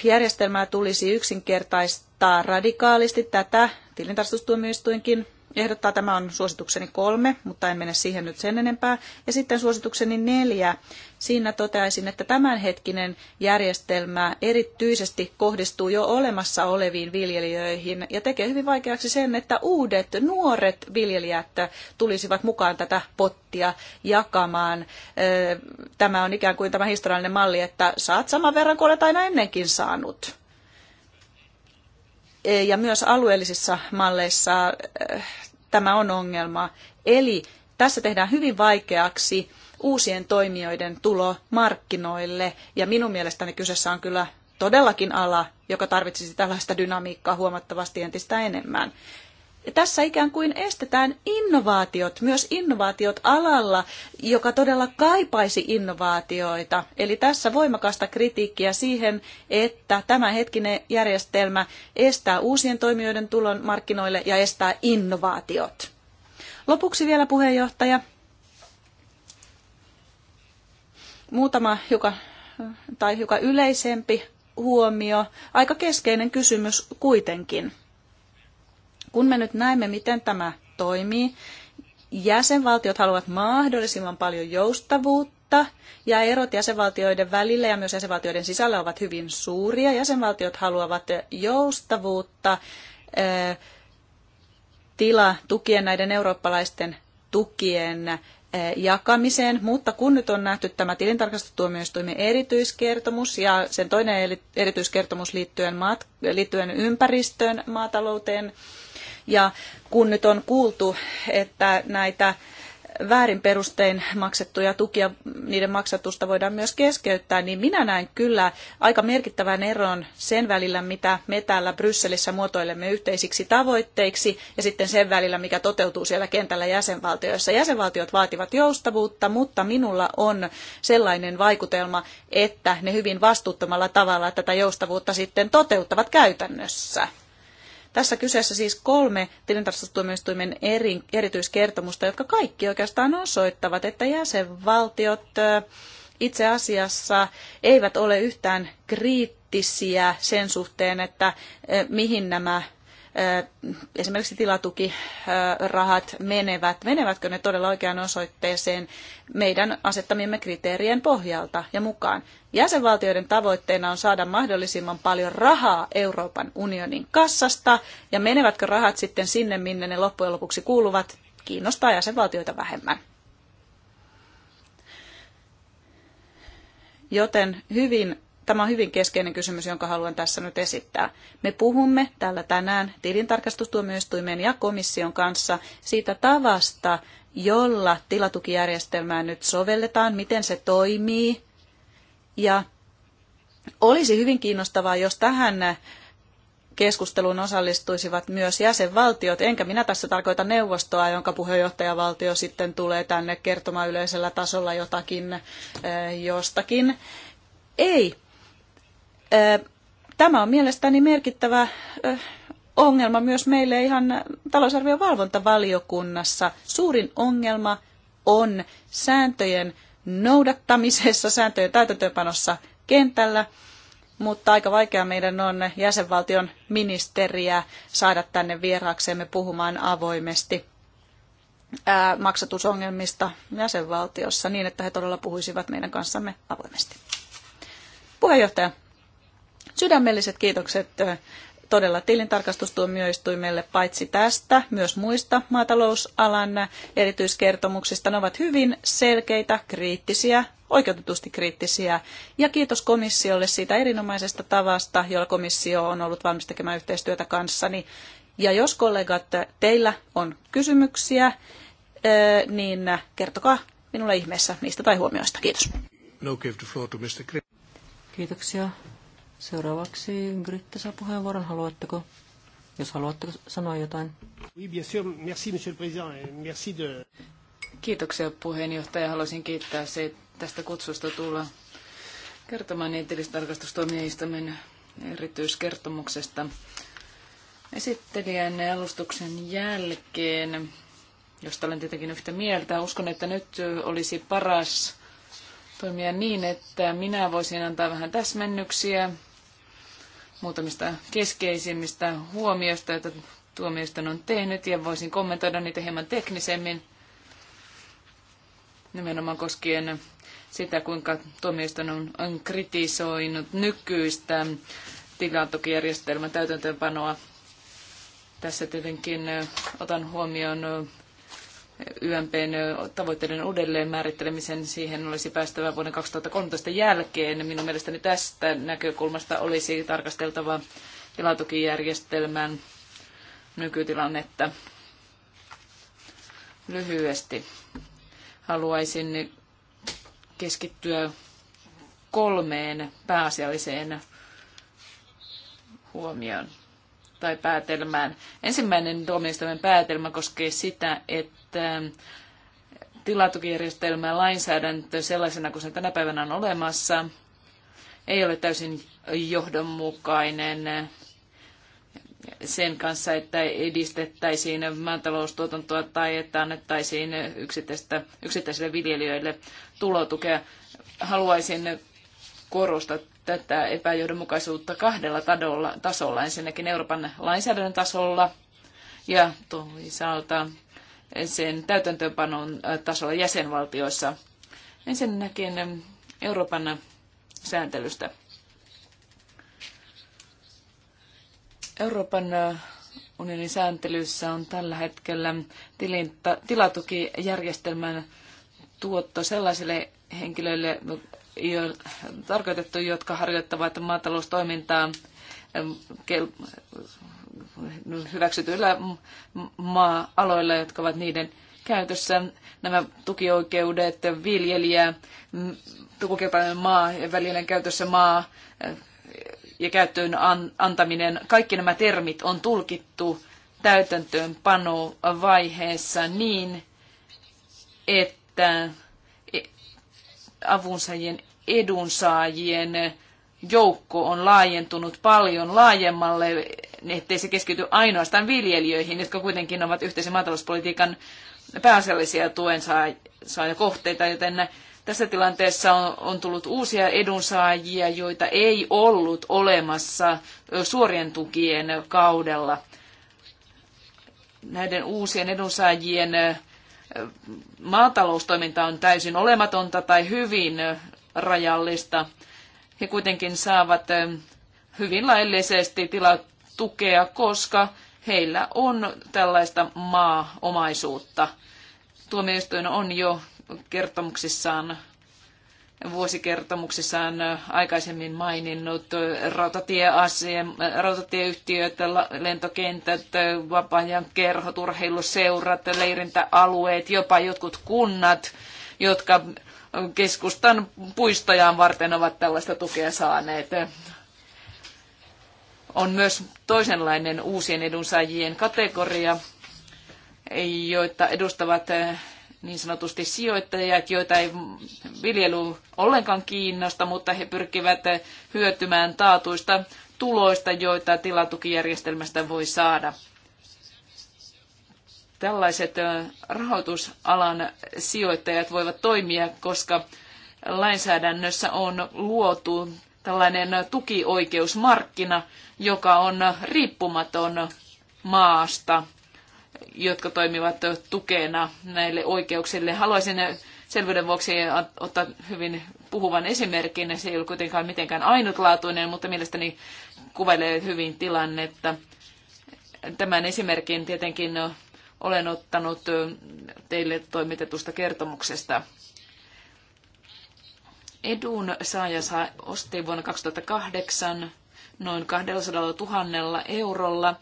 järjestelmää tulisi yksinkertaistaa radikaalisti. Tätä tilintarkastustuomioistuinkin ehdottaa. Tämä on suositukseni kolme, mutta en mene siihen nyt sen enempää. Ja sitten suositukseni neljä. Siinä toteaisin, että tämänhetkinen järjestelmä erityisesti kohdistuu jo olemassa oleviin viljelijöihin ja tekee hyvin vaikeaksi sen, että uudet nuoret viljelijät tulisivat mukaan tätä pottia jakamaan. Tämä on ikään kuin tämä historiallinen malli, että saat saman verran kuin olet aina ennenkin saanut ja myös alueellisissa malleissa eh, tämä on ongelma. Eli tässä tehdään hyvin vaikeaksi uusien toimijoiden tulo markkinoille, ja minun mielestäni kyseessä on kyllä todellakin ala, joka tarvitsisi tällaista dynamiikkaa huomattavasti entistä enemmän tässä ikään kuin estetään innovaatiot, myös innovaatiot alalla, joka todella kaipaisi innovaatioita. Eli tässä voimakasta kritiikkiä siihen, että tämä hetkinen järjestelmä estää uusien toimijoiden tulon markkinoille ja estää innovaatiot. Lopuksi vielä puheenjohtaja. Muutama joka, tai joka yleisempi huomio. Aika keskeinen kysymys kuitenkin kun me nyt näemme, miten tämä toimii, jäsenvaltiot haluavat mahdollisimman paljon joustavuutta ja erot jäsenvaltioiden välillä ja myös jäsenvaltioiden sisällä ovat hyvin suuria. Jäsenvaltiot haluavat joustavuutta tila tukien näiden eurooppalaisten tukien jakamiseen, mutta kun nyt on nähty tämä tilintarkastustuomioistuimen erityiskertomus ja sen toinen erityiskertomus liittyen, mat- liittyen ympäristöön, maatalouteen, ja kun nyt on kuultu, että näitä väärin perustein maksettuja tukia, niiden maksatusta voidaan myös keskeyttää, niin minä näen kyllä aika merkittävän eron sen välillä, mitä me täällä Brysselissä muotoilemme yhteisiksi tavoitteiksi ja sitten sen välillä, mikä toteutuu siellä kentällä jäsenvaltioissa. Jäsenvaltiot vaativat joustavuutta, mutta minulla on sellainen vaikutelma, että ne hyvin vastuuttomalla tavalla tätä joustavuutta sitten toteuttavat käytännössä. Tässä kyseessä siis kolme tilintarkastustuomioistuimen eri, erityiskertomusta, jotka kaikki oikeastaan osoittavat, että jäsenvaltiot itse asiassa eivät ole yhtään kriittisiä sen suhteen, että mihin nämä esimerkiksi tilatukirahat menevät, menevätkö ne todella oikeaan osoitteeseen meidän asettamiemme kriteerien pohjalta ja mukaan. Jäsenvaltioiden tavoitteena on saada mahdollisimman paljon rahaa Euroopan unionin kassasta, ja menevätkö rahat sitten sinne, minne ne loppujen lopuksi kuuluvat, kiinnostaa jäsenvaltioita vähemmän. Joten hyvin Tämä on hyvin keskeinen kysymys, jonka haluan tässä nyt esittää. Me puhumme täällä tänään tilintarkastustuomioistuimen ja komission kanssa siitä tavasta, jolla tilatukijärjestelmää nyt sovelletaan, miten se toimii. Ja olisi hyvin kiinnostavaa, jos tähän keskusteluun osallistuisivat myös jäsenvaltiot, enkä minä tässä tarkoita neuvostoa, jonka puheenjohtajavaltio sitten tulee tänne kertomaan yleisellä tasolla jotakin eh, jostakin. Ei, Tämä on mielestäni merkittävä ongelma myös meille ihan talousarvion valvontavaliokunnassa. Suurin ongelma on sääntöjen noudattamisessa, sääntöjen täytäntöönpanossa kentällä, mutta aika vaikea meidän on jäsenvaltion ministeriä saada tänne vieraaksemme puhumaan avoimesti maksatusongelmista jäsenvaltiossa niin, että he todella puhuisivat meidän kanssamme avoimesti. Puheenjohtaja, Sydämelliset kiitokset todella tilintarkastustuomioistuimelle paitsi tästä, myös muista maatalousalan erityiskertomuksista. Ne ovat hyvin selkeitä, kriittisiä, oikeutetusti kriittisiä. Ja kiitos komissiolle siitä erinomaisesta tavasta, jolla komissio on ollut valmis tekemään yhteistyötä kanssani. Ja jos kollegat, teillä on kysymyksiä, niin kertokaa minulle ihmeessä niistä tai huomioista. Kiitos. Kiitoksia. Seuraavaksi Gritte saa puheenvuoron. Haluatteko, jos haluatte sanoa jotain? Oui, bien sûr. Merci, monsieur le président. Merci de... Kiitoksia puheenjohtaja. Haluaisin kiittää se tästä kutsusta tulla kertomaan tilistarkastustoimijoistamme erityiskertomuksesta. Esittelijän alustuksen jälkeen, josta olen tietenkin yhtä mieltä, uskon, että nyt olisi paras toimia niin, että minä voisin antaa vähän täsmennyksiä muutamista keskeisimmistä huomioista, joita tuomioistuin on tehnyt, ja voisin kommentoida niitä hieman teknisemmin, nimenomaan koskien sitä, kuinka tuomioistuin on, on kritisoinut nykyistä tilantokijärjestelmän täytäntöönpanoa. Tässä tietenkin otan huomioon YMPn tavoitteiden uudelleen määrittelemisen siihen olisi päästävä vuoden 2013 jälkeen. Minun mielestäni tästä näkökulmasta olisi tarkasteltava tilatukijärjestelmän nykytilannetta lyhyesti. Haluaisin keskittyä kolmeen pääasialliseen huomioon tai päätelmään. Ensimmäinen tuomioistuimen päätelmä koskee sitä, että tilatukijärjestelmän lainsäädäntö sellaisena kuin se tänä päivänä on olemassa, ei ole täysin johdonmukainen sen kanssa, että edistettäisiin maataloustuotantoa tai että annettaisiin yksittäisille viljelijöille tulotukea. Haluaisin korostaa tätä epäjohdonmukaisuutta kahdella tadolla, tasolla. Ensinnäkin Euroopan lainsäädännön tasolla ja toisaalta sen täytäntöönpanon äh, tasolla jäsenvaltioissa. Ensinnäkin ähm, Euroopan sääntelystä. Euroopan äh, unionin sääntelyssä on tällä hetkellä tilatukijärjestelmän tuotto sellaisille henkilöille, tarkoitettu, jotka harjoittavat maataloustoimintaa hyväksytyillä maa-aloilla, jotka ovat niiden käytössä. Nämä tukioikeudet, viljelijä, tukukilpailun maa ja välinen käytössä maa ja käyttöön antaminen, kaikki nämä termit on tulkittu täytäntöönpanovaiheessa niin, että e-, avunsaajien edunsaajien joukko on laajentunut paljon laajemmalle, ettei se keskity ainoastaan viljelijöihin, jotka kuitenkin ovat yhteisen maatalouspolitiikan pääasiallisia tuen saajakohteita, joten tässä tilanteessa on, on tullut uusia edunsaajia, joita ei ollut olemassa suorien tukien kaudella. Näiden uusien edunsaajien maataloustoiminta on täysin olematonta tai hyvin rajallista. He kuitenkin saavat hyvin laillisesti tilatukea, koska heillä on tällaista maaomaisuutta. Tuomioistuin on jo kertomuksissaan vuosikertomuksissaan aikaisemmin maininnut rautatieasien, rautatieyhtiöt, lentokentät, vapaa-ajan kerhot, urheiluseurat, leirintäalueet, jopa jotkut kunnat, jotka keskustan puistojaan varten ovat tällaista tukea saaneet. On myös toisenlainen uusien edunsaajien kategoria, joita edustavat niin sanotusti sijoittajat, joita ei viljely ollenkaan kiinnosta, mutta he pyrkivät hyötymään taatuista tuloista, joita tilatukijärjestelmästä voi saada tällaiset rahoitusalan sijoittajat voivat toimia, koska lainsäädännössä on luotu tällainen tukioikeusmarkkina, joka on riippumaton maasta, jotka toimivat tukena näille oikeuksille. Haluaisin selvyyden vuoksi ottaa hyvin puhuvan esimerkin. Se ei ole kuitenkaan mitenkään ainutlaatuinen, mutta mielestäni kuvailee hyvin tilannetta. Tämän esimerkin tietenkin olen ottanut teille toimitetusta kertomuksesta. Edun saaja saa osti vuonna 2008 noin 200 000 eurolla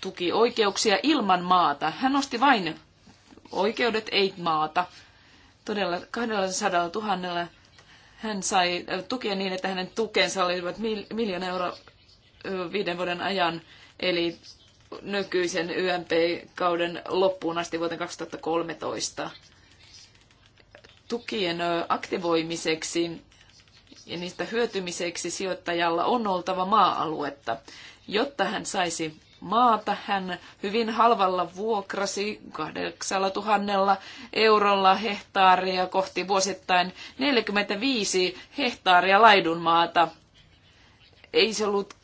tuki oikeuksia ilman maata. Hän osti vain oikeudet, ei maata. Todella 200 000 hän sai tukea niin, että hänen tukensa olivat miljoona euroa viiden vuoden ajan. Eli nykyisen YMP-kauden loppuun asti vuoteen 2013. Tukien aktivoimiseksi ja niistä hyötymiseksi sijoittajalla on oltava maa-aluetta. Jotta hän saisi maata, hän hyvin halvalla vuokrasi 8000 eurolla hehtaaria kohti vuosittain 45 hehtaaria laidunmaata. Ei se ollut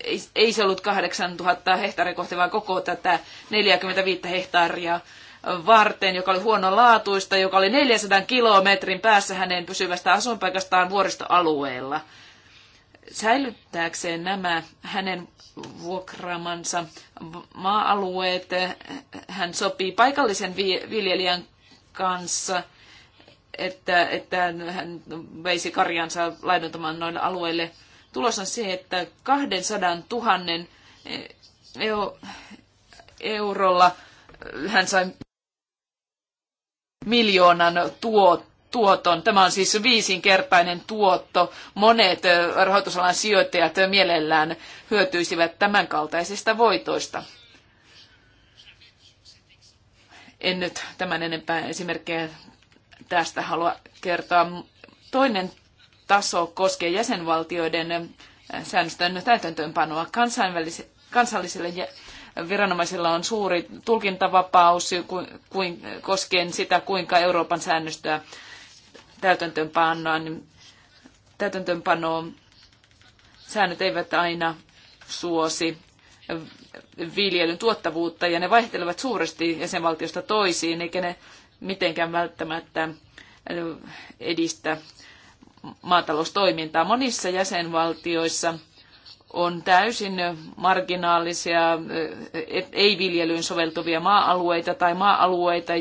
ei, ei se ollut 8000 hehtaaria kohti, vaan koko tätä 45 hehtaaria varten, joka oli huonolaatuista, joka oli 400 kilometrin päässä hänen pysyvästä asuinpaikastaan vuoristoalueella. Säilyttääkseen nämä hänen vuokraamansa maa-alueet, hän sopii paikallisen viljelijän kanssa, että, että hän veisi karjansa laiduntamaan noille alueille – Tulos on se, että 200 000 eh, eurolla eh, hän sai miljoonan tuot, tuoton. Tämä on siis viisinkertainen tuotto. Monet eh, rahoitusalan sijoittajat mielellään hyötyisivät tämänkaltaisista voitoista. En nyt tämän enempää esimerkkejä tästä halua kertoa. Toinen taso koskee jäsenvaltioiden äh, säännösten täytäntöönpanoa. Kansainvälis- kansallisilla viranomaisilla on suuri tulkintavapaus kuin, koskien sitä, kuinka Euroopan säännöstöä täytäntöönpannaan. Täytäntöönpanoa säännöt eivät aina suosi viljelyn tuottavuutta ja ne vaihtelevat suuresti jäsenvaltiosta toisiin, eikä ne mitenkään välttämättä äh, edistä maataloustoimintaa. Monissa jäsenvaltioissa on täysin marginaalisia, eh, ei viljelyyn soveltuvia maa-alueita tai maa-alueita,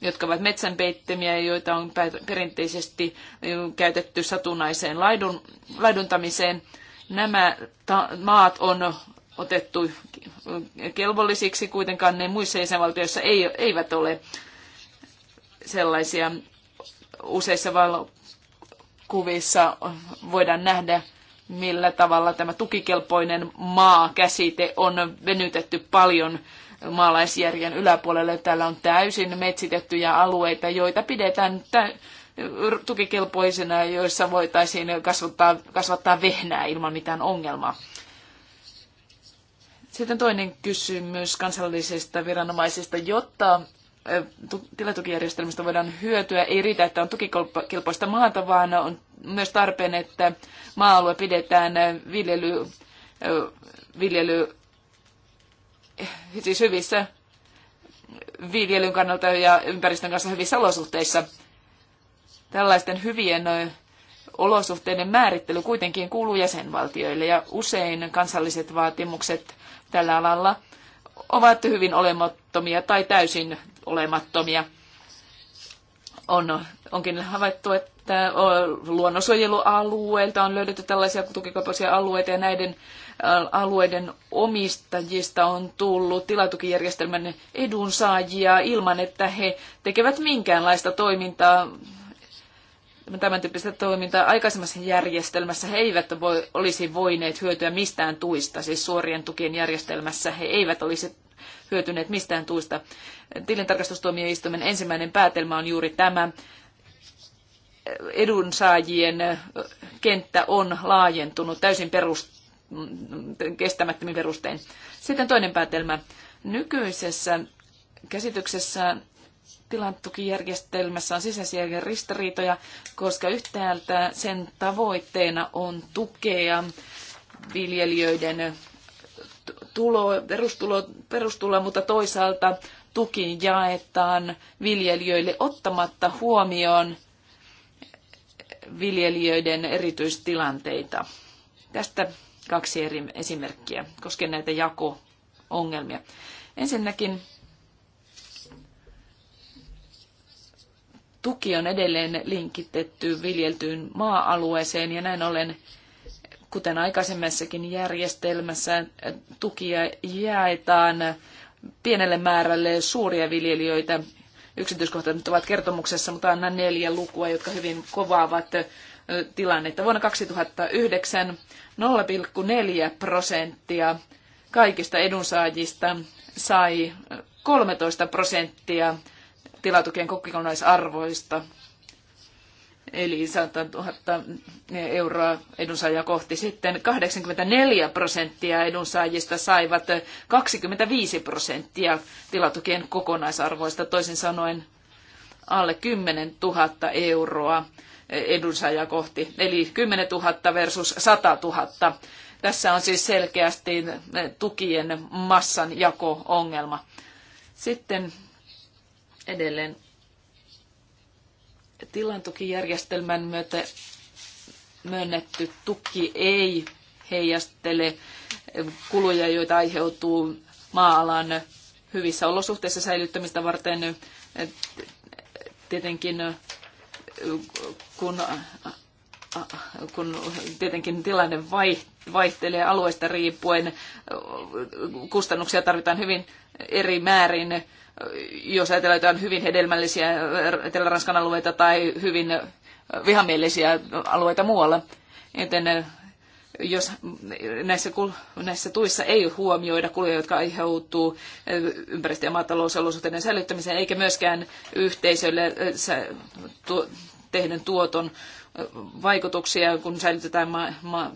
jotka ovat metsänpeittemiä ja joita on perinteisesti eh, käytetty satunnaiseen laidun, laiduntamiseen. Nämä maat on otettu kelvollisiksi, kuitenkaan ne muissa jäsenvaltioissa ei, eivät ole sellaisia. Useissa val- kuvissa voidaan nähdä, millä tavalla tämä tukikelpoinen maa-käsite on venytetty paljon maalaisjärjen yläpuolelle. Täällä on täysin metsitettyjä alueita, joita pidetään tukikelpoisena, joissa voitaisiin kasvattaa, kasvattaa vehnää ilman mitään ongelmaa. Sitten toinen kysymys kansallisista viranomaisista, jotta tilatukijärjestelmistä voidaan hyötyä. Ei riitä, että on tukikelpoista maata, vaan on myös tarpeen, että maa-alue pidetään viljely, viljely siis hyvissä viljelyn kannalta ja ympäristön kanssa hyvissä olosuhteissa. Tällaisten hyvien olosuhteiden määrittely kuitenkin kuuluu jäsenvaltioille ja usein kansalliset vaatimukset tällä alalla ovat hyvin olemattomia tai täysin olemattomia. On, onkin havaittu, että luonnonsuojelualueilta on löydetty tällaisia tukikelpoisia alueita ja näiden alueiden omistajista on tullut tilatukijärjestelmän edunsaajia ilman, että he tekevät minkäänlaista toimintaa tämän tyyppistä toimintaa aikaisemmassa järjestelmässä he eivät voi, olisi voineet hyötyä mistään tuista, siis suorien tukien järjestelmässä he eivät olisi hyötyneet mistään tuista. Tilintarkastustuomioistuimen ensimmäinen päätelmä on juuri tämä. Edunsaajien kenttä on laajentunut täysin perust- kestämättömin perustein. Sitten toinen päätelmä. Nykyisessä käsityksessä tilantukijärjestelmässä on sisäisiä ristiriitoja, koska yhtäältä sen tavoitteena on tukea viljelijöiden tulo, perustulo, perustulo, mutta toisaalta tuki jaetaan viljelijöille ottamatta huomioon viljelijöiden erityistilanteita. Tästä kaksi eri esimerkkiä koskien näitä jako-ongelmia. Ensinnäkin tuki on edelleen linkitetty viljeltyyn maa-alueeseen ja näin ollen, kuten aikaisemmassakin järjestelmässä, tukia jaetaan pienelle määrälle suuria viljelijöitä. Yksityiskohtat nyt ovat kertomuksessa, mutta annan neljä lukua, jotka hyvin kovaavat tilannetta. Vuonna 2009 0,4 prosenttia kaikista edunsaajista sai 13 prosenttia tilatukien kokonaisarvoista, eli 100 000 euroa edunsaajia kohti. Sitten 84 prosenttia edunsaajista saivat 25 prosenttia tilatukien kokonaisarvoista, toisin sanoen alle 10 000 euroa edunsaajia kohti, eli 10 000 versus 100 000. Tässä on siis selkeästi tukien massan jako-ongelma. Sitten Edelleen tilantukijärjestelmän myötä myönnetty tuki ei heijastele kuluja, joita aiheutuu maa-alan hyvissä olosuhteissa säilyttämistä varten. Tietenkin kun, kun tietenkin tilanne vaihtelee alueesta riippuen, kustannuksia tarvitaan hyvin eri määrin jos ajatellaan jotain hyvin hedelmällisiä Etelä-Ranskan alueita tai hyvin vihamielisiä alueita muualla. Joten eh, jos näissä, näissä tuissa ei huomioida kuluja, jotka aiheutuu eh, ympäristö- ja maatalousolosuhteiden säilyttämiseen, eikä myöskään yhteisölle eh, tehdyn tuoton vaikutuksia, kun säilytetään, ma- ma-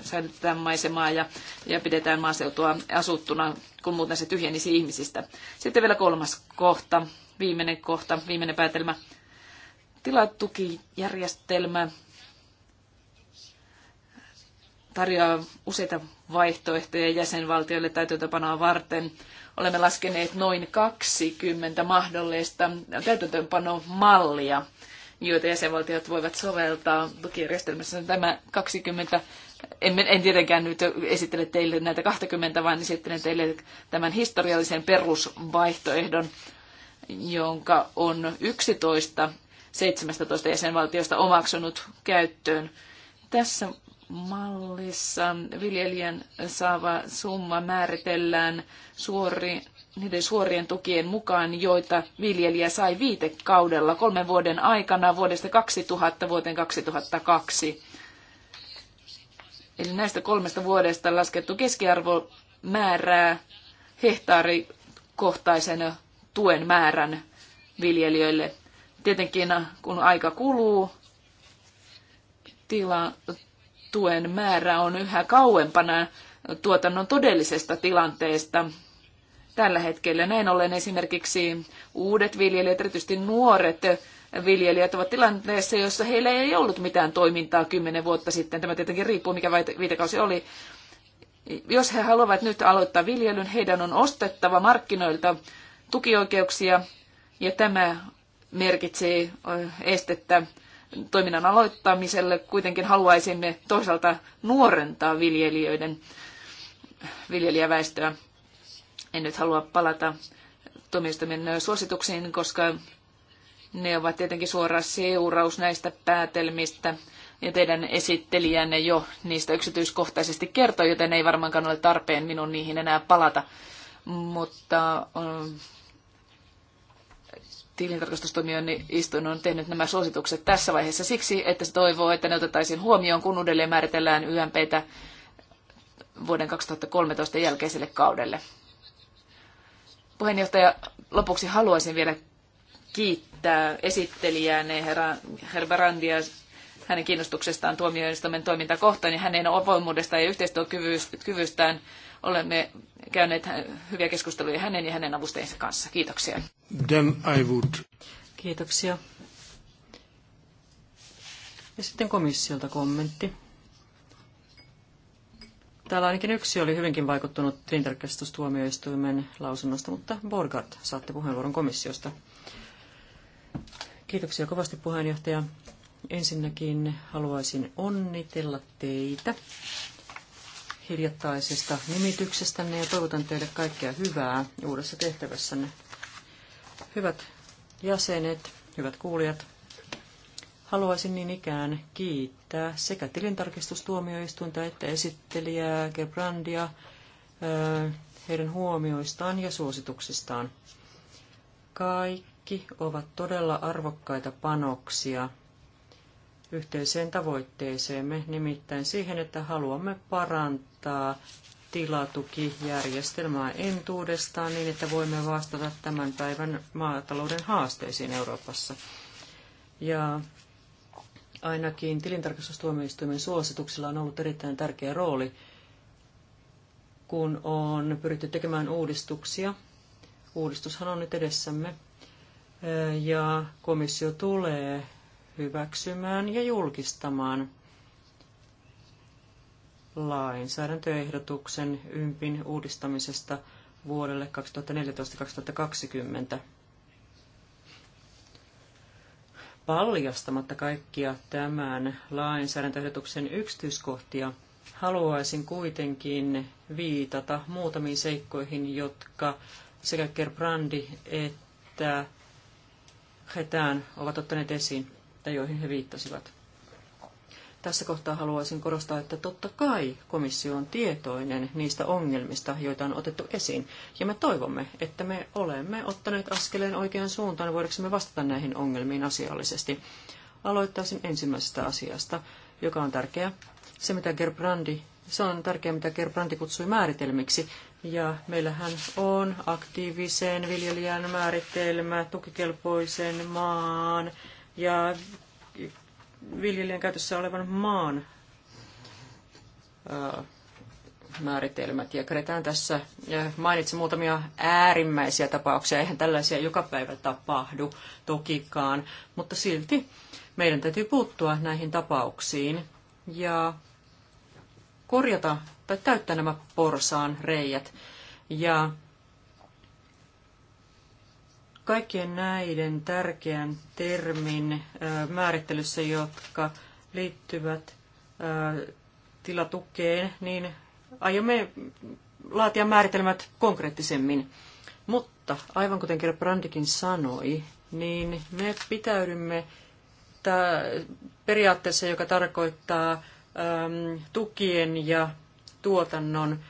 säilytetään maisemaa ja, ja pidetään maaseutua asuttuna kun muuten se tyhjenisi ihmisistä. Sitten vielä kolmas kohta, viimeinen kohta, viimeinen päätelmä. Tilatukijärjestelmä tarjoaa useita vaihtoehtoja jäsenvaltioille täytäntöpanoa varten. Olemme laskeneet noin 20 mahdollista täytäntöönpanomallia, joita jäsenvaltiot voivat soveltaa tukijärjestelmässä. Tämä 20 en, en tietenkään nyt esittele teille näitä 20, vaan esittelen teille tämän historiallisen perusvaihtoehdon, jonka on 11 17 jäsenvaltiosta omaksunut käyttöön. Tässä mallissa viljelijän saava summa määritellään suori, niiden suorien tukien mukaan, joita viljelijä sai viitekaudella kolmen vuoden aikana vuodesta 2000 vuoteen 2002. Eli näistä kolmesta vuodesta laskettu keskiarvo määrää hehtaarikohtaisen tuen määrän viljelijöille. Tietenkin kun aika kuluu, tila, tuen määrä on yhä kauempana tuotannon todellisesta tilanteesta. Tällä hetkellä näin ollen esimerkiksi uudet viljelijät, erityisesti nuoret viljelijät ovat tilanteessa, jossa heillä ei ollut mitään toimintaa kymmenen vuotta sitten. Tämä tietenkin riippuu, mikä viitekausi oli. Jos he haluavat nyt aloittaa viljelyn, heidän on ostettava markkinoilta tukioikeuksia, ja tämä merkitsee estettä toiminnan aloittamiselle. Kuitenkin haluaisimme toisaalta nuorentaa viljelijöiden viljelijäväestöä. En nyt halua palata tuomioistuimen suosituksiin, koska ne ovat tietenkin suora seuraus näistä päätelmistä ja teidän esittelijänne jo niistä yksityiskohtaisesti kertoi, joten ei varmaankaan ole tarpeen minun niihin enää palata. Mutta ähm, istuin on tehnyt nämä suositukset tässä vaiheessa siksi, että se toivoo, että ne otettaisiin huomioon, kun uudelleen määritellään YMPtä vuoden 2013 jälkeiselle kaudelle. Puheenjohtaja, lopuksi haluaisin vielä kiittää esittelijää herra Herberandia hänen kiinnostuksestaan tuomioistuimen toimintakohtaan ja hänen avoimuudestaan ja yhteistyökyvystään. Olemme käyneet hyviä keskusteluja hänen ja hänen avustajansa kanssa. Kiitoksia. Then I would. Kiitoksia. Ja sitten komissiolta kommentti. Täällä ainakin yksi oli hyvinkin vaikuttunut Trinterkestustuomioistuimen lausunnosta, mutta Borgard, saatte puheenvuoron komissiosta. Kiitoksia kovasti puheenjohtaja. Ensinnäkin haluaisin onnitella teitä hiljattaisesta nimityksestänne ja toivotan teille kaikkea hyvää uudessa tehtävässänne. Hyvät jäsenet, hyvät kuulijat, haluaisin niin ikään kiittää sekä tilintarkistustuomioistuinta että esittelijää Gebrandia heidän huomioistaan ja suosituksistaan. Kaikki kaikki ovat todella arvokkaita panoksia yhteiseen tavoitteeseemme, nimittäin siihen, että haluamme parantaa tilatukijärjestelmää entuudestaan niin, että voimme vastata tämän päivän maatalouden haasteisiin Euroopassa. Ja ainakin tilintarkastustuomioistuimen suosituksilla on ollut erittäin tärkeä rooli, kun on pyritty tekemään uudistuksia. Uudistushan on nyt edessämme ja komissio tulee hyväksymään ja julkistamaan lainsäädäntöehdotuksen ympin uudistamisesta vuodelle 2014-2020. Paljastamatta kaikkia tämän lainsäädäntöehdotuksen yksityiskohtia, haluaisin kuitenkin viitata muutamiin seikkoihin, jotka sekä Kerbrandi että Hetään ovat ottaneet esiin tai joihin he viittasivat. Tässä kohtaa haluaisin korostaa, että totta kai komissio on tietoinen niistä ongelmista, joita on otettu esiin, ja me toivomme, että me olemme ottaneet askeleen oikeaan suuntaan, voidaksemme vastata näihin ongelmiin asiallisesti. Aloittaisin ensimmäisestä asiasta, joka on tärkeä. Se, mitä Gerbrandi, se on tärkeää, mitä Gerbrandi kutsui määritelmiksi, ja meillähän on aktiivisen viljelijän määritelmä, tukikelpoisen maan ja viljelijän käytössä olevan maan määritelmät. Ja Kretään tässä mainitsi muutamia äärimmäisiä tapauksia. Eihän tällaisia joka päivä tapahdu tokikaan, mutta silti meidän täytyy puuttua näihin tapauksiin ja korjata täyttää nämä porsaan reijät. Ja kaikkien näiden tärkeän termin määrittelyssä, jotka liittyvät tilatukeen, niin aiomme laatia määritelmät konkreettisemmin. Mutta aivan kuten Brandikin sanoi, niin me pitäydymme periaatteessa, joka tarkoittaa tukien ja tuotannon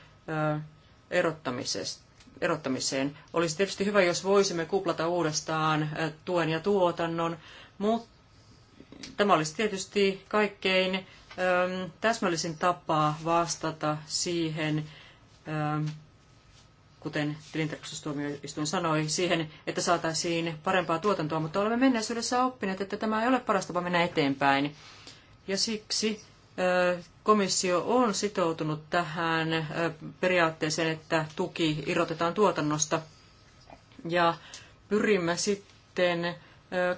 erottamiseen. Olisi tietysti hyvä, jos voisimme kuplata uudestaan tuen ja tuotannon, mutta tämä olisi tietysti kaikkein täsmällisin tapa vastata siihen, kuten tilintarkastustuomioistuin sanoi, siihen, että saataisiin parempaa tuotantoa, mutta olemme menneisyydessä oppineet, että tämä ei ole paras tapa mennä eteenpäin. Ja siksi komissio on sitoutunut tähän periaatteeseen, että tuki irrotetaan tuotannosta ja pyrimme sitten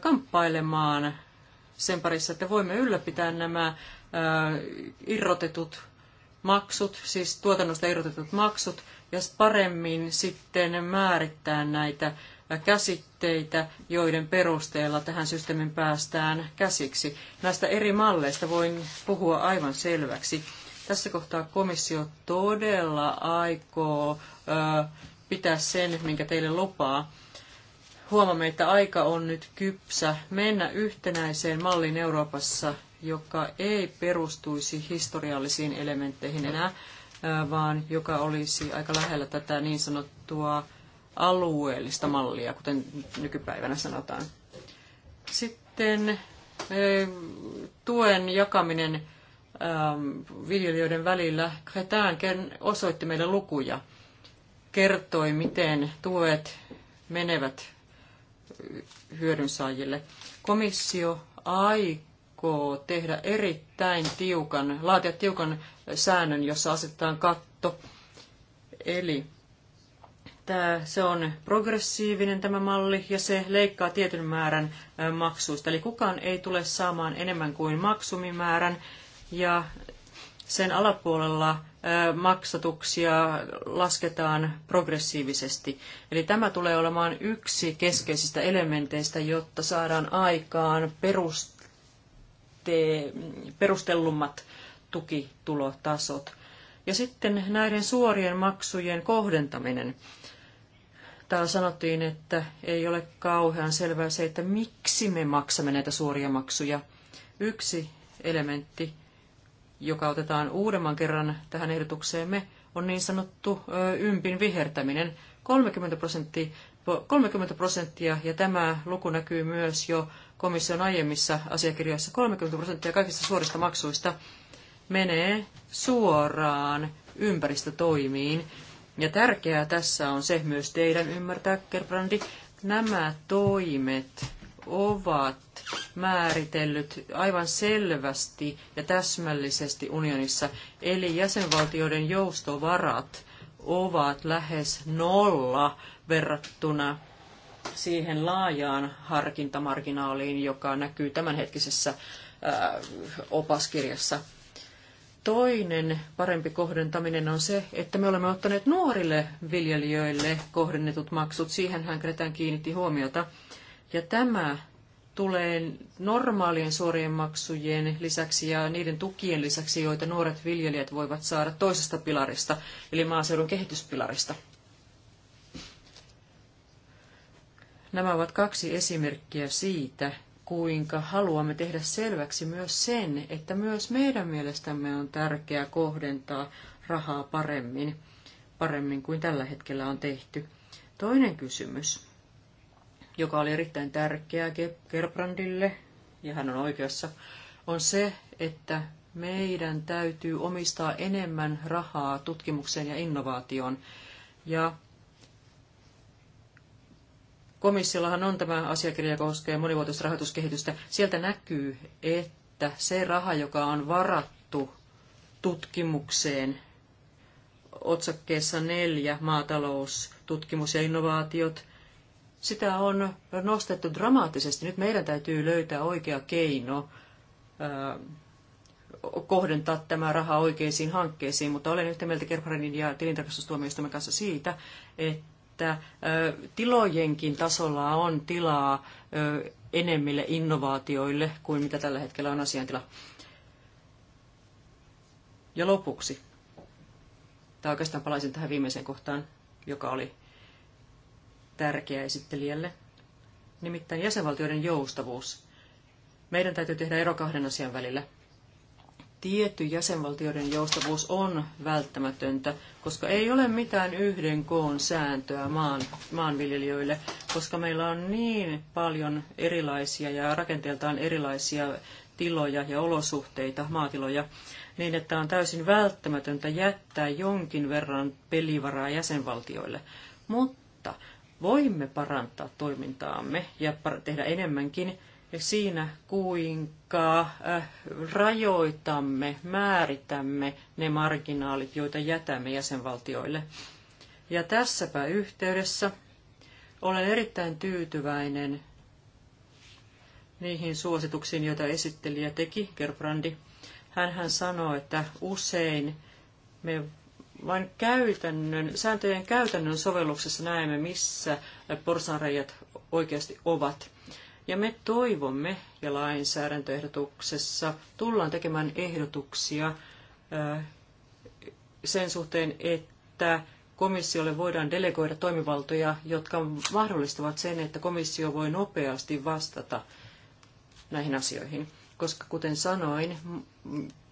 kamppailemaan sen parissa, että voimme ylläpitää nämä irrotetut maksut, siis tuotannosta irrotetut maksut, ja paremmin sitten määrittää näitä käsitteitä, joiden perusteella tähän systeemin päästään käsiksi. Näistä eri malleista voin puhua aivan selväksi. Tässä kohtaa komissio todella aikoo pitää sen, minkä teille lupaa. Huomaamme, että aika on nyt kypsä mennä yhtenäiseen malliin Euroopassa, joka ei perustuisi historiallisiin elementteihin enää, vaan joka olisi aika lähellä tätä niin sanottua alueellista mallia, kuten nykypäivänä sanotaan. Sitten tuen jakaminen ähm, viljelijöiden välillä. Kretään osoitti meille lukuja, kertoi miten tuet menevät hyödynsaajille. Komissio aikoo tehdä erittäin tiukan, laatia tiukan säännön, jossa asetetaan katto. Eli että se on progressiivinen tämä malli ja se leikkaa tietyn määrän maksuista. Eli kukaan ei tule saamaan enemmän kuin maksumimäärän ja sen alapuolella maksatuksia lasketaan progressiivisesti. Eli tämä tulee olemaan yksi keskeisistä elementeistä, jotta saadaan aikaan peruste, perustellummat tukitulotasot. Ja sitten näiden suorien maksujen kohdentaminen. Täällä sanottiin, että ei ole kauhean selvää se, että miksi me maksamme näitä suoria maksuja. Yksi elementti, joka otetaan uudemman kerran tähän ehdotukseemme, on niin sanottu ympin vihertäminen. 30 prosenttia, 30 prosenttia, ja tämä luku näkyy myös jo komission aiemmissa asiakirjoissa, 30 prosenttia kaikista suorista maksuista menee suoraan ympäristötoimiin. Ja tärkeää tässä on se myös teidän ymmärtää, Kerbrandi, nämä toimet ovat määritellyt aivan selvästi ja täsmällisesti unionissa, eli jäsenvaltioiden joustovarat ovat lähes nolla verrattuna siihen laajaan harkintamarginaaliin, joka näkyy tämänhetkisessä opaskirjassa. Toinen parempi kohdentaminen on se, että me olemme ottaneet nuorille viljelijöille kohdennetut maksut. Siihen hän Kretän kiinnitti huomiota. Ja tämä tulee normaalien suorien maksujen lisäksi ja niiden tukien lisäksi, joita nuoret viljelijät voivat saada toisesta pilarista, eli maaseudun kehityspilarista. Nämä ovat kaksi esimerkkiä siitä, kuinka haluamme tehdä selväksi myös sen, että myös meidän mielestämme on tärkeää kohdentaa rahaa paremmin, paremmin kuin tällä hetkellä on tehty. Toinen kysymys, joka oli erittäin tärkeä Gerbrandille, ja hän on oikeassa, on se, että meidän täytyy omistaa enemmän rahaa tutkimukseen ja innovaatioon. Ja Komissiollahan on tämä asiakirja koskee monivuotista rahoituskehitystä. Sieltä näkyy, että se raha, joka on varattu tutkimukseen otsakkeessa neljä, maatalous, tutkimus ja innovaatiot, sitä on nostettu dramaattisesti. Nyt meidän täytyy löytää oikea keino äh, kohdentaa tämä raha oikeisiin hankkeisiin, mutta olen yhtä mieltä Kerkharenin ja tilintarkastustuomioistuimen kanssa siitä, että että tilojenkin tasolla on tilaa enemmille innovaatioille kuin mitä tällä hetkellä on asiantila. Ja lopuksi, tai oikeastaan palaisin tähän viimeiseen kohtaan, joka oli tärkeä esittelijälle, nimittäin jäsenvaltioiden joustavuus. Meidän täytyy tehdä ero kahden asian välillä – tietty jäsenvaltioiden joustavuus on välttämätöntä, koska ei ole mitään yhden koon sääntöä maan, maanviljelijöille, koska meillä on niin paljon erilaisia ja rakenteeltaan erilaisia tiloja ja olosuhteita, maatiloja, niin että on täysin välttämätöntä jättää jonkin verran pelivaraa jäsenvaltioille. Mutta voimme parantaa toimintaamme ja tehdä enemmänkin siinä, kuinka äh, rajoitamme, määritämme ne marginaalit, joita jätämme jäsenvaltioille. Ja tässäpä yhteydessä olen erittäin tyytyväinen niihin suosituksiin, joita esittelijä teki, Gerbrandi. Hänhän sanoi, että usein me vain käytännön, sääntöjen käytännön sovelluksessa näemme, missä porsanreijat oikeasti ovat. Ja me toivomme, ja lainsäädäntöehdotuksessa tullaan tekemään ehdotuksia sen suhteen, että komissiolle voidaan delegoida toimivaltoja, jotka mahdollistavat sen, että komissio voi nopeasti vastata näihin asioihin. Koska kuten sanoin,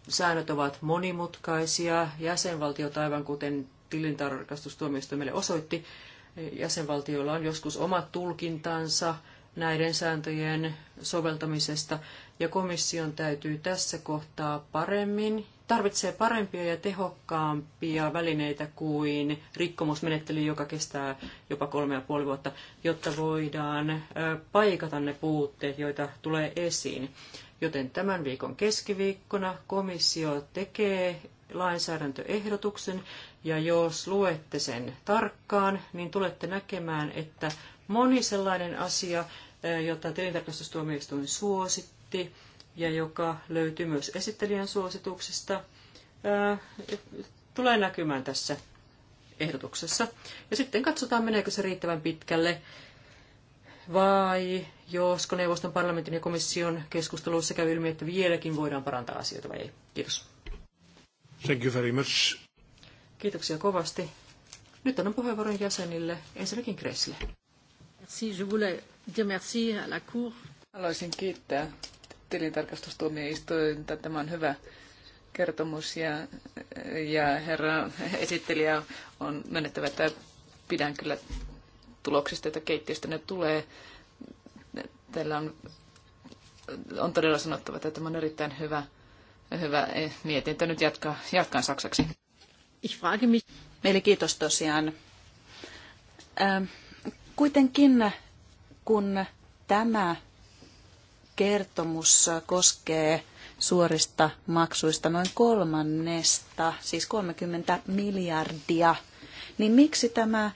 säännöt ovat monimutkaisia, jäsenvaltiot aivan kuten tilintarkastustuomioistuin meille osoitti, jäsenvaltioilla on joskus omat tulkintansa, näiden sääntöjen soveltamisesta, ja komission täytyy tässä kohtaa paremmin, tarvitsee parempia ja tehokkaampia välineitä kuin rikkomusmenettely, joka kestää jopa kolme ja puoli vuotta, jotta voidaan paikata ne puutteet, joita tulee esiin. Joten tämän viikon keskiviikkona komissio tekee lainsäädäntöehdotuksen, ja jos luette sen tarkkaan, niin tulette näkemään, että moni sellainen asia, jota tilintarkastustuomioistuin suositti ja joka löytyy myös esittelijän suosituksista, tulee näkymään tässä ehdotuksessa. Ja sitten katsotaan, meneekö se riittävän pitkälle vai josko neuvoston parlamentin ja komission keskusteluissa käy ilmi, että vieläkin voidaan parantaa asioita vai ei. Kiitos. Thank you very much. Kiitoksia kovasti. Nyt annan puheenvuoron jäsenille, ensinnäkin Kressille. Merci, je voulais Haluaisin kiittää tilintarkastustuomioistuinta. Tämä on hyvä kertomus ja, ja herra esittelijä on menettävä, että pidän kyllä tuloksista, joita keittiöstä ne tulee. tällä on, on todella sanottava, että tämä on erittäin hyvä, hyvä mietintö. Nyt jatka, jatkan saksaksi. Ich frage mich. Eli kiitos tosiaan. Ähm, kuitenkin kun tämä kertomus koskee suorista maksuista noin kolmannesta, siis 30 miljardia, niin miksi tämä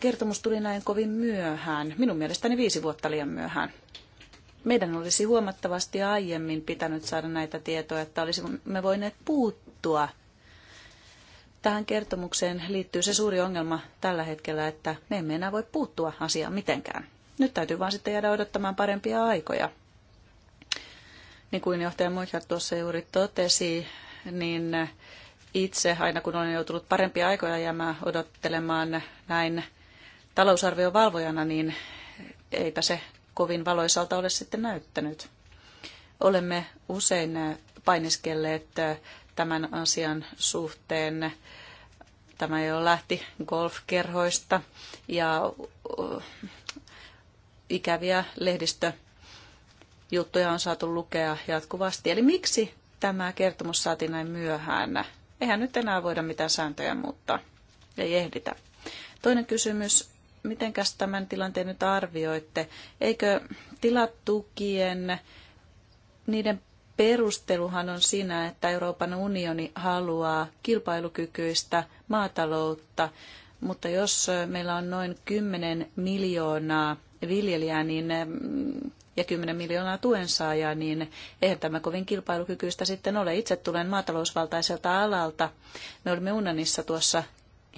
kertomus tuli näin kovin myöhään? Minun mielestäni viisi vuotta liian myöhään. Meidän olisi huomattavasti aiemmin pitänyt saada näitä tietoja, että olisimme voineet puuttua. Tähän kertomukseen liittyy se suuri ongelma tällä hetkellä, että me emme enää voi puuttua asiaan mitenkään. Nyt täytyy vaan sitten jäädä odottamaan parempia aikoja. Niin kuin johtaja Muikka tuossa juuri totesi, niin itse, aina kun olen joutunut parempia aikoja jäämään odottelemaan näin talousarviovalvojana, niin eipä se kovin valoisalta ole sitten näyttänyt. Olemme usein painiskelleet tämän asian suhteen. Tämä jo lähti golfkerhoista ja ikäviä lehdistöjuttuja on saatu lukea jatkuvasti. Eli miksi tämä kertomus saatiin näin myöhään? Eihän nyt enää voida mitään sääntöjä muuttaa. Ei ehditä. Toinen kysymys, mitenkäs tämän tilanteen nyt arvioitte? Eikö tilatukien, niiden perusteluhan on siinä, että Euroopan unioni haluaa kilpailukykyistä maataloutta, mutta jos meillä on noin 10 miljoonaa viljelijää niin, mm, ja 10 miljoonaa tuensaajaa, niin eihän tämä kovin kilpailukykyistä sitten ole. Itse tulen maatalousvaltaiselta alalta. Me olimme Unanissa tuossa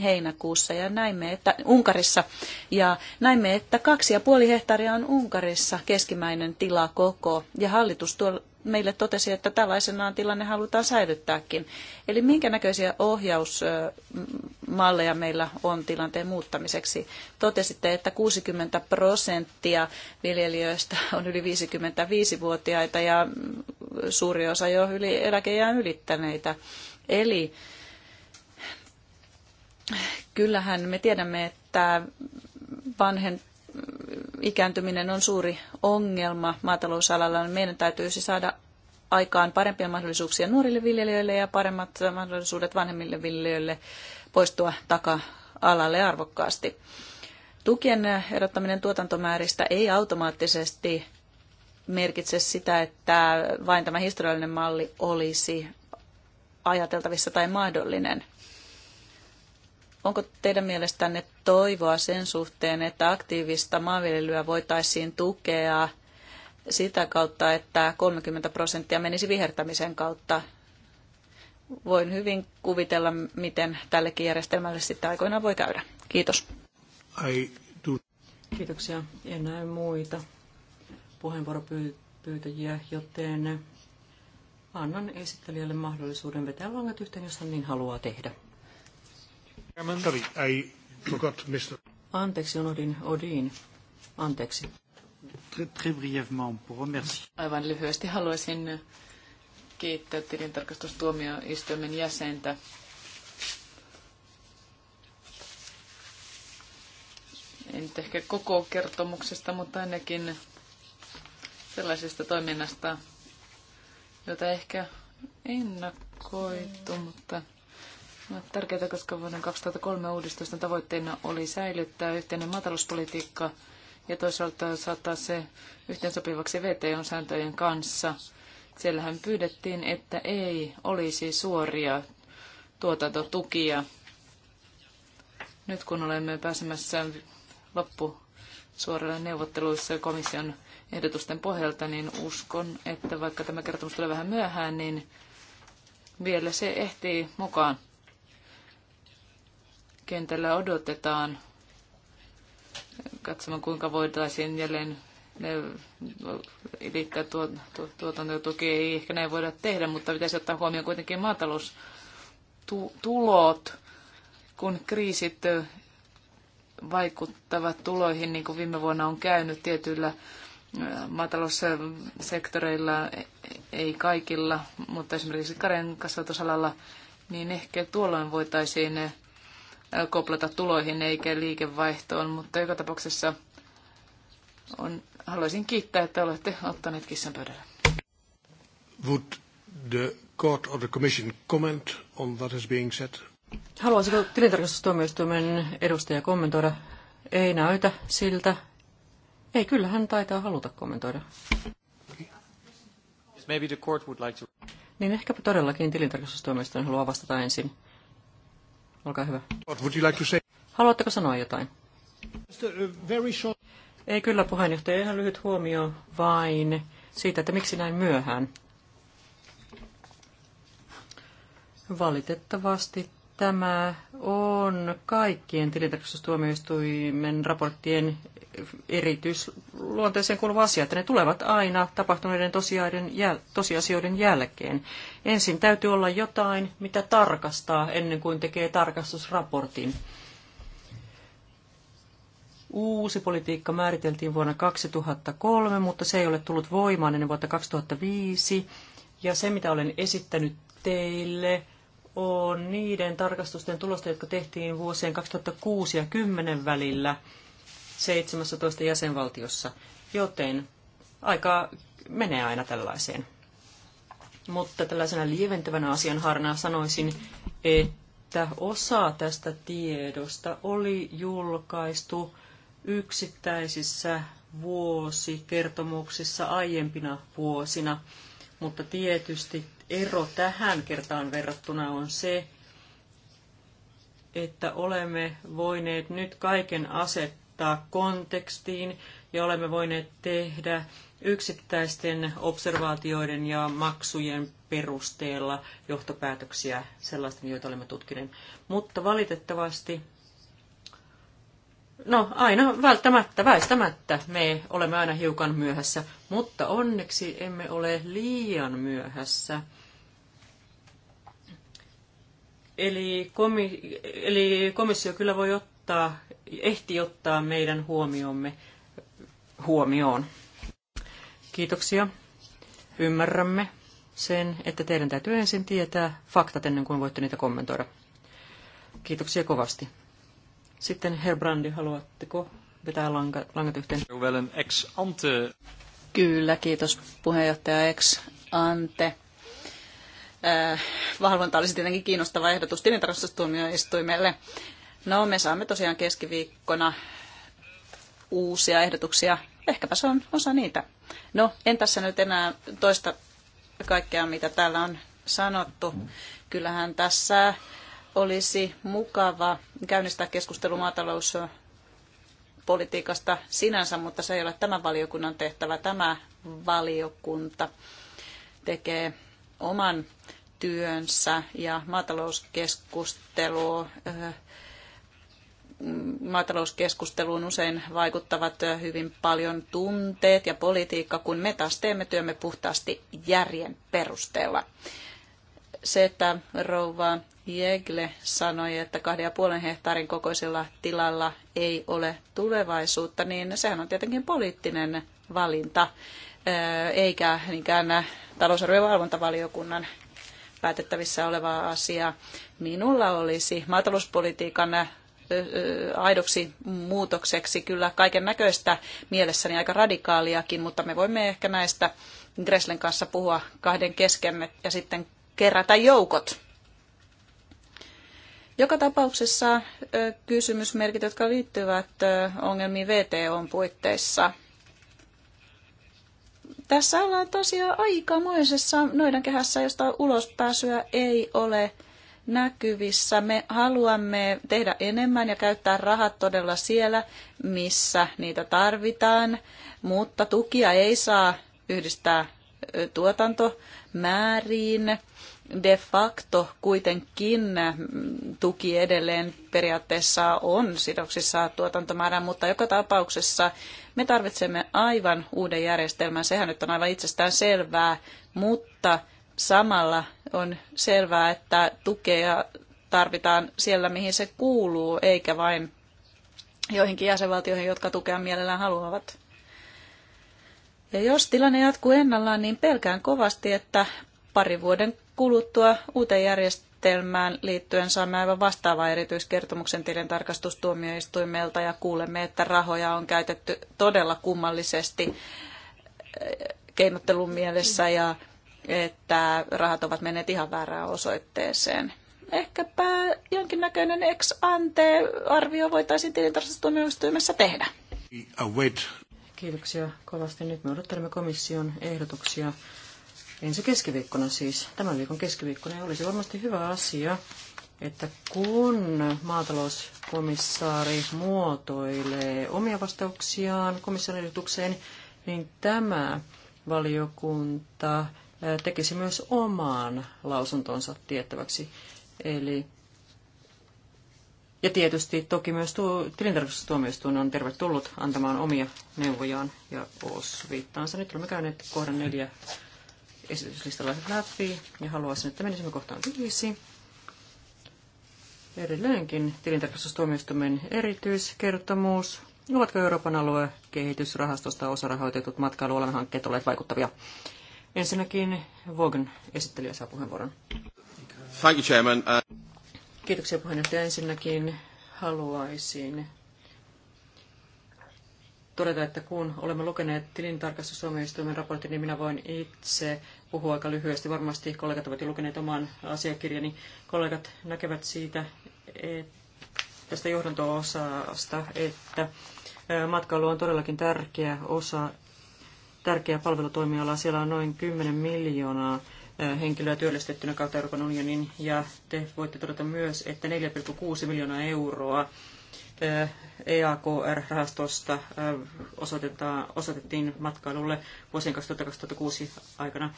heinäkuussa ja näimme, että Unkarissa ja näimme, että kaksi ja puoli hehtaaria on Unkarissa keskimäinen tila koko ja hallitus tuo, meille totesi, että tällaisenaan tilanne halutaan säilyttääkin. Eli minkä näköisiä ohjausmalleja meillä on tilanteen muuttamiseksi? Totesitte, että 60 prosenttia viljelijöistä on yli 55-vuotiaita ja suuri osa jo yli eläkejään ylittäneitä. Eli kyllähän me tiedämme, että vanhen ikääntyminen on suuri ongelma maatalousalalla. Meidän täytyisi saada aikaan parempia mahdollisuuksia nuorille viljelijöille ja paremmat mahdollisuudet vanhemmille viljelijöille poistua taka-alalle arvokkaasti. Tukien erottaminen tuotantomääristä ei automaattisesti merkitse sitä, että vain tämä historiallinen malli olisi ajateltavissa tai mahdollinen. Onko teidän mielestänne toivoa sen suhteen, että aktiivista maanviljelyä voitaisiin tukea sitä kautta, että 30 prosenttia menisi vihertämisen kautta? Voin hyvin kuvitella, miten tällekin järjestelmälle sitten aikoinaan voi käydä. Kiitos. Kiitoksia. En näe muita puheenvuoropyytäjiä, joten annan esittelijälle mahdollisuuden vetää langat yhteen, jos hän niin haluaa tehdä. Sorry, I forgot Mr. Anteeksi, unohdin Odin. Anteeksi. Aivan lyhyesti haluaisin kiittää tilintarkastustuomioistuimen jäsentä. En ehkä koko kertomuksesta, mutta ainakin sellaisesta toiminnasta, jota ehkä ennakoitu, mutta ovat tärkeitä, koska vuoden 2003 uudistusten tavoitteena oli säilyttää yhteinen maatalouspolitiikka ja toisaalta saattaa se yhteensopivaksi VTO-sääntöjen kanssa. Siellähän pyydettiin, että ei olisi suoria tuotantotukia. Nyt kun olemme pääsemässä loppu neuvotteluissa komission ehdotusten pohjalta, niin uskon, että vaikka tämä kertomus tulee vähän myöhään, niin vielä se ehtii mukaan kentällä odotetaan. Katsomaan, kuinka voitaisiin jälleen ne, eli tuo, tuo, tuotantotuki ei ehkä näin voida tehdä, mutta pitäisi ottaa huomioon kuitenkin maataloustulot, kun kriisit vaikuttavat tuloihin, niin kuin viime vuonna on käynyt tietyillä maataloussektoreilla, e, ei kaikilla, mutta esimerkiksi karjan kasvatusalalla, niin ehkä tuolloin voitaisiin koplata tuloihin eikä liikevaihtoon, mutta joka tapauksessa on, haluaisin kiittää, että olette ottaneet kissan pöydälle. Would the court or the commission comment on what is being said? Haluaisiko tilintarkastustuomioistuimen edustaja kommentoida? Ei näytä siltä. Ei, kyllä hän taitaa haluta kommentoida. Maybe the court would like to... Niin ehkäpä todellakin tilintarkastustuomioistuin haluaa vastata ensin. Olkaa hyvä. Haluatteko sanoa jotain? Ei kyllä puheenjohtaja, ihan lyhyt huomio vain siitä, että miksi näin myöhään. Valitettavasti Tämä on kaikkien tilintarkastustuomioistuimen raporttien erityisluonteeseen kuuluva asia, että ne tulevat aina tapahtuneiden tosiasioiden jälkeen. Ensin täytyy olla jotain, mitä tarkastaa ennen kuin tekee tarkastusraportin. Uusi politiikka määriteltiin vuonna 2003, mutta se ei ole tullut voimaan ennen vuotta 2005. Ja se, mitä olen esittänyt teille, on niiden tarkastusten tulosta, jotka tehtiin vuosien 2006 ja 10 välillä 17 jäsenvaltiossa, joten aika menee aina tällaiseen. Mutta tällaisena lieventävänä asianharnaa sanoisin, että osa tästä tiedosta oli julkaistu yksittäisissä vuosikertomuksissa aiempina vuosina, mutta tietysti ero tähän kertaan verrattuna on se, että olemme voineet nyt kaiken asettaa kontekstiin ja olemme voineet tehdä yksittäisten observaatioiden ja maksujen perusteella johtopäätöksiä sellaisten, joita olemme tutkineet. Mutta valitettavasti, no aina välttämättä, väistämättä me olemme aina hiukan myöhässä, mutta onneksi emme ole liian myöhässä. Eli, komi, eli komissio kyllä voi ottaa, ehti ottaa meidän huomiomme huomioon. Kiitoksia. Ymmärrämme sen, että teidän täytyy ensin tietää faktat ennen kuin voitte niitä kommentoida. Kiitoksia kovasti. Sitten Herr Brandi, haluatteko vetää langat, langat yhteen? Kyllä, kiitos puheenjohtaja Ex Ante Äh, valvonta olisi tietenkin kiinnostava ehdotus tilintarkastustuomioistuimelle. No, me saamme tosiaan keskiviikkona uusia ehdotuksia. Ehkäpä se on osa niitä. No, en tässä nyt enää toista kaikkea, mitä täällä on sanottu. Kyllähän tässä olisi mukava käynnistää keskustelu maatalouspolitiikasta sinänsä, mutta se ei ole tämän valiokunnan tehtävä. Tämä valiokunta tekee oman työnsä ja maatalouskeskustelu maatalouskeskusteluun usein vaikuttavat hyvin paljon tunteet ja politiikka, kun me taas teemme työmme puhtaasti järjen perusteella. Se, että rouva Jegle sanoi, että kahden ja puolen hehtaarin kokoisella tilalla ei ole tulevaisuutta, niin sehän on tietenkin poliittinen valinta eikä niinkään talousarvojen valvontavaliokunnan päätettävissä olevaa asiaa. Minulla olisi maatalouspolitiikan aidoksi muutokseksi kyllä kaiken näköistä mielessäni aika radikaaliakin, mutta me voimme ehkä näistä Greslen kanssa puhua kahden kesken ja sitten kerätä joukot. Joka tapauksessa kysymysmerkit, jotka liittyvät ongelmiin VTOn puitteissa – tässä ollaan tosiaan aikamoisessa kehässä, josta ulospääsyä ei ole näkyvissä. Me haluamme tehdä enemmän ja käyttää rahat todella siellä, missä niitä tarvitaan, mutta tukia ei saa yhdistää tuotantomääriin de facto kuitenkin tuki edelleen periaatteessa on sidoksissa tuotantomäärään, mutta joka tapauksessa me tarvitsemme aivan uuden järjestelmän. Sehän nyt on aivan itsestään selvää, mutta samalla on selvää, että tukea tarvitaan siellä, mihin se kuuluu, eikä vain joihinkin jäsenvaltioihin, jotka tukea mielellään haluavat. Ja jos tilanne jatkuu ennallaan, niin pelkään kovasti, että parin vuoden kuluttua uuteen järjestelmään liittyen saamme aivan vastaavaa erityiskertomuksen tilintarkastustuomioistuimelta ja kuulemme, että rahoja on käytetty todella kummallisesti eh, keinottelun mielessä ja että rahat ovat menneet ihan väärään osoitteeseen. Ehkäpä jonkinnäköinen ex ante arvio voitaisiin tilintarkastustuomioistuimessa tehdä. Kiitoksia kovasti. Nyt me odottelemme komission ehdotuksia ensi keskiviikkona siis, tämän viikon keskiviikkona, ja olisi varmasti hyvä asia, että kun maatalouskomissaari muotoilee omia vastauksiaan komission niin tämä valiokunta tekisi myös omaan lausuntonsa tiettäväksi. Eli ja tietysti toki myös tuo, tilintarkastustuomioistuin on tervetullut antamaan omia neuvojaan ja osviittaansa. Nyt olemme käyneet kohdan neljä esityslistalla läpi ja haluaisin, että menisimme kohtaan viisi. Edelleenkin tilintarkastustuomioistuimen erityiskertomus. Ovatko Euroopan alue kehitysrahastosta osarahoitetut matkailualan hankkeet olleet vaikuttavia? Ensinnäkin Vogan esittelijä saa puheenvuoron. Thank you, Chairman. Uh, Kiitoksia puheenjohtaja. Ensinnäkin haluaisin todeta, että kun olemme lukeneet tilintarkastustuomioistuimen raportin, niin minä voin itse puhua aika lyhyesti. Varmasti kollegat ovat jo lukeneet oman asiakirjani. Kollegat näkevät siitä, että tästä johdanto-osasta, että matkailu on todellakin tärkeä osa, tärkeä palvelutoimiala. Siellä on noin 10 miljoonaa henkilöä työllistettynä kautta Euroopan unionin, ja te voitte todeta myös, että 4,6 miljoonaa euroa EAKR-rahastosta osoitettiin matkailulle vuosien 2006 aikana.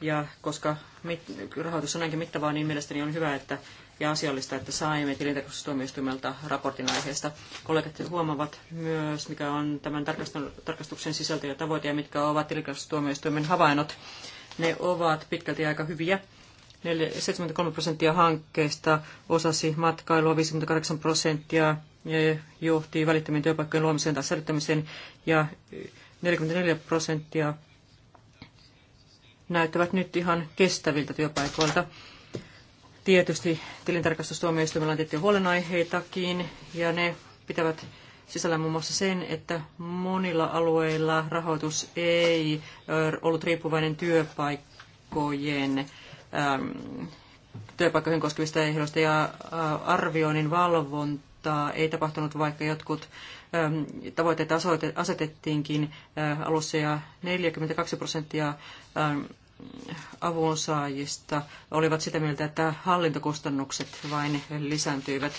Ja koska mit, rahoitus on näinkin mittavaa, niin mielestäni on hyvä että, ja asiallista, että saimme tilintarkastustuomioistuimelta raportin aiheesta. Kollegat huomavat myös, mikä on tämän tarkastuksen sisältö ja tavoite ja mitkä ovat tilintarkastustuomioistuimen havainnot. Ne ovat pitkälti aika hyviä. 73 prosenttia hankkeista osasi matkailua, 58 prosenttia johti välittömien työpaikkojen luomiseen tai säilyttämiseen ja 44 prosenttia näyttävät nyt ihan kestäviltä työpaikoilta. Tietysti tilintarkastustuomioistuimella on tiettyjä huolenaiheitakin ja ne pitävät sisällä muun muassa sen, että monilla alueilla rahoitus ei ollut riippuvainen työpaikkojen työpaikkoihin koskevista ehdoista ja arvioinnin valvonta mutta ei tapahtunut, vaikka jotkut ähm, tavoitteet asetettiinkin. Äh, alussa ja 42 prosenttia ähm, avunsaajista olivat sitä mieltä, että hallintokustannukset vain lisääntyivät.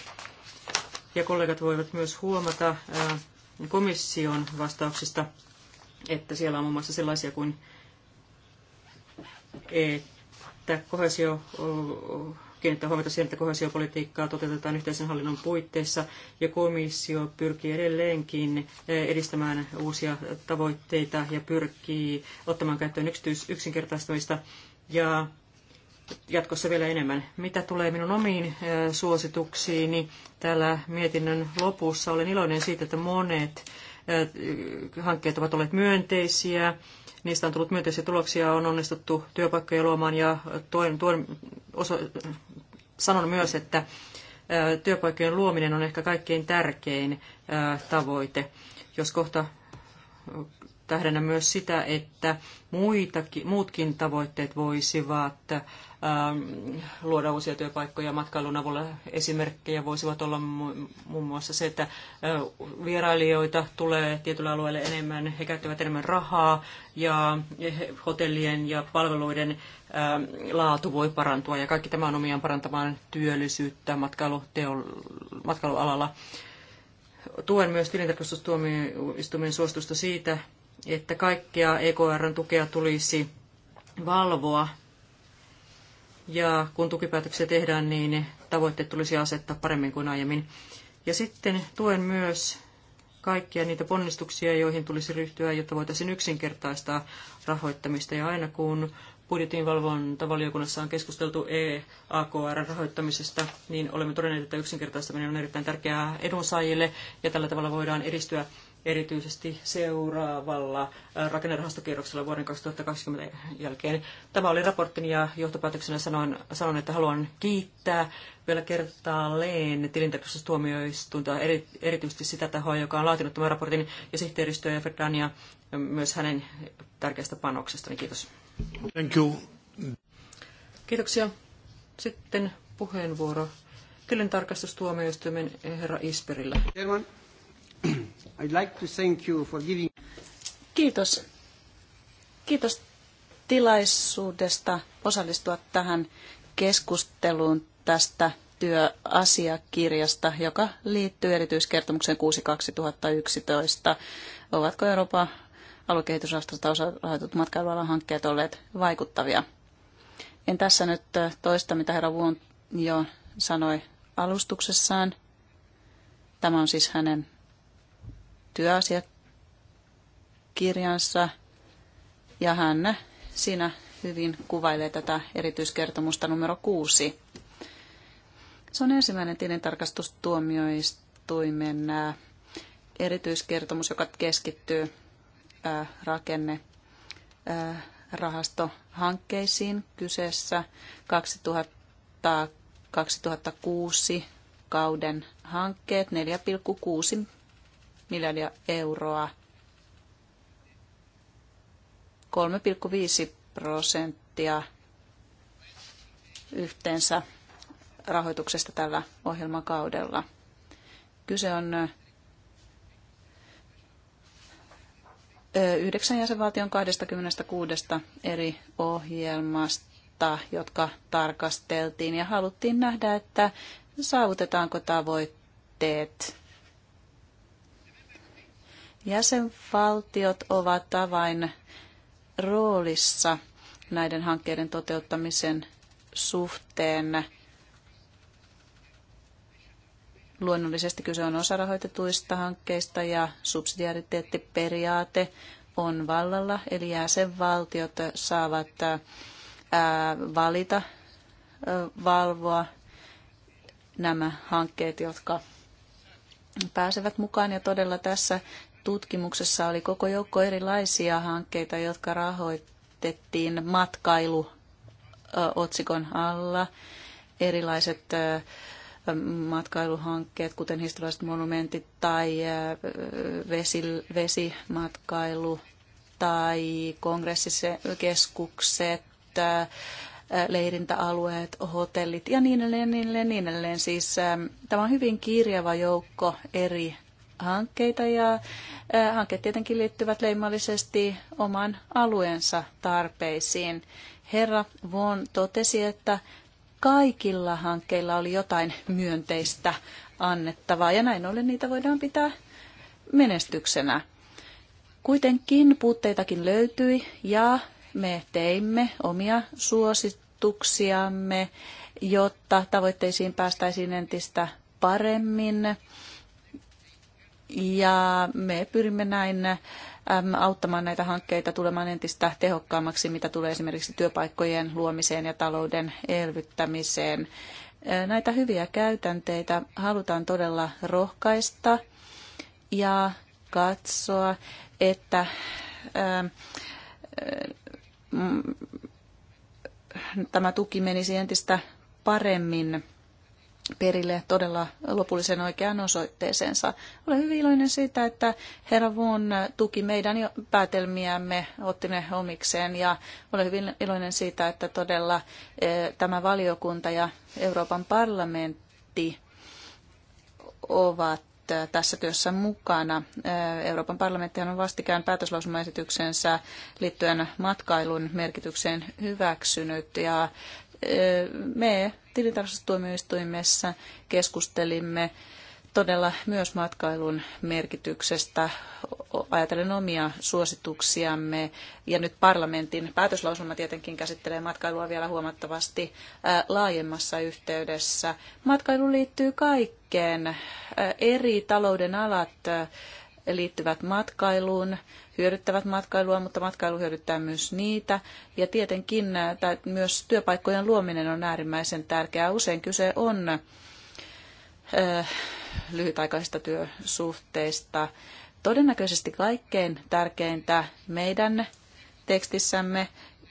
Ja kollegat voivat myös huomata äh, komission vastauksista, että siellä on muun mm. muassa sellaisia kuin, että kohesio kiinnittää huomiota siihen, että kohesiopolitiikkaa toteutetaan yhteisen hallinnon puitteissa ja komissio pyrkii edelleenkin eh, edistämään uusia tavoitteita ja pyrkii ottamaan käyttöön yksityis- yksinkertaistamista ja jatkossa vielä enemmän. Mitä tulee minun omiin eh, suosituksiini täällä mietinnön lopussa, olen iloinen siitä, että monet eh, hankkeet ovat olleet myönteisiä niistä on tullut myönteisiä tuloksia, on onnistuttu työpaikkoja luomaan ja tuen, tuen oso, sanon myös, että työpaikkojen luominen on ehkä kaikkein tärkein tavoite. Jos kohta tähdennä myös sitä, että muitakin, muutkin tavoitteet voisivat Ähm, luoda uusia työpaikkoja matkailun avulla. Esimerkkejä voisivat olla muun muassa se, että vierailijoita tulee tietylle alueelle enemmän, he käyttävät enemmän rahaa ja hotellien ja palveluiden laatu voi parantua ja kaikki tämä on omiaan parantamaan työllisyyttä matkailualalla. Tuen myös tilintarkastustuomioistuimen suostusta siitä, että kaikkea EKRn tukea tulisi valvoa ja kun tukipäätöksiä tehdään, niin tavoitteet tulisi asettaa paremmin kuin aiemmin. Ja sitten tuen myös kaikkia niitä ponnistuksia, joihin tulisi ryhtyä, jotta voitaisiin yksinkertaistaa rahoittamista. Ja aina kun budjetin valvontavaliokunnassa on keskusteltu EAKR-rahoittamisesta, niin olemme todenneet, että yksinkertaistaminen on erittäin tärkeää edunsaajille ja tällä tavalla voidaan edistyä erityisesti seuraavalla äh, rakennerahastokierroksella vuoden 2020 jälkeen. Tämä oli raporttini ja johtopäätöksenä sanoin, sanon että haluan kiittää vielä kertaalleen tilintarkastustuomioistuinta, eri, erityisesti sitä tahoa, joka on laatinut tämän raportin, ja sihteeristöä ja Ferdania myös hänen tärkeästä panoksestani. Kiitos. Thank you. Kiitoksia. Sitten puheenvuoro tilintarkastustuomioistuimen herra Isperillä. German. I'd like to thank you for giving... Kiitos. Kiitos tilaisuudesta osallistua tähän keskusteluun tästä työasiakirjasta, joka liittyy erityiskertomukseen 6.2011. Ovatko Euroopan aluekehitysrahastosta rahoitut matkailualan hankkeet olleet vaikuttavia? En tässä nyt äh, toista, mitä herra Vuon jo sanoi alustuksessaan. Tämä on siis hänen työasiakirjansa ja hän siinä hyvin kuvailee tätä erityiskertomusta numero kuusi. Se on ensimmäinen tilintarkastustuomioistuimen erityiskertomus, joka keskittyy rakenne rahastohankkeisiin kyseessä 2000, 2006 kauden hankkeet 4,6 miljardia euroa. 3,5 prosenttia yhteensä rahoituksesta tällä ohjelmakaudella. Kyse on yhdeksän jäsenvaltion 26 eri ohjelmasta, jotka tarkasteltiin ja haluttiin nähdä, että saavutetaanko tavoitteet Jäsenvaltiot ovat avain roolissa näiden hankkeiden toteuttamisen suhteen. Luonnollisesti kyse on osarahoitetuista hankkeista ja subsidiariteettiperiaate on vallalla, eli jäsenvaltiot saavat valita, valvoa nämä hankkeet, jotka pääsevät mukaan. Ja todella tässä tutkimuksessa oli koko joukko erilaisia hankkeita, jotka rahoitettiin matkailuotsikon alla. Erilaiset matkailuhankkeet, kuten historialliset monumentit tai vesi, vesimatkailu tai kongressikeskukset, leirintäalueet, hotellit ja niin edelleen, niin edelleen, niin edelleen. Siis tämä on hyvin kirjava joukko eri hankkeita ja hankkeet tietenkin liittyvät leimallisesti oman alueensa tarpeisiin. Herra Von totesi, että kaikilla hankkeilla oli jotain myönteistä annettavaa ja näin ollen niitä voidaan pitää menestyksenä. Kuitenkin puutteitakin löytyi ja me teimme omia suosituksiamme, jotta tavoitteisiin päästäisiin entistä paremmin. Ja me pyrimme näin auttamaan näitä hankkeita tulemaan entistä tehokkaammaksi, mitä tulee esimerkiksi työpaikkojen luomiseen ja talouden elvyttämiseen. Näitä hyviä käytänteitä halutaan todella rohkaista ja katsoa, että tämä tuki menisi entistä paremmin perille todella lopullisen oikeaan osoitteeseensa. Olen hyvin iloinen siitä, että herra Vuon tuki meidän päätelmiämme, otti ne omikseen ja olen hyvin iloinen siitä, että todella eh, tämä valiokunta ja Euroopan parlamentti ovat eh, tässä työssä mukana. Eh, Euroopan parlamentti on vastikään päätöslausumaesityksensä liittyen matkailun merkitykseen hyväksynyt ja me tilintarkastustuomioistuimessa keskustelimme todella myös matkailun merkityksestä. Ajatellen omia suosituksiamme ja nyt parlamentin päätöslausuma tietenkin käsittelee matkailua vielä huomattavasti laajemmassa yhteydessä. Matkailu liittyy kaikkeen. Eri talouden alat liittyvät matkailuun, hyödyttävät matkailua, mutta matkailu hyödyttää myös niitä. Ja tietenkin myös työpaikkojen luominen on äärimmäisen tärkeää. Usein kyse on lyhytaikaisista työsuhteista. Todennäköisesti kaikkein tärkeintä meidän tekstissämme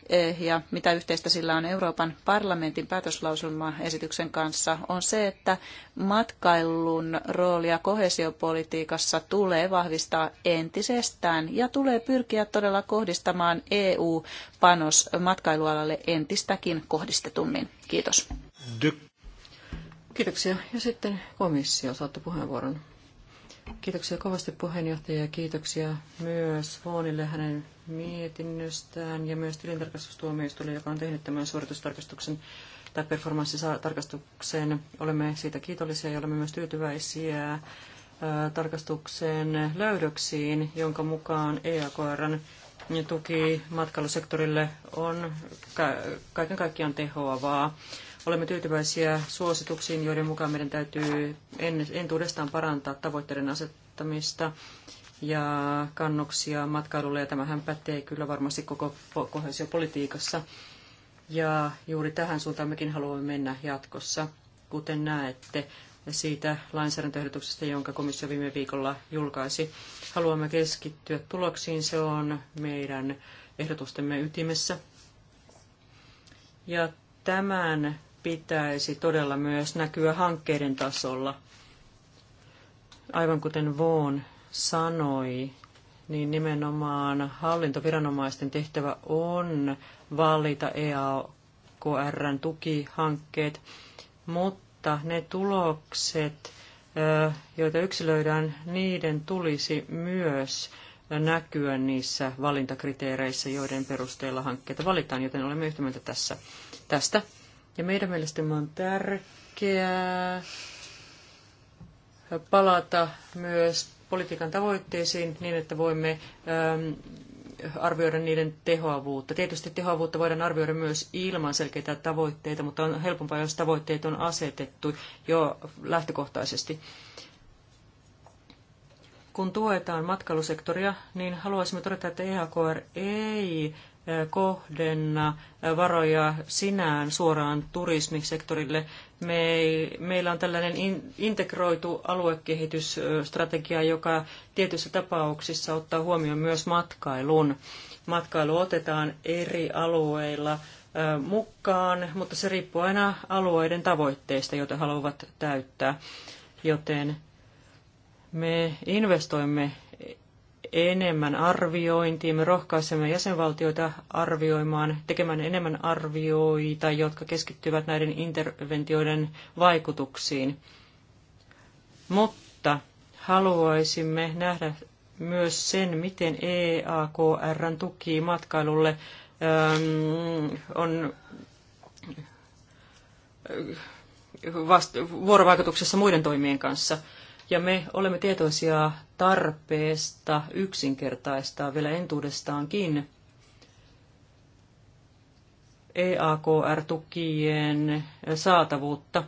E, ja mitä yhteistä sillä on Euroopan parlamentin päätöslauselmaesityksen kanssa, on se, että matkailun roolia kohesiopolitiikassa tulee vahvistaa entisestään ja tulee pyrkiä todella kohdistamaan EU-panos matkailualalle entistäkin kohdistetummin. Kiitos. Kiitoksia. Ja sitten komissio, saatte puheenvuoron. Kiitoksia kovasti puheenjohtaja ja kiitoksia myös Vaanille hänen mietinnöstään ja myös tilintarkastustuomioistuille, joka on tehnyt tämän suoritustarkastuksen tai performanssitarkastukseen. Olemme siitä kiitollisia ja olemme myös tyytyväisiä tarkastuksen löydöksiin, jonka mukaan EAKRn tuki matkailusektorille on kaiken kaikkiaan tehoavaa. Olemme tyytyväisiä suosituksiin, joiden mukaan meidän täytyy entuudestaan parantaa tavoitteiden asettamista ja kannuksia matkailulle, ja tämähän pätee kyllä varmasti koko kohesiopolitiikassa. Ja juuri tähän suuntaan mekin haluamme mennä jatkossa, kuten näette siitä lainsäädäntöehdotuksesta, jonka komissio viime viikolla julkaisi. Haluamme keskittyä tuloksiin, se on meidän ehdotustemme ytimessä. Ja tämän pitäisi todella myös näkyä hankkeiden tasolla. Aivan kuten Voon sanoi, niin nimenomaan hallintoviranomaisten tehtävä on valita EAKRn tukihankkeet, mutta ne tulokset, joita yksilöidään, niiden tulisi myös näkyä niissä valintakriteereissä, joiden perusteella hankkeita valitaan, joten olemme yhtä mieltä tässä, tästä. Ja meidän mielestämme on tärkeää palata myös politiikan tavoitteisiin niin, että voimme ähm, arvioida niiden tehoavuutta. Tietysti tehoavuutta voidaan arvioida myös ilman selkeitä tavoitteita, mutta on helpompaa, jos tavoitteet on asetettu jo lähtökohtaisesti. Kun tuetaan matkailusektoria, niin haluaisimme todeta, että EHKR ei kohdenna varoja sinään suoraan turismisektorille. Me, meillä on tällainen in, integroitu aluekehitysstrategia, joka tietyissä tapauksissa ottaa huomioon myös matkailun. Matkailu otetaan eri alueilla mukaan, mutta se riippuu aina alueiden tavoitteista, joita haluavat täyttää. Joten me investoimme enemmän arviointia, me rohkaisemme jäsenvaltioita arvioimaan, tekemään enemmän arvioita, jotka keskittyvät näiden interventioiden vaikutuksiin. Mutta haluaisimme nähdä myös sen, miten EAKRn tuki matkailulle ähm, on äh, vuorovaikutuksessa muiden toimien kanssa – ja me olemme tietoisia tarpeesta yksinkertaistaa vielä entuudestaankin EAKR-tukien saatavuutta.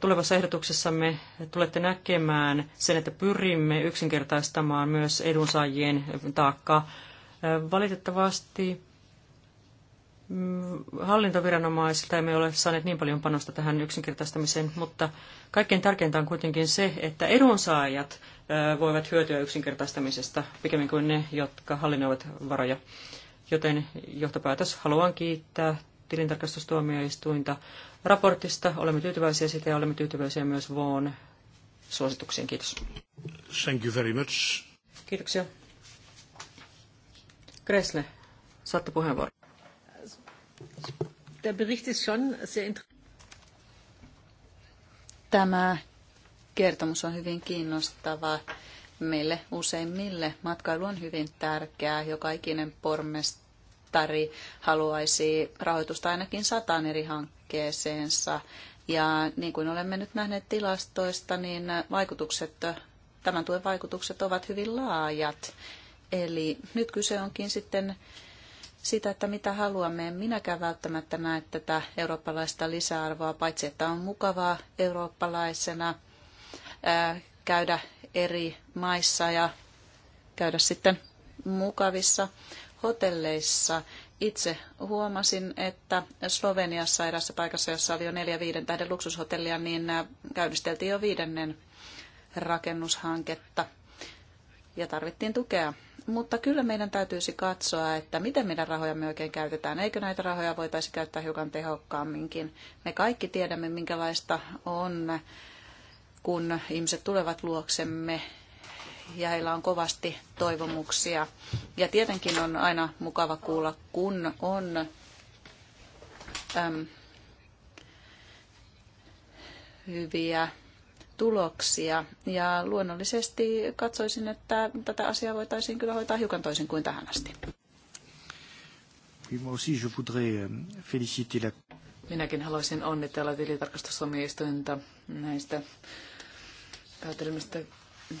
Tulevassa ehdotuksessamme tulette näkemään sen, että pyrimme yksinkertaistamaan myös edunsaajien taakkaa. Valitettavasti Mm, hallintoviranomaisilta emme ole saaneet niin paljon panosta tähän yksinkertaistamiseen, mutta kaikkein tärkeintä on kuitenkin se, että edunsaajat voivat hyötyä yksinkertaistamisesta pikemmin kuin ne, jotka hallinnoivat varoja. Joten johtopäätös haluan kiittää tilintarkastustuomioistuinta raportista. Olemme tyytyväisiä siitä ja olemme tyytyväisiä myös Voon suosituksiin. Kiitos. Thank you very much. Kiitoksia. Kresle, saatte puheenvuoron. Der Bericht ist schon sehr Tämä kertomus on hyvin kiinnostava meille useimmille. Matkailu on hyvin tärkeää. Joka ikinen pormestari haluaisi rahoitusta ainakin sataan eri hankkeeseensa. Ja niin kuin olemme nyt nähneet tilastoista, niin vaikutukset, tämän tuen vaikutukset ovat hyvin laajat. Eli nyt kyse onkin sitten sitä, että mitä haluamme. En minäkään välttämättä näe tätä eurooppalaista lisäarvoa, paitsi että on mukavaa eurooppalaisena käydä eri maissa ja käydä sitten mukavissa hotelleissa. Itse huomasin, että Sloveniassa erässä paikassa, jossa oli jo neljä viiden tähden luksushotellia, niin käynnisteltiin jo viidennen rakennushanketta ja tarvittiin tukea mutta kyllä meidän täytyisi katsoa, että miten meidän rahoja me oikein käytetään. Eikö näitä rahoja voitaisi käyttää hiukan tehokkaamminkin? Me kaikki tiedämme, minkälaista on, kun ihmiset tulevat luoksemme ja heillä on kovasti toivomuksia. Ja tietenkin on aina mukava kuulla, kun on äm, hyviä tuloksia. Ja luonnollisesti katsoisin, että tätä asiaa voitaisiin kyllä hoitaa hiukan toisin kuin tähän asti. Euh, Minäkin haluaisin onnitella tilitarkastustuomioistuinta näistä päätelmistä.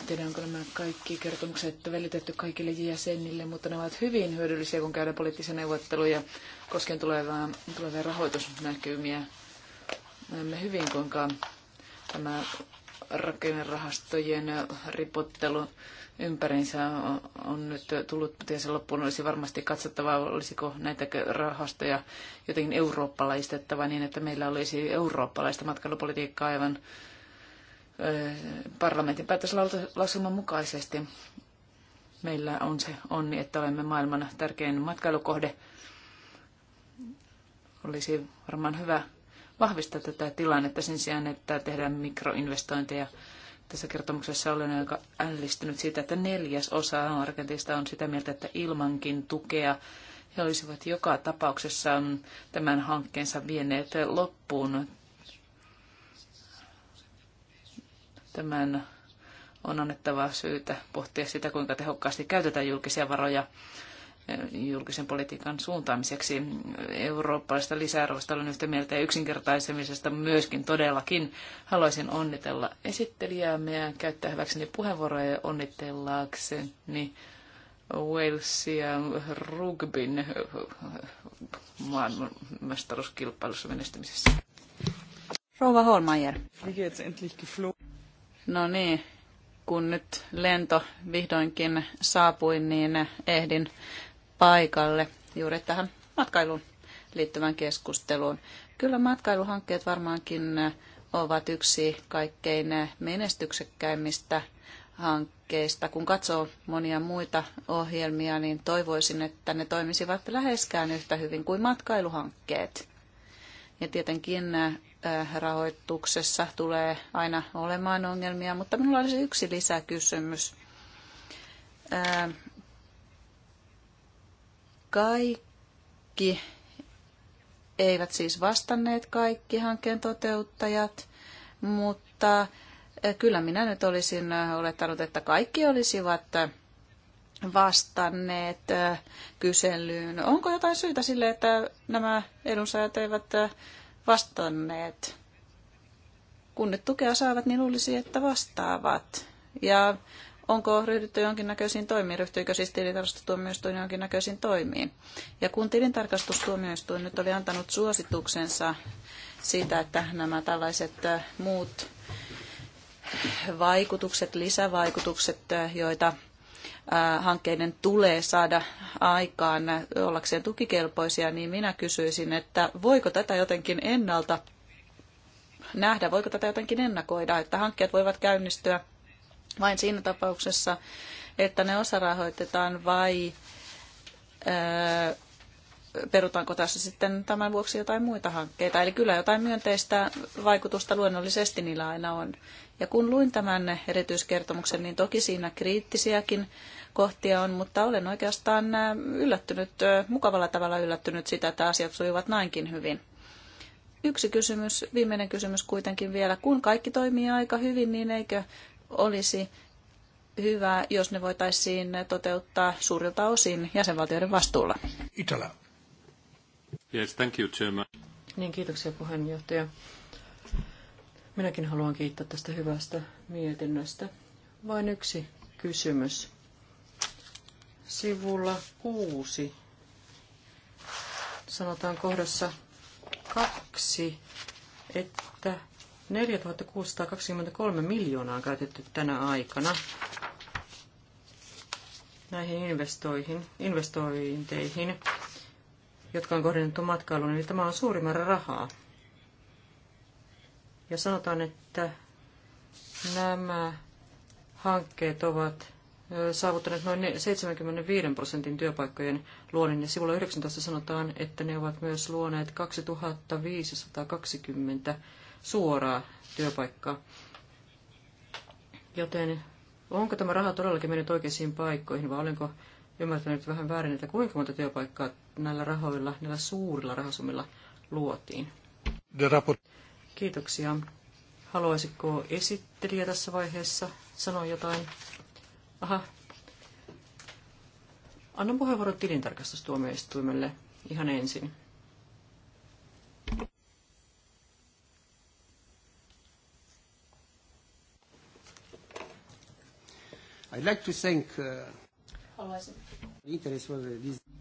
Tiedän, onko nämä kaikki kertomukset välitetty kaikille jäsenille, mutta ne ovat hyvin hyödyllisiä, kun käydään poliittisia neuvotteluja koskien tulevaa, tulevia rahoitusnäkymiä. Näemme hyvin, kuinka tämä rakennerahastojen ripottelu ympärinsä on nyt tullut tietysti loppuun. Olisi varmasti katsottava, olisiko näitä rahastoja jotenkin eurooppalaistettava niin, että meillä olisi eurooppalaista matkailupolitiikkaa aivan parlamentin päätöslauselman mukaisesti. Meillä on se onni, että olemme maailman tärkein matkailukohde. Olisi varmaan hyvä vahvistaa tätä tilannetta sen sijaan, että tehdään mikroinvestointeja. Tässä kertomuksessa olen aika ällistynyt siitä, että neljäs osa Argentista on sitä mieltä, että ilmankin tukea he olisivat joka tapauksessa tämän hankkeensa vieneet loppuun. Tämän on annettava syytä pohtia sitä, kuinka tehokkaasti käytetään julkisia varoja julkisen politiikan suuntaamiseksi eurooppalaista lisäarvosta olen yhtä mieltä ja yksinkertaisemisesta myöskin todellakin. Haluaisin onnitella esittelijäämme ja käyttää hyväkseni puheenvuoroja ja onnitellaakseni Walesia rugbyn maailmanmestaruuskilpailussa menestymisessä. Rouva Holmeier. No niin, kun nyt lento vihdoinkin saapui, niin ehdin paikalle juuri tähän matkailuun liittyvän keskusteluun. Kyllä matkailuhankkeet varmaankin ovat yksi kaikkein menestyksekkäimmistä hankkeista. Kun katsoo monia muita ohjelmia, niin toivoisin, että ne toimisivat läheskään yhtä hyvin kuin matkailuhankkeet. Ja tietenkin äh, rahoituksessa tulee aina olemaan ongelmia, mutta minulla olisi yksi lisäkysymys. Äh, kaikki eivät siis vastanneet kaikki hankkeen toteuttajat, mutta eh, kyllä minä nyt olisin eh, olettanut, että kaikki olisivat eh, vastanneet kyselyyn. Onko jotain syytä sille, että nämä edunsaajat eivät vastanneet? Kun nyt tukea saavat, niin luulisi, että vastaavat. Ja onko ryhdytty jonkinnäköisiin toimiin, ryhtyykö siis tilintarkastustuomioistuin jonkinnäköisiin toimiin. Ja kun tilintarkastustuomioistuin nyt oli antanut suosituksensa siitä, että nämä tällaiset äh, muut vaikutukset, lisävaikutukset, äh, joita äh, hankkeiden tulee saada aikaan ollakseen tukikelpoisia, niin minä kysyisin, että voiko tätä jotenkin ennalta nähdä, voiko tätä jotenkin ennakoida, että hankkeet voivat käynnistyä vain siinä tapauksessa, että ne osarahoitetaan vai ää, perutaanko tässä sitten tämän vuoksi jotain muita hankkeita. Eli kyllä jotain myönteistä vaikutusta luonnollisesti niillä aina on. Ja kun luin tämän erityiskertomuksen, niin toki siinä kriittisiäkin kohtia on, mutta olen oikeastaan yllättynyt, mukavalla tavalla yllättynyt sitä, että asiat sujuvat näinkin hyvin. Yksi kysymys, viimeinen kysymys kuitenkin vielä. Kun kaikki toimii aika hyvin, niin eikö olisi hyvä, jos ne voitaisiin toteuttaa suurilta osin jäsenvaltioiden vastuulla. Itälä. Yes, thank you, Chairman. Niin, kiitoksia puheenjohtaja. Minäkin haluan kiittää tästä hyvästä mietinnöstä. Vain yksi kysymys. Sivulla kuusi. Sanotaan kohdassa kaksi, että 4623 miljoonaa on käytetty tänä aikana näihin investoihin, investointeihin, jotka on kohdennettu matkailuun. Eli tämä on suuri määrä rahaa. Ja sanotaan, että nämä hankkeet ovat saavuttaneet noin 75 prosentin työpaikkojen luonnin, ja sivulla 19 sanotaan, että ne ovat myös luoneet 2520 suoraa työpaikkaa. Joten onko tämä raha todellakin mennyt oikeisiin paikkoihin vai olenko ymmärtänyt vähän väärin, että kuinka monta työpaikkaa näillä rahoilla, näillä suurilla rahasummilla luotiin? Kiitoksia. Haluaisitko esittelijä tässä vaiheessa sanoa jotain? Aha. Annan puheenvuoron tilintarkastustuomioistuimelle ihan ensin. I'd like to thank, uh, Haluaisin.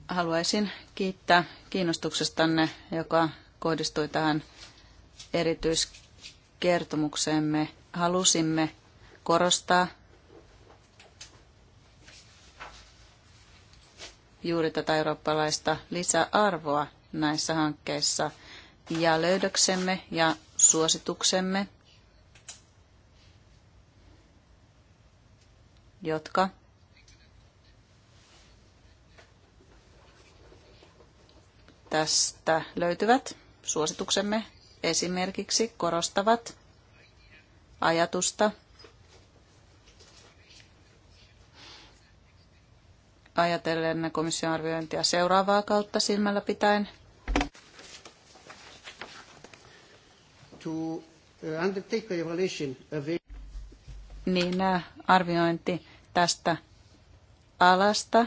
Haluaisin kiittää kiinnostuksestanne, joka kohdistui tähän erityiskertomukseemme. Halusimme korostaa juuri tätä eurooppalaista lisäarvoa näissä hankkeissa. Ja löydöksemme ja suosituksemme jotka tästä löytyvät suosituksemme esimerkiksi korostavat ajatusta ajatellen komission arviointia seuraavaa kautta silmällä pitäen. To uh, undertake evaluation of... Niin uh, arviointi tästä alasta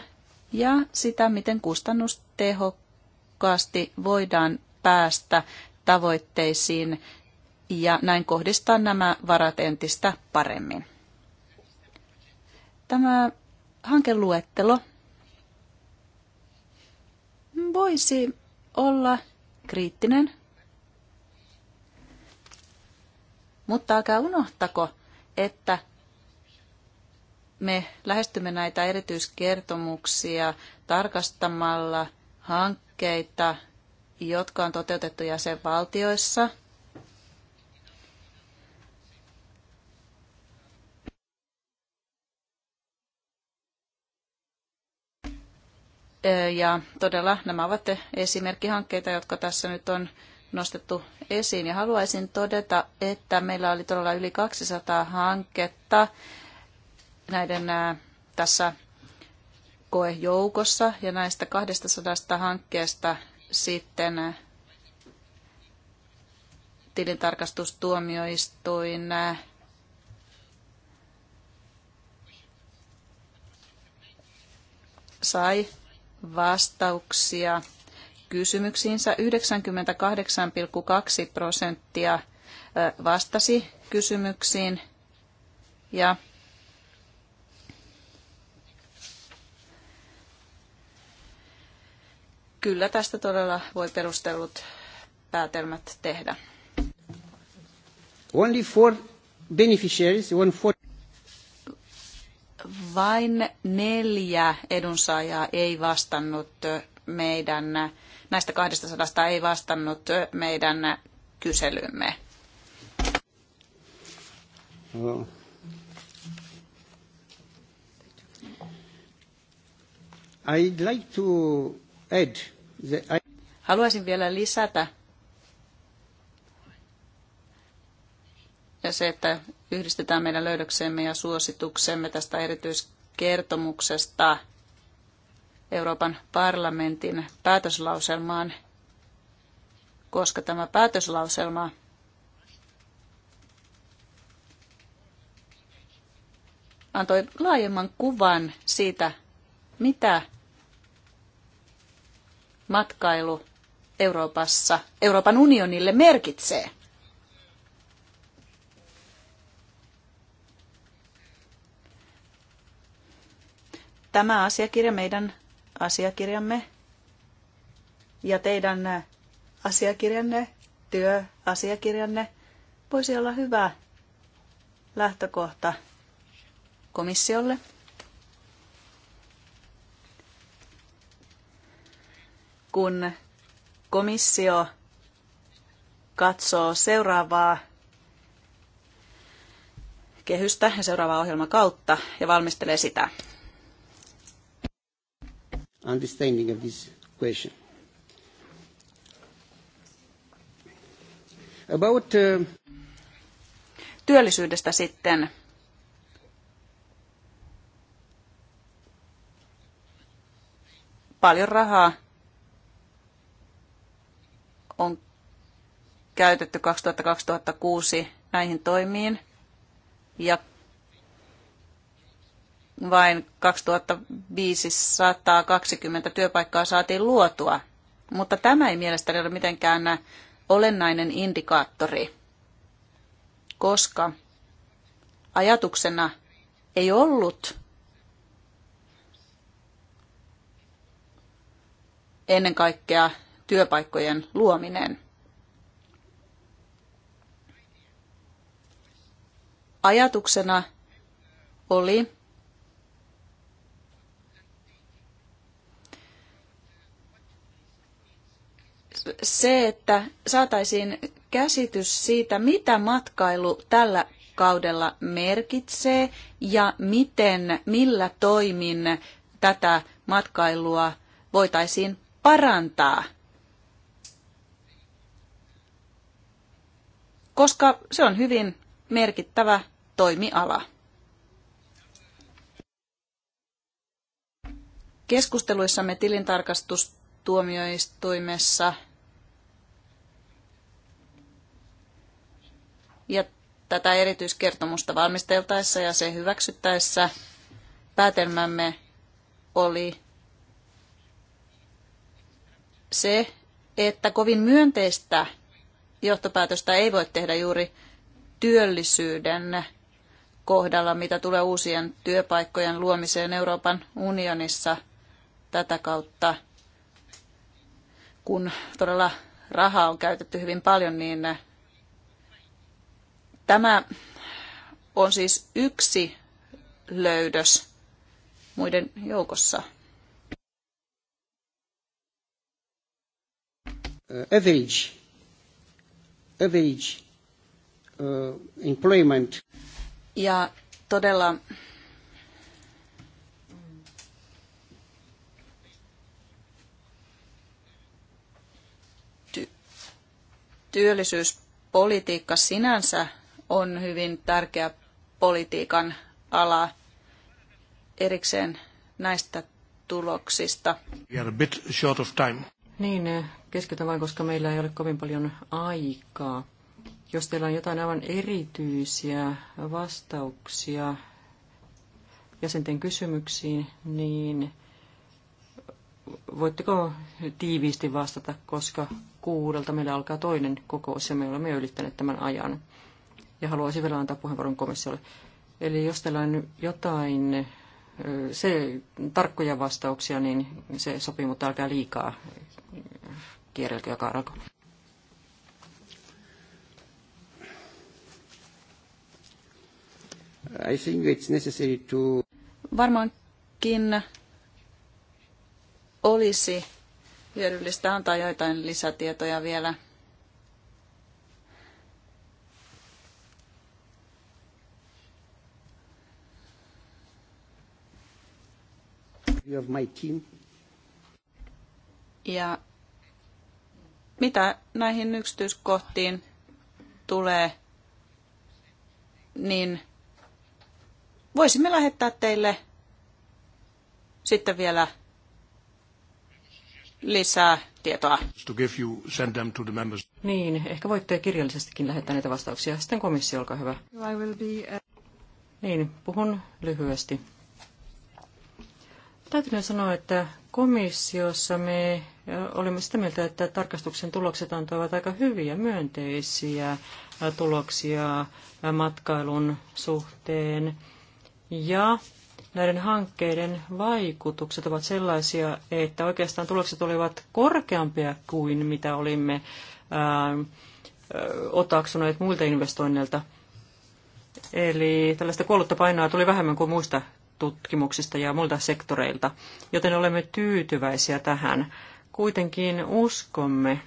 ja sitä, miten kustannustehokkaasti voidaan päästä tavoitteisiin ja näin kohdistaa nämä varat entistä paremmin. Tämä hankeluettelo voisi olla kriittinen, mutta älkää unohtako, että me lähestymme näitä erityiskertomuksia tarkastamalla hankkeita, jotka on toteutettu jäsenvaltioissa. Ja todella nämä ovat esimerkkihankkeita, jotka tässä nyt on nostettu esiin. Ja haluaisin todeta, että meillä oli todella yli 200 hanketta, näiden tässä koejoukossa ja näistä 200 hankkeesta sitten tilintarkastustuomioistuin sai vastauksia kysymyksiinsä. 98,2 prosenttia vastasi kysymyksiin ja kyllä tästä todella voi perustellut päätelmät tehdä. Only four beneficiaries, one four Vain neljä edunsaajaa ei vastannut meidän, näistä 200 ei vastannut meidän kyselymme. Oh. I'd like to add Haluaisin vielä lisätä ja se, että yhdistetään meidän löydöksemme ja suosituksemme tästä erityiskertomuksesta Euroopan parlamentin päätöslauselmaan, koska tämä päätöslauselma antoi laajemman kuvan siitä, mitä matkailu Euroopassa, Euroopan unionille merkitsee. Tämä asiakirja, meidän asiakirjamme ja teidän asiakirjanne, työasiakirjanne, voisi olla hyvä lähtökohta komissiolle kun komissio katsoo seuraavaa kehystä ja seuraavaa ohjelmakautta ja valmistelee sitä? Understanding of this question. About, uh... Työllisyydestä sitten. Paljon rahaa on käytetty 2000-2006 näihin toimiin ja vain 2520 työpaikkaa saatiin luotua. Mutta tämä ei mielestäni ole mitenkään olennainen indikaattori, koska ajatuksena ei ollut ennen kaikkea työpaikkojen luominen. Ajatuksena oli se, että saataisiin käsitys siitä, mitä matkailu tällä kaudella merkitsee ja miten, millä toimin tätä matkailua voitaisiin parantaa koska se on hyvin merkittävä toimiala. Keskusteluissamme tilintarkastustuomioistuimessa ja tätä erityiskertomusta valmisteltaessa ja se hyväksyttäessä päätelmämme oli se, että kovin myönteistä johtopäätöstä ei voi tehdä juuri työllisyyden kohdalla, mitä tulee uusien työpaikkojen luomiseen Euroopan unionissa tätä kautta, kun todella rahaa on käytetty hyvin paljon, niin tämä on siis yksi löydös muiden joukossa. Average uh, employment. Ja todella ty- työllisyyspolitiikka sinänsä on hyvin tärkeä politiikan ala erikseen näistä tuloksista. We are a bit short of time. Niin, eh, keskitytään vain, koska meillä ei ole kovin paljon aikaa. Jos teillä on jotain aivan erityisiä vastauksia jäsenten kysymyksiin, niin voitteko tiiviisti vastata, koska kuudelta meillä alkaa toinen kokous ja me olemme jo ylittäneet tämän ajan. Ja haluaisin vielä antaa puheenvuoron komissiolle. Eli jos teillä on jotain se, tarkkoja vastauksia, niin se sopii, mutta älkää liikaa kierrelkö Karko. I think it's necessary to... Varmaankin olisi hyödyllistä antaa joitain lisätietoja vielä you have my team. Ja mitä näihin yksityiskohtiin tulee, niin voisimme lähettää teille sitten vielä lisää tietoa. Niin, ehkä voitte kirjallisestikin lähettää näitä vastauksia. Sitten komissio, olkaa hyvä. Uh, niin, puhun lyhyesti. Täytyy sanoa, että komissiossa me olimme sitä mieltä, että tarkastuksen tulokset antoivat aika hyviä myönteisiä tuloksia matkailun suhteen. Ja näiden hankkeiden vaikutukset ovat sellaisia, että oikeastaan tulokset olivat korkeampia kuin mitä olimme otaksuneet muilta investoinneilta. Eli tällaista kuollutta painoa tuli vähemmän kuin muista tutkimuksista ja muilta sektoreilta, joten olemme tyytyväisiä tähän. Kuitenkin uskomme,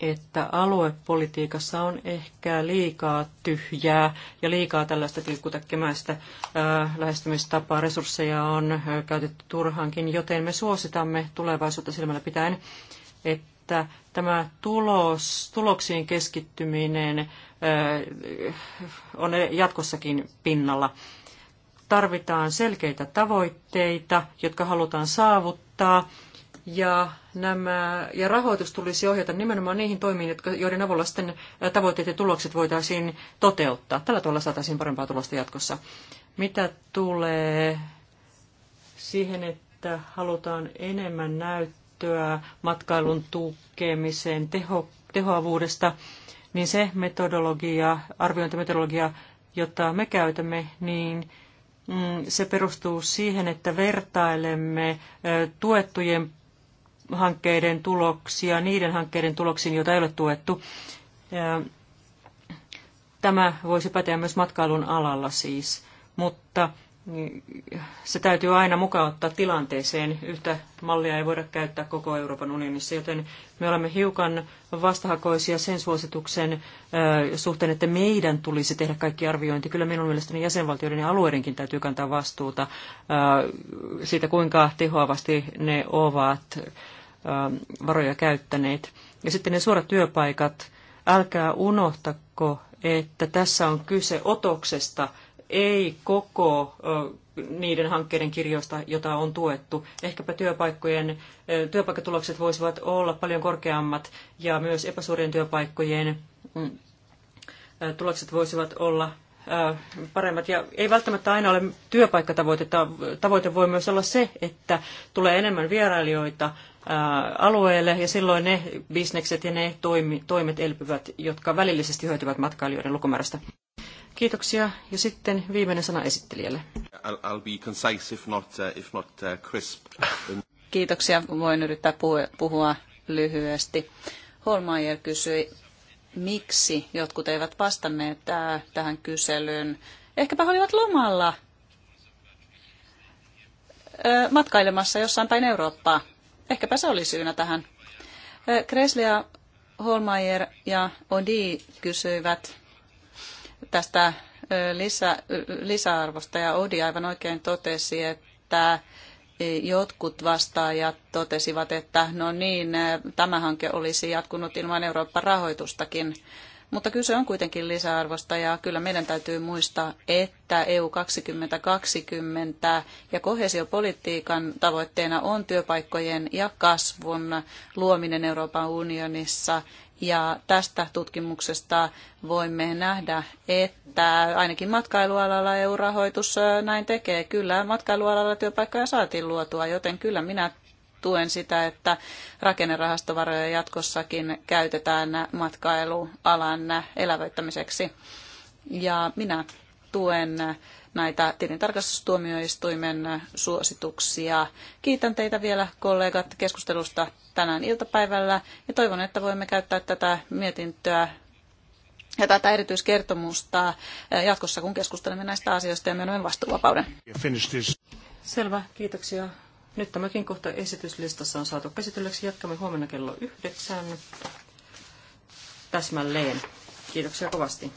että aluepolitiikassa on ehkä liikaa tyhjää ja liikaa tällaista tilkkutäkkimäistä lähestymistapaa. Resursseja on käytetty turhaankin, joten me suositamme tulevaisuutta silmällä pitäen, että tämä tulos, tuloksiin keskittyminen on jatkossakin pinnalla tarvitaan selkeitä tavoitteita, jotka halutaan saavuttaa, ja, nämä, ja rahoitus tulisi ohjata nimenomaan niihin toimiin, jotka, joiden avulla sitten tavoitteet ja tulokset voitaisiin toteuttaa. Tällä tavalla saataisiin parempaa tulosta jatkossa. Mitä tulee siihen, että halutaan enemmän näyttöä matkailun tukemiseen teho, tehoavuudesta, niin se metodologia, arviointimetodologia, jota me käytämme, niin Mm, se perustuu siihen, että vertailemme tuettujen hankkeiden tuloksia niiden hankkeiden tuloksiin, joita ei ole tuettu. Tämä voisi päteä myös matkailun alalla siis, mutta niin, se täytyy aina ottaa tilanteeseen. Yhtä mallia ei voida käyttää koko Euroopan unionissa, joten me olemme hiukan vastahakoisia sen suosituksen suhteen, että meidän tulisi tehdä kaikki arviointi. Kyllä minun mielestäni jäsenvaltioiden ja alueidenkin täytyy kantaa vastuuta siitä, kuinka tehoavasti ne ovat varoja käyttäneet. Ja sitten ne suorat työpaikat. Älkää unohtako, että tässä on kyse otoksesta – ei koko niiden hankkeiden kirjoista, jota on tuettu. Ehkäpä työpaikkojen, työpaikkatulokset voisivat olla paljon korkeammat ja myös epäsuorien työpaikkojen mm, tulokset voisivat olla paremmat. Ja ei välttämättä aina ole työpaikkatavoite. Tavoite voi myös olla se, että tulee enemmän vierailijoita alueelle ja silloin ne bisnekset ja ne toimet elpyvät, jotka välillisesti hyötyvät matkailijoiden lukumäärästä. Kiitoksia. Ja sitten viimeinen sana esittelijälle. I'll, I'll be concise if not, uh, if not uh, crisp. Kiitoksia. Voin yrittää puhua lyhyesti. Holmeier kysyi, miksi jotkut eivät vastanneet tähän kyselyyn. Ehkäpä he olivat lomalla matkailemassa jossain päin Eurooppaa. Ehkäpä se oli syynä tähän. Kreslia, Holmeier ja Odi kysyivät tästä lisä, lisäarvosta ja Odi aivan oikein totesi, että e, jotkut vastaajat totesivat, että no niin, e, tämä hanke olisi jatkunut ilman Euroopan rahoitustakin. Mutta kyse on kuitenkin lisäarvosta ja kyllä meidän täytyy muistaa, että EU 2020 ja kohesiopolitiikan tavoitteena on työpaikkojen ja kasvun luominen Euroopan unionissa ja tästä tutkimuksesta voimme nähdä, että ainakin matkailualalla EU-rahoitus näin tekee. Kyllä matkailualalla työpaikkoja saatiin luotua, joten kyllä minä tuen sitä, että rakennerahastovaroja jatkossakin käytetään matkailualan elävöittämiseksi. Ja minä tuen näitä tilintarkastustuomioistuimen suosituksia. Kiitän teitä vielä kollegat keskustelusta tänään iltapäivällä ja toivon, että voimme käyttää tätä mietintöä ja tätä erityiskertomusta eh, jatkossa, kun keskustelemme näistä asioista ja myönnämme vastuuvapauden. Selvä, kiitoksia. Nyt tämäkin kohta esityslistassa on saatu käsitellyksi. Jatkamme huomenna kello yhdeksän täsmälleen. Kiitoksia kovasti.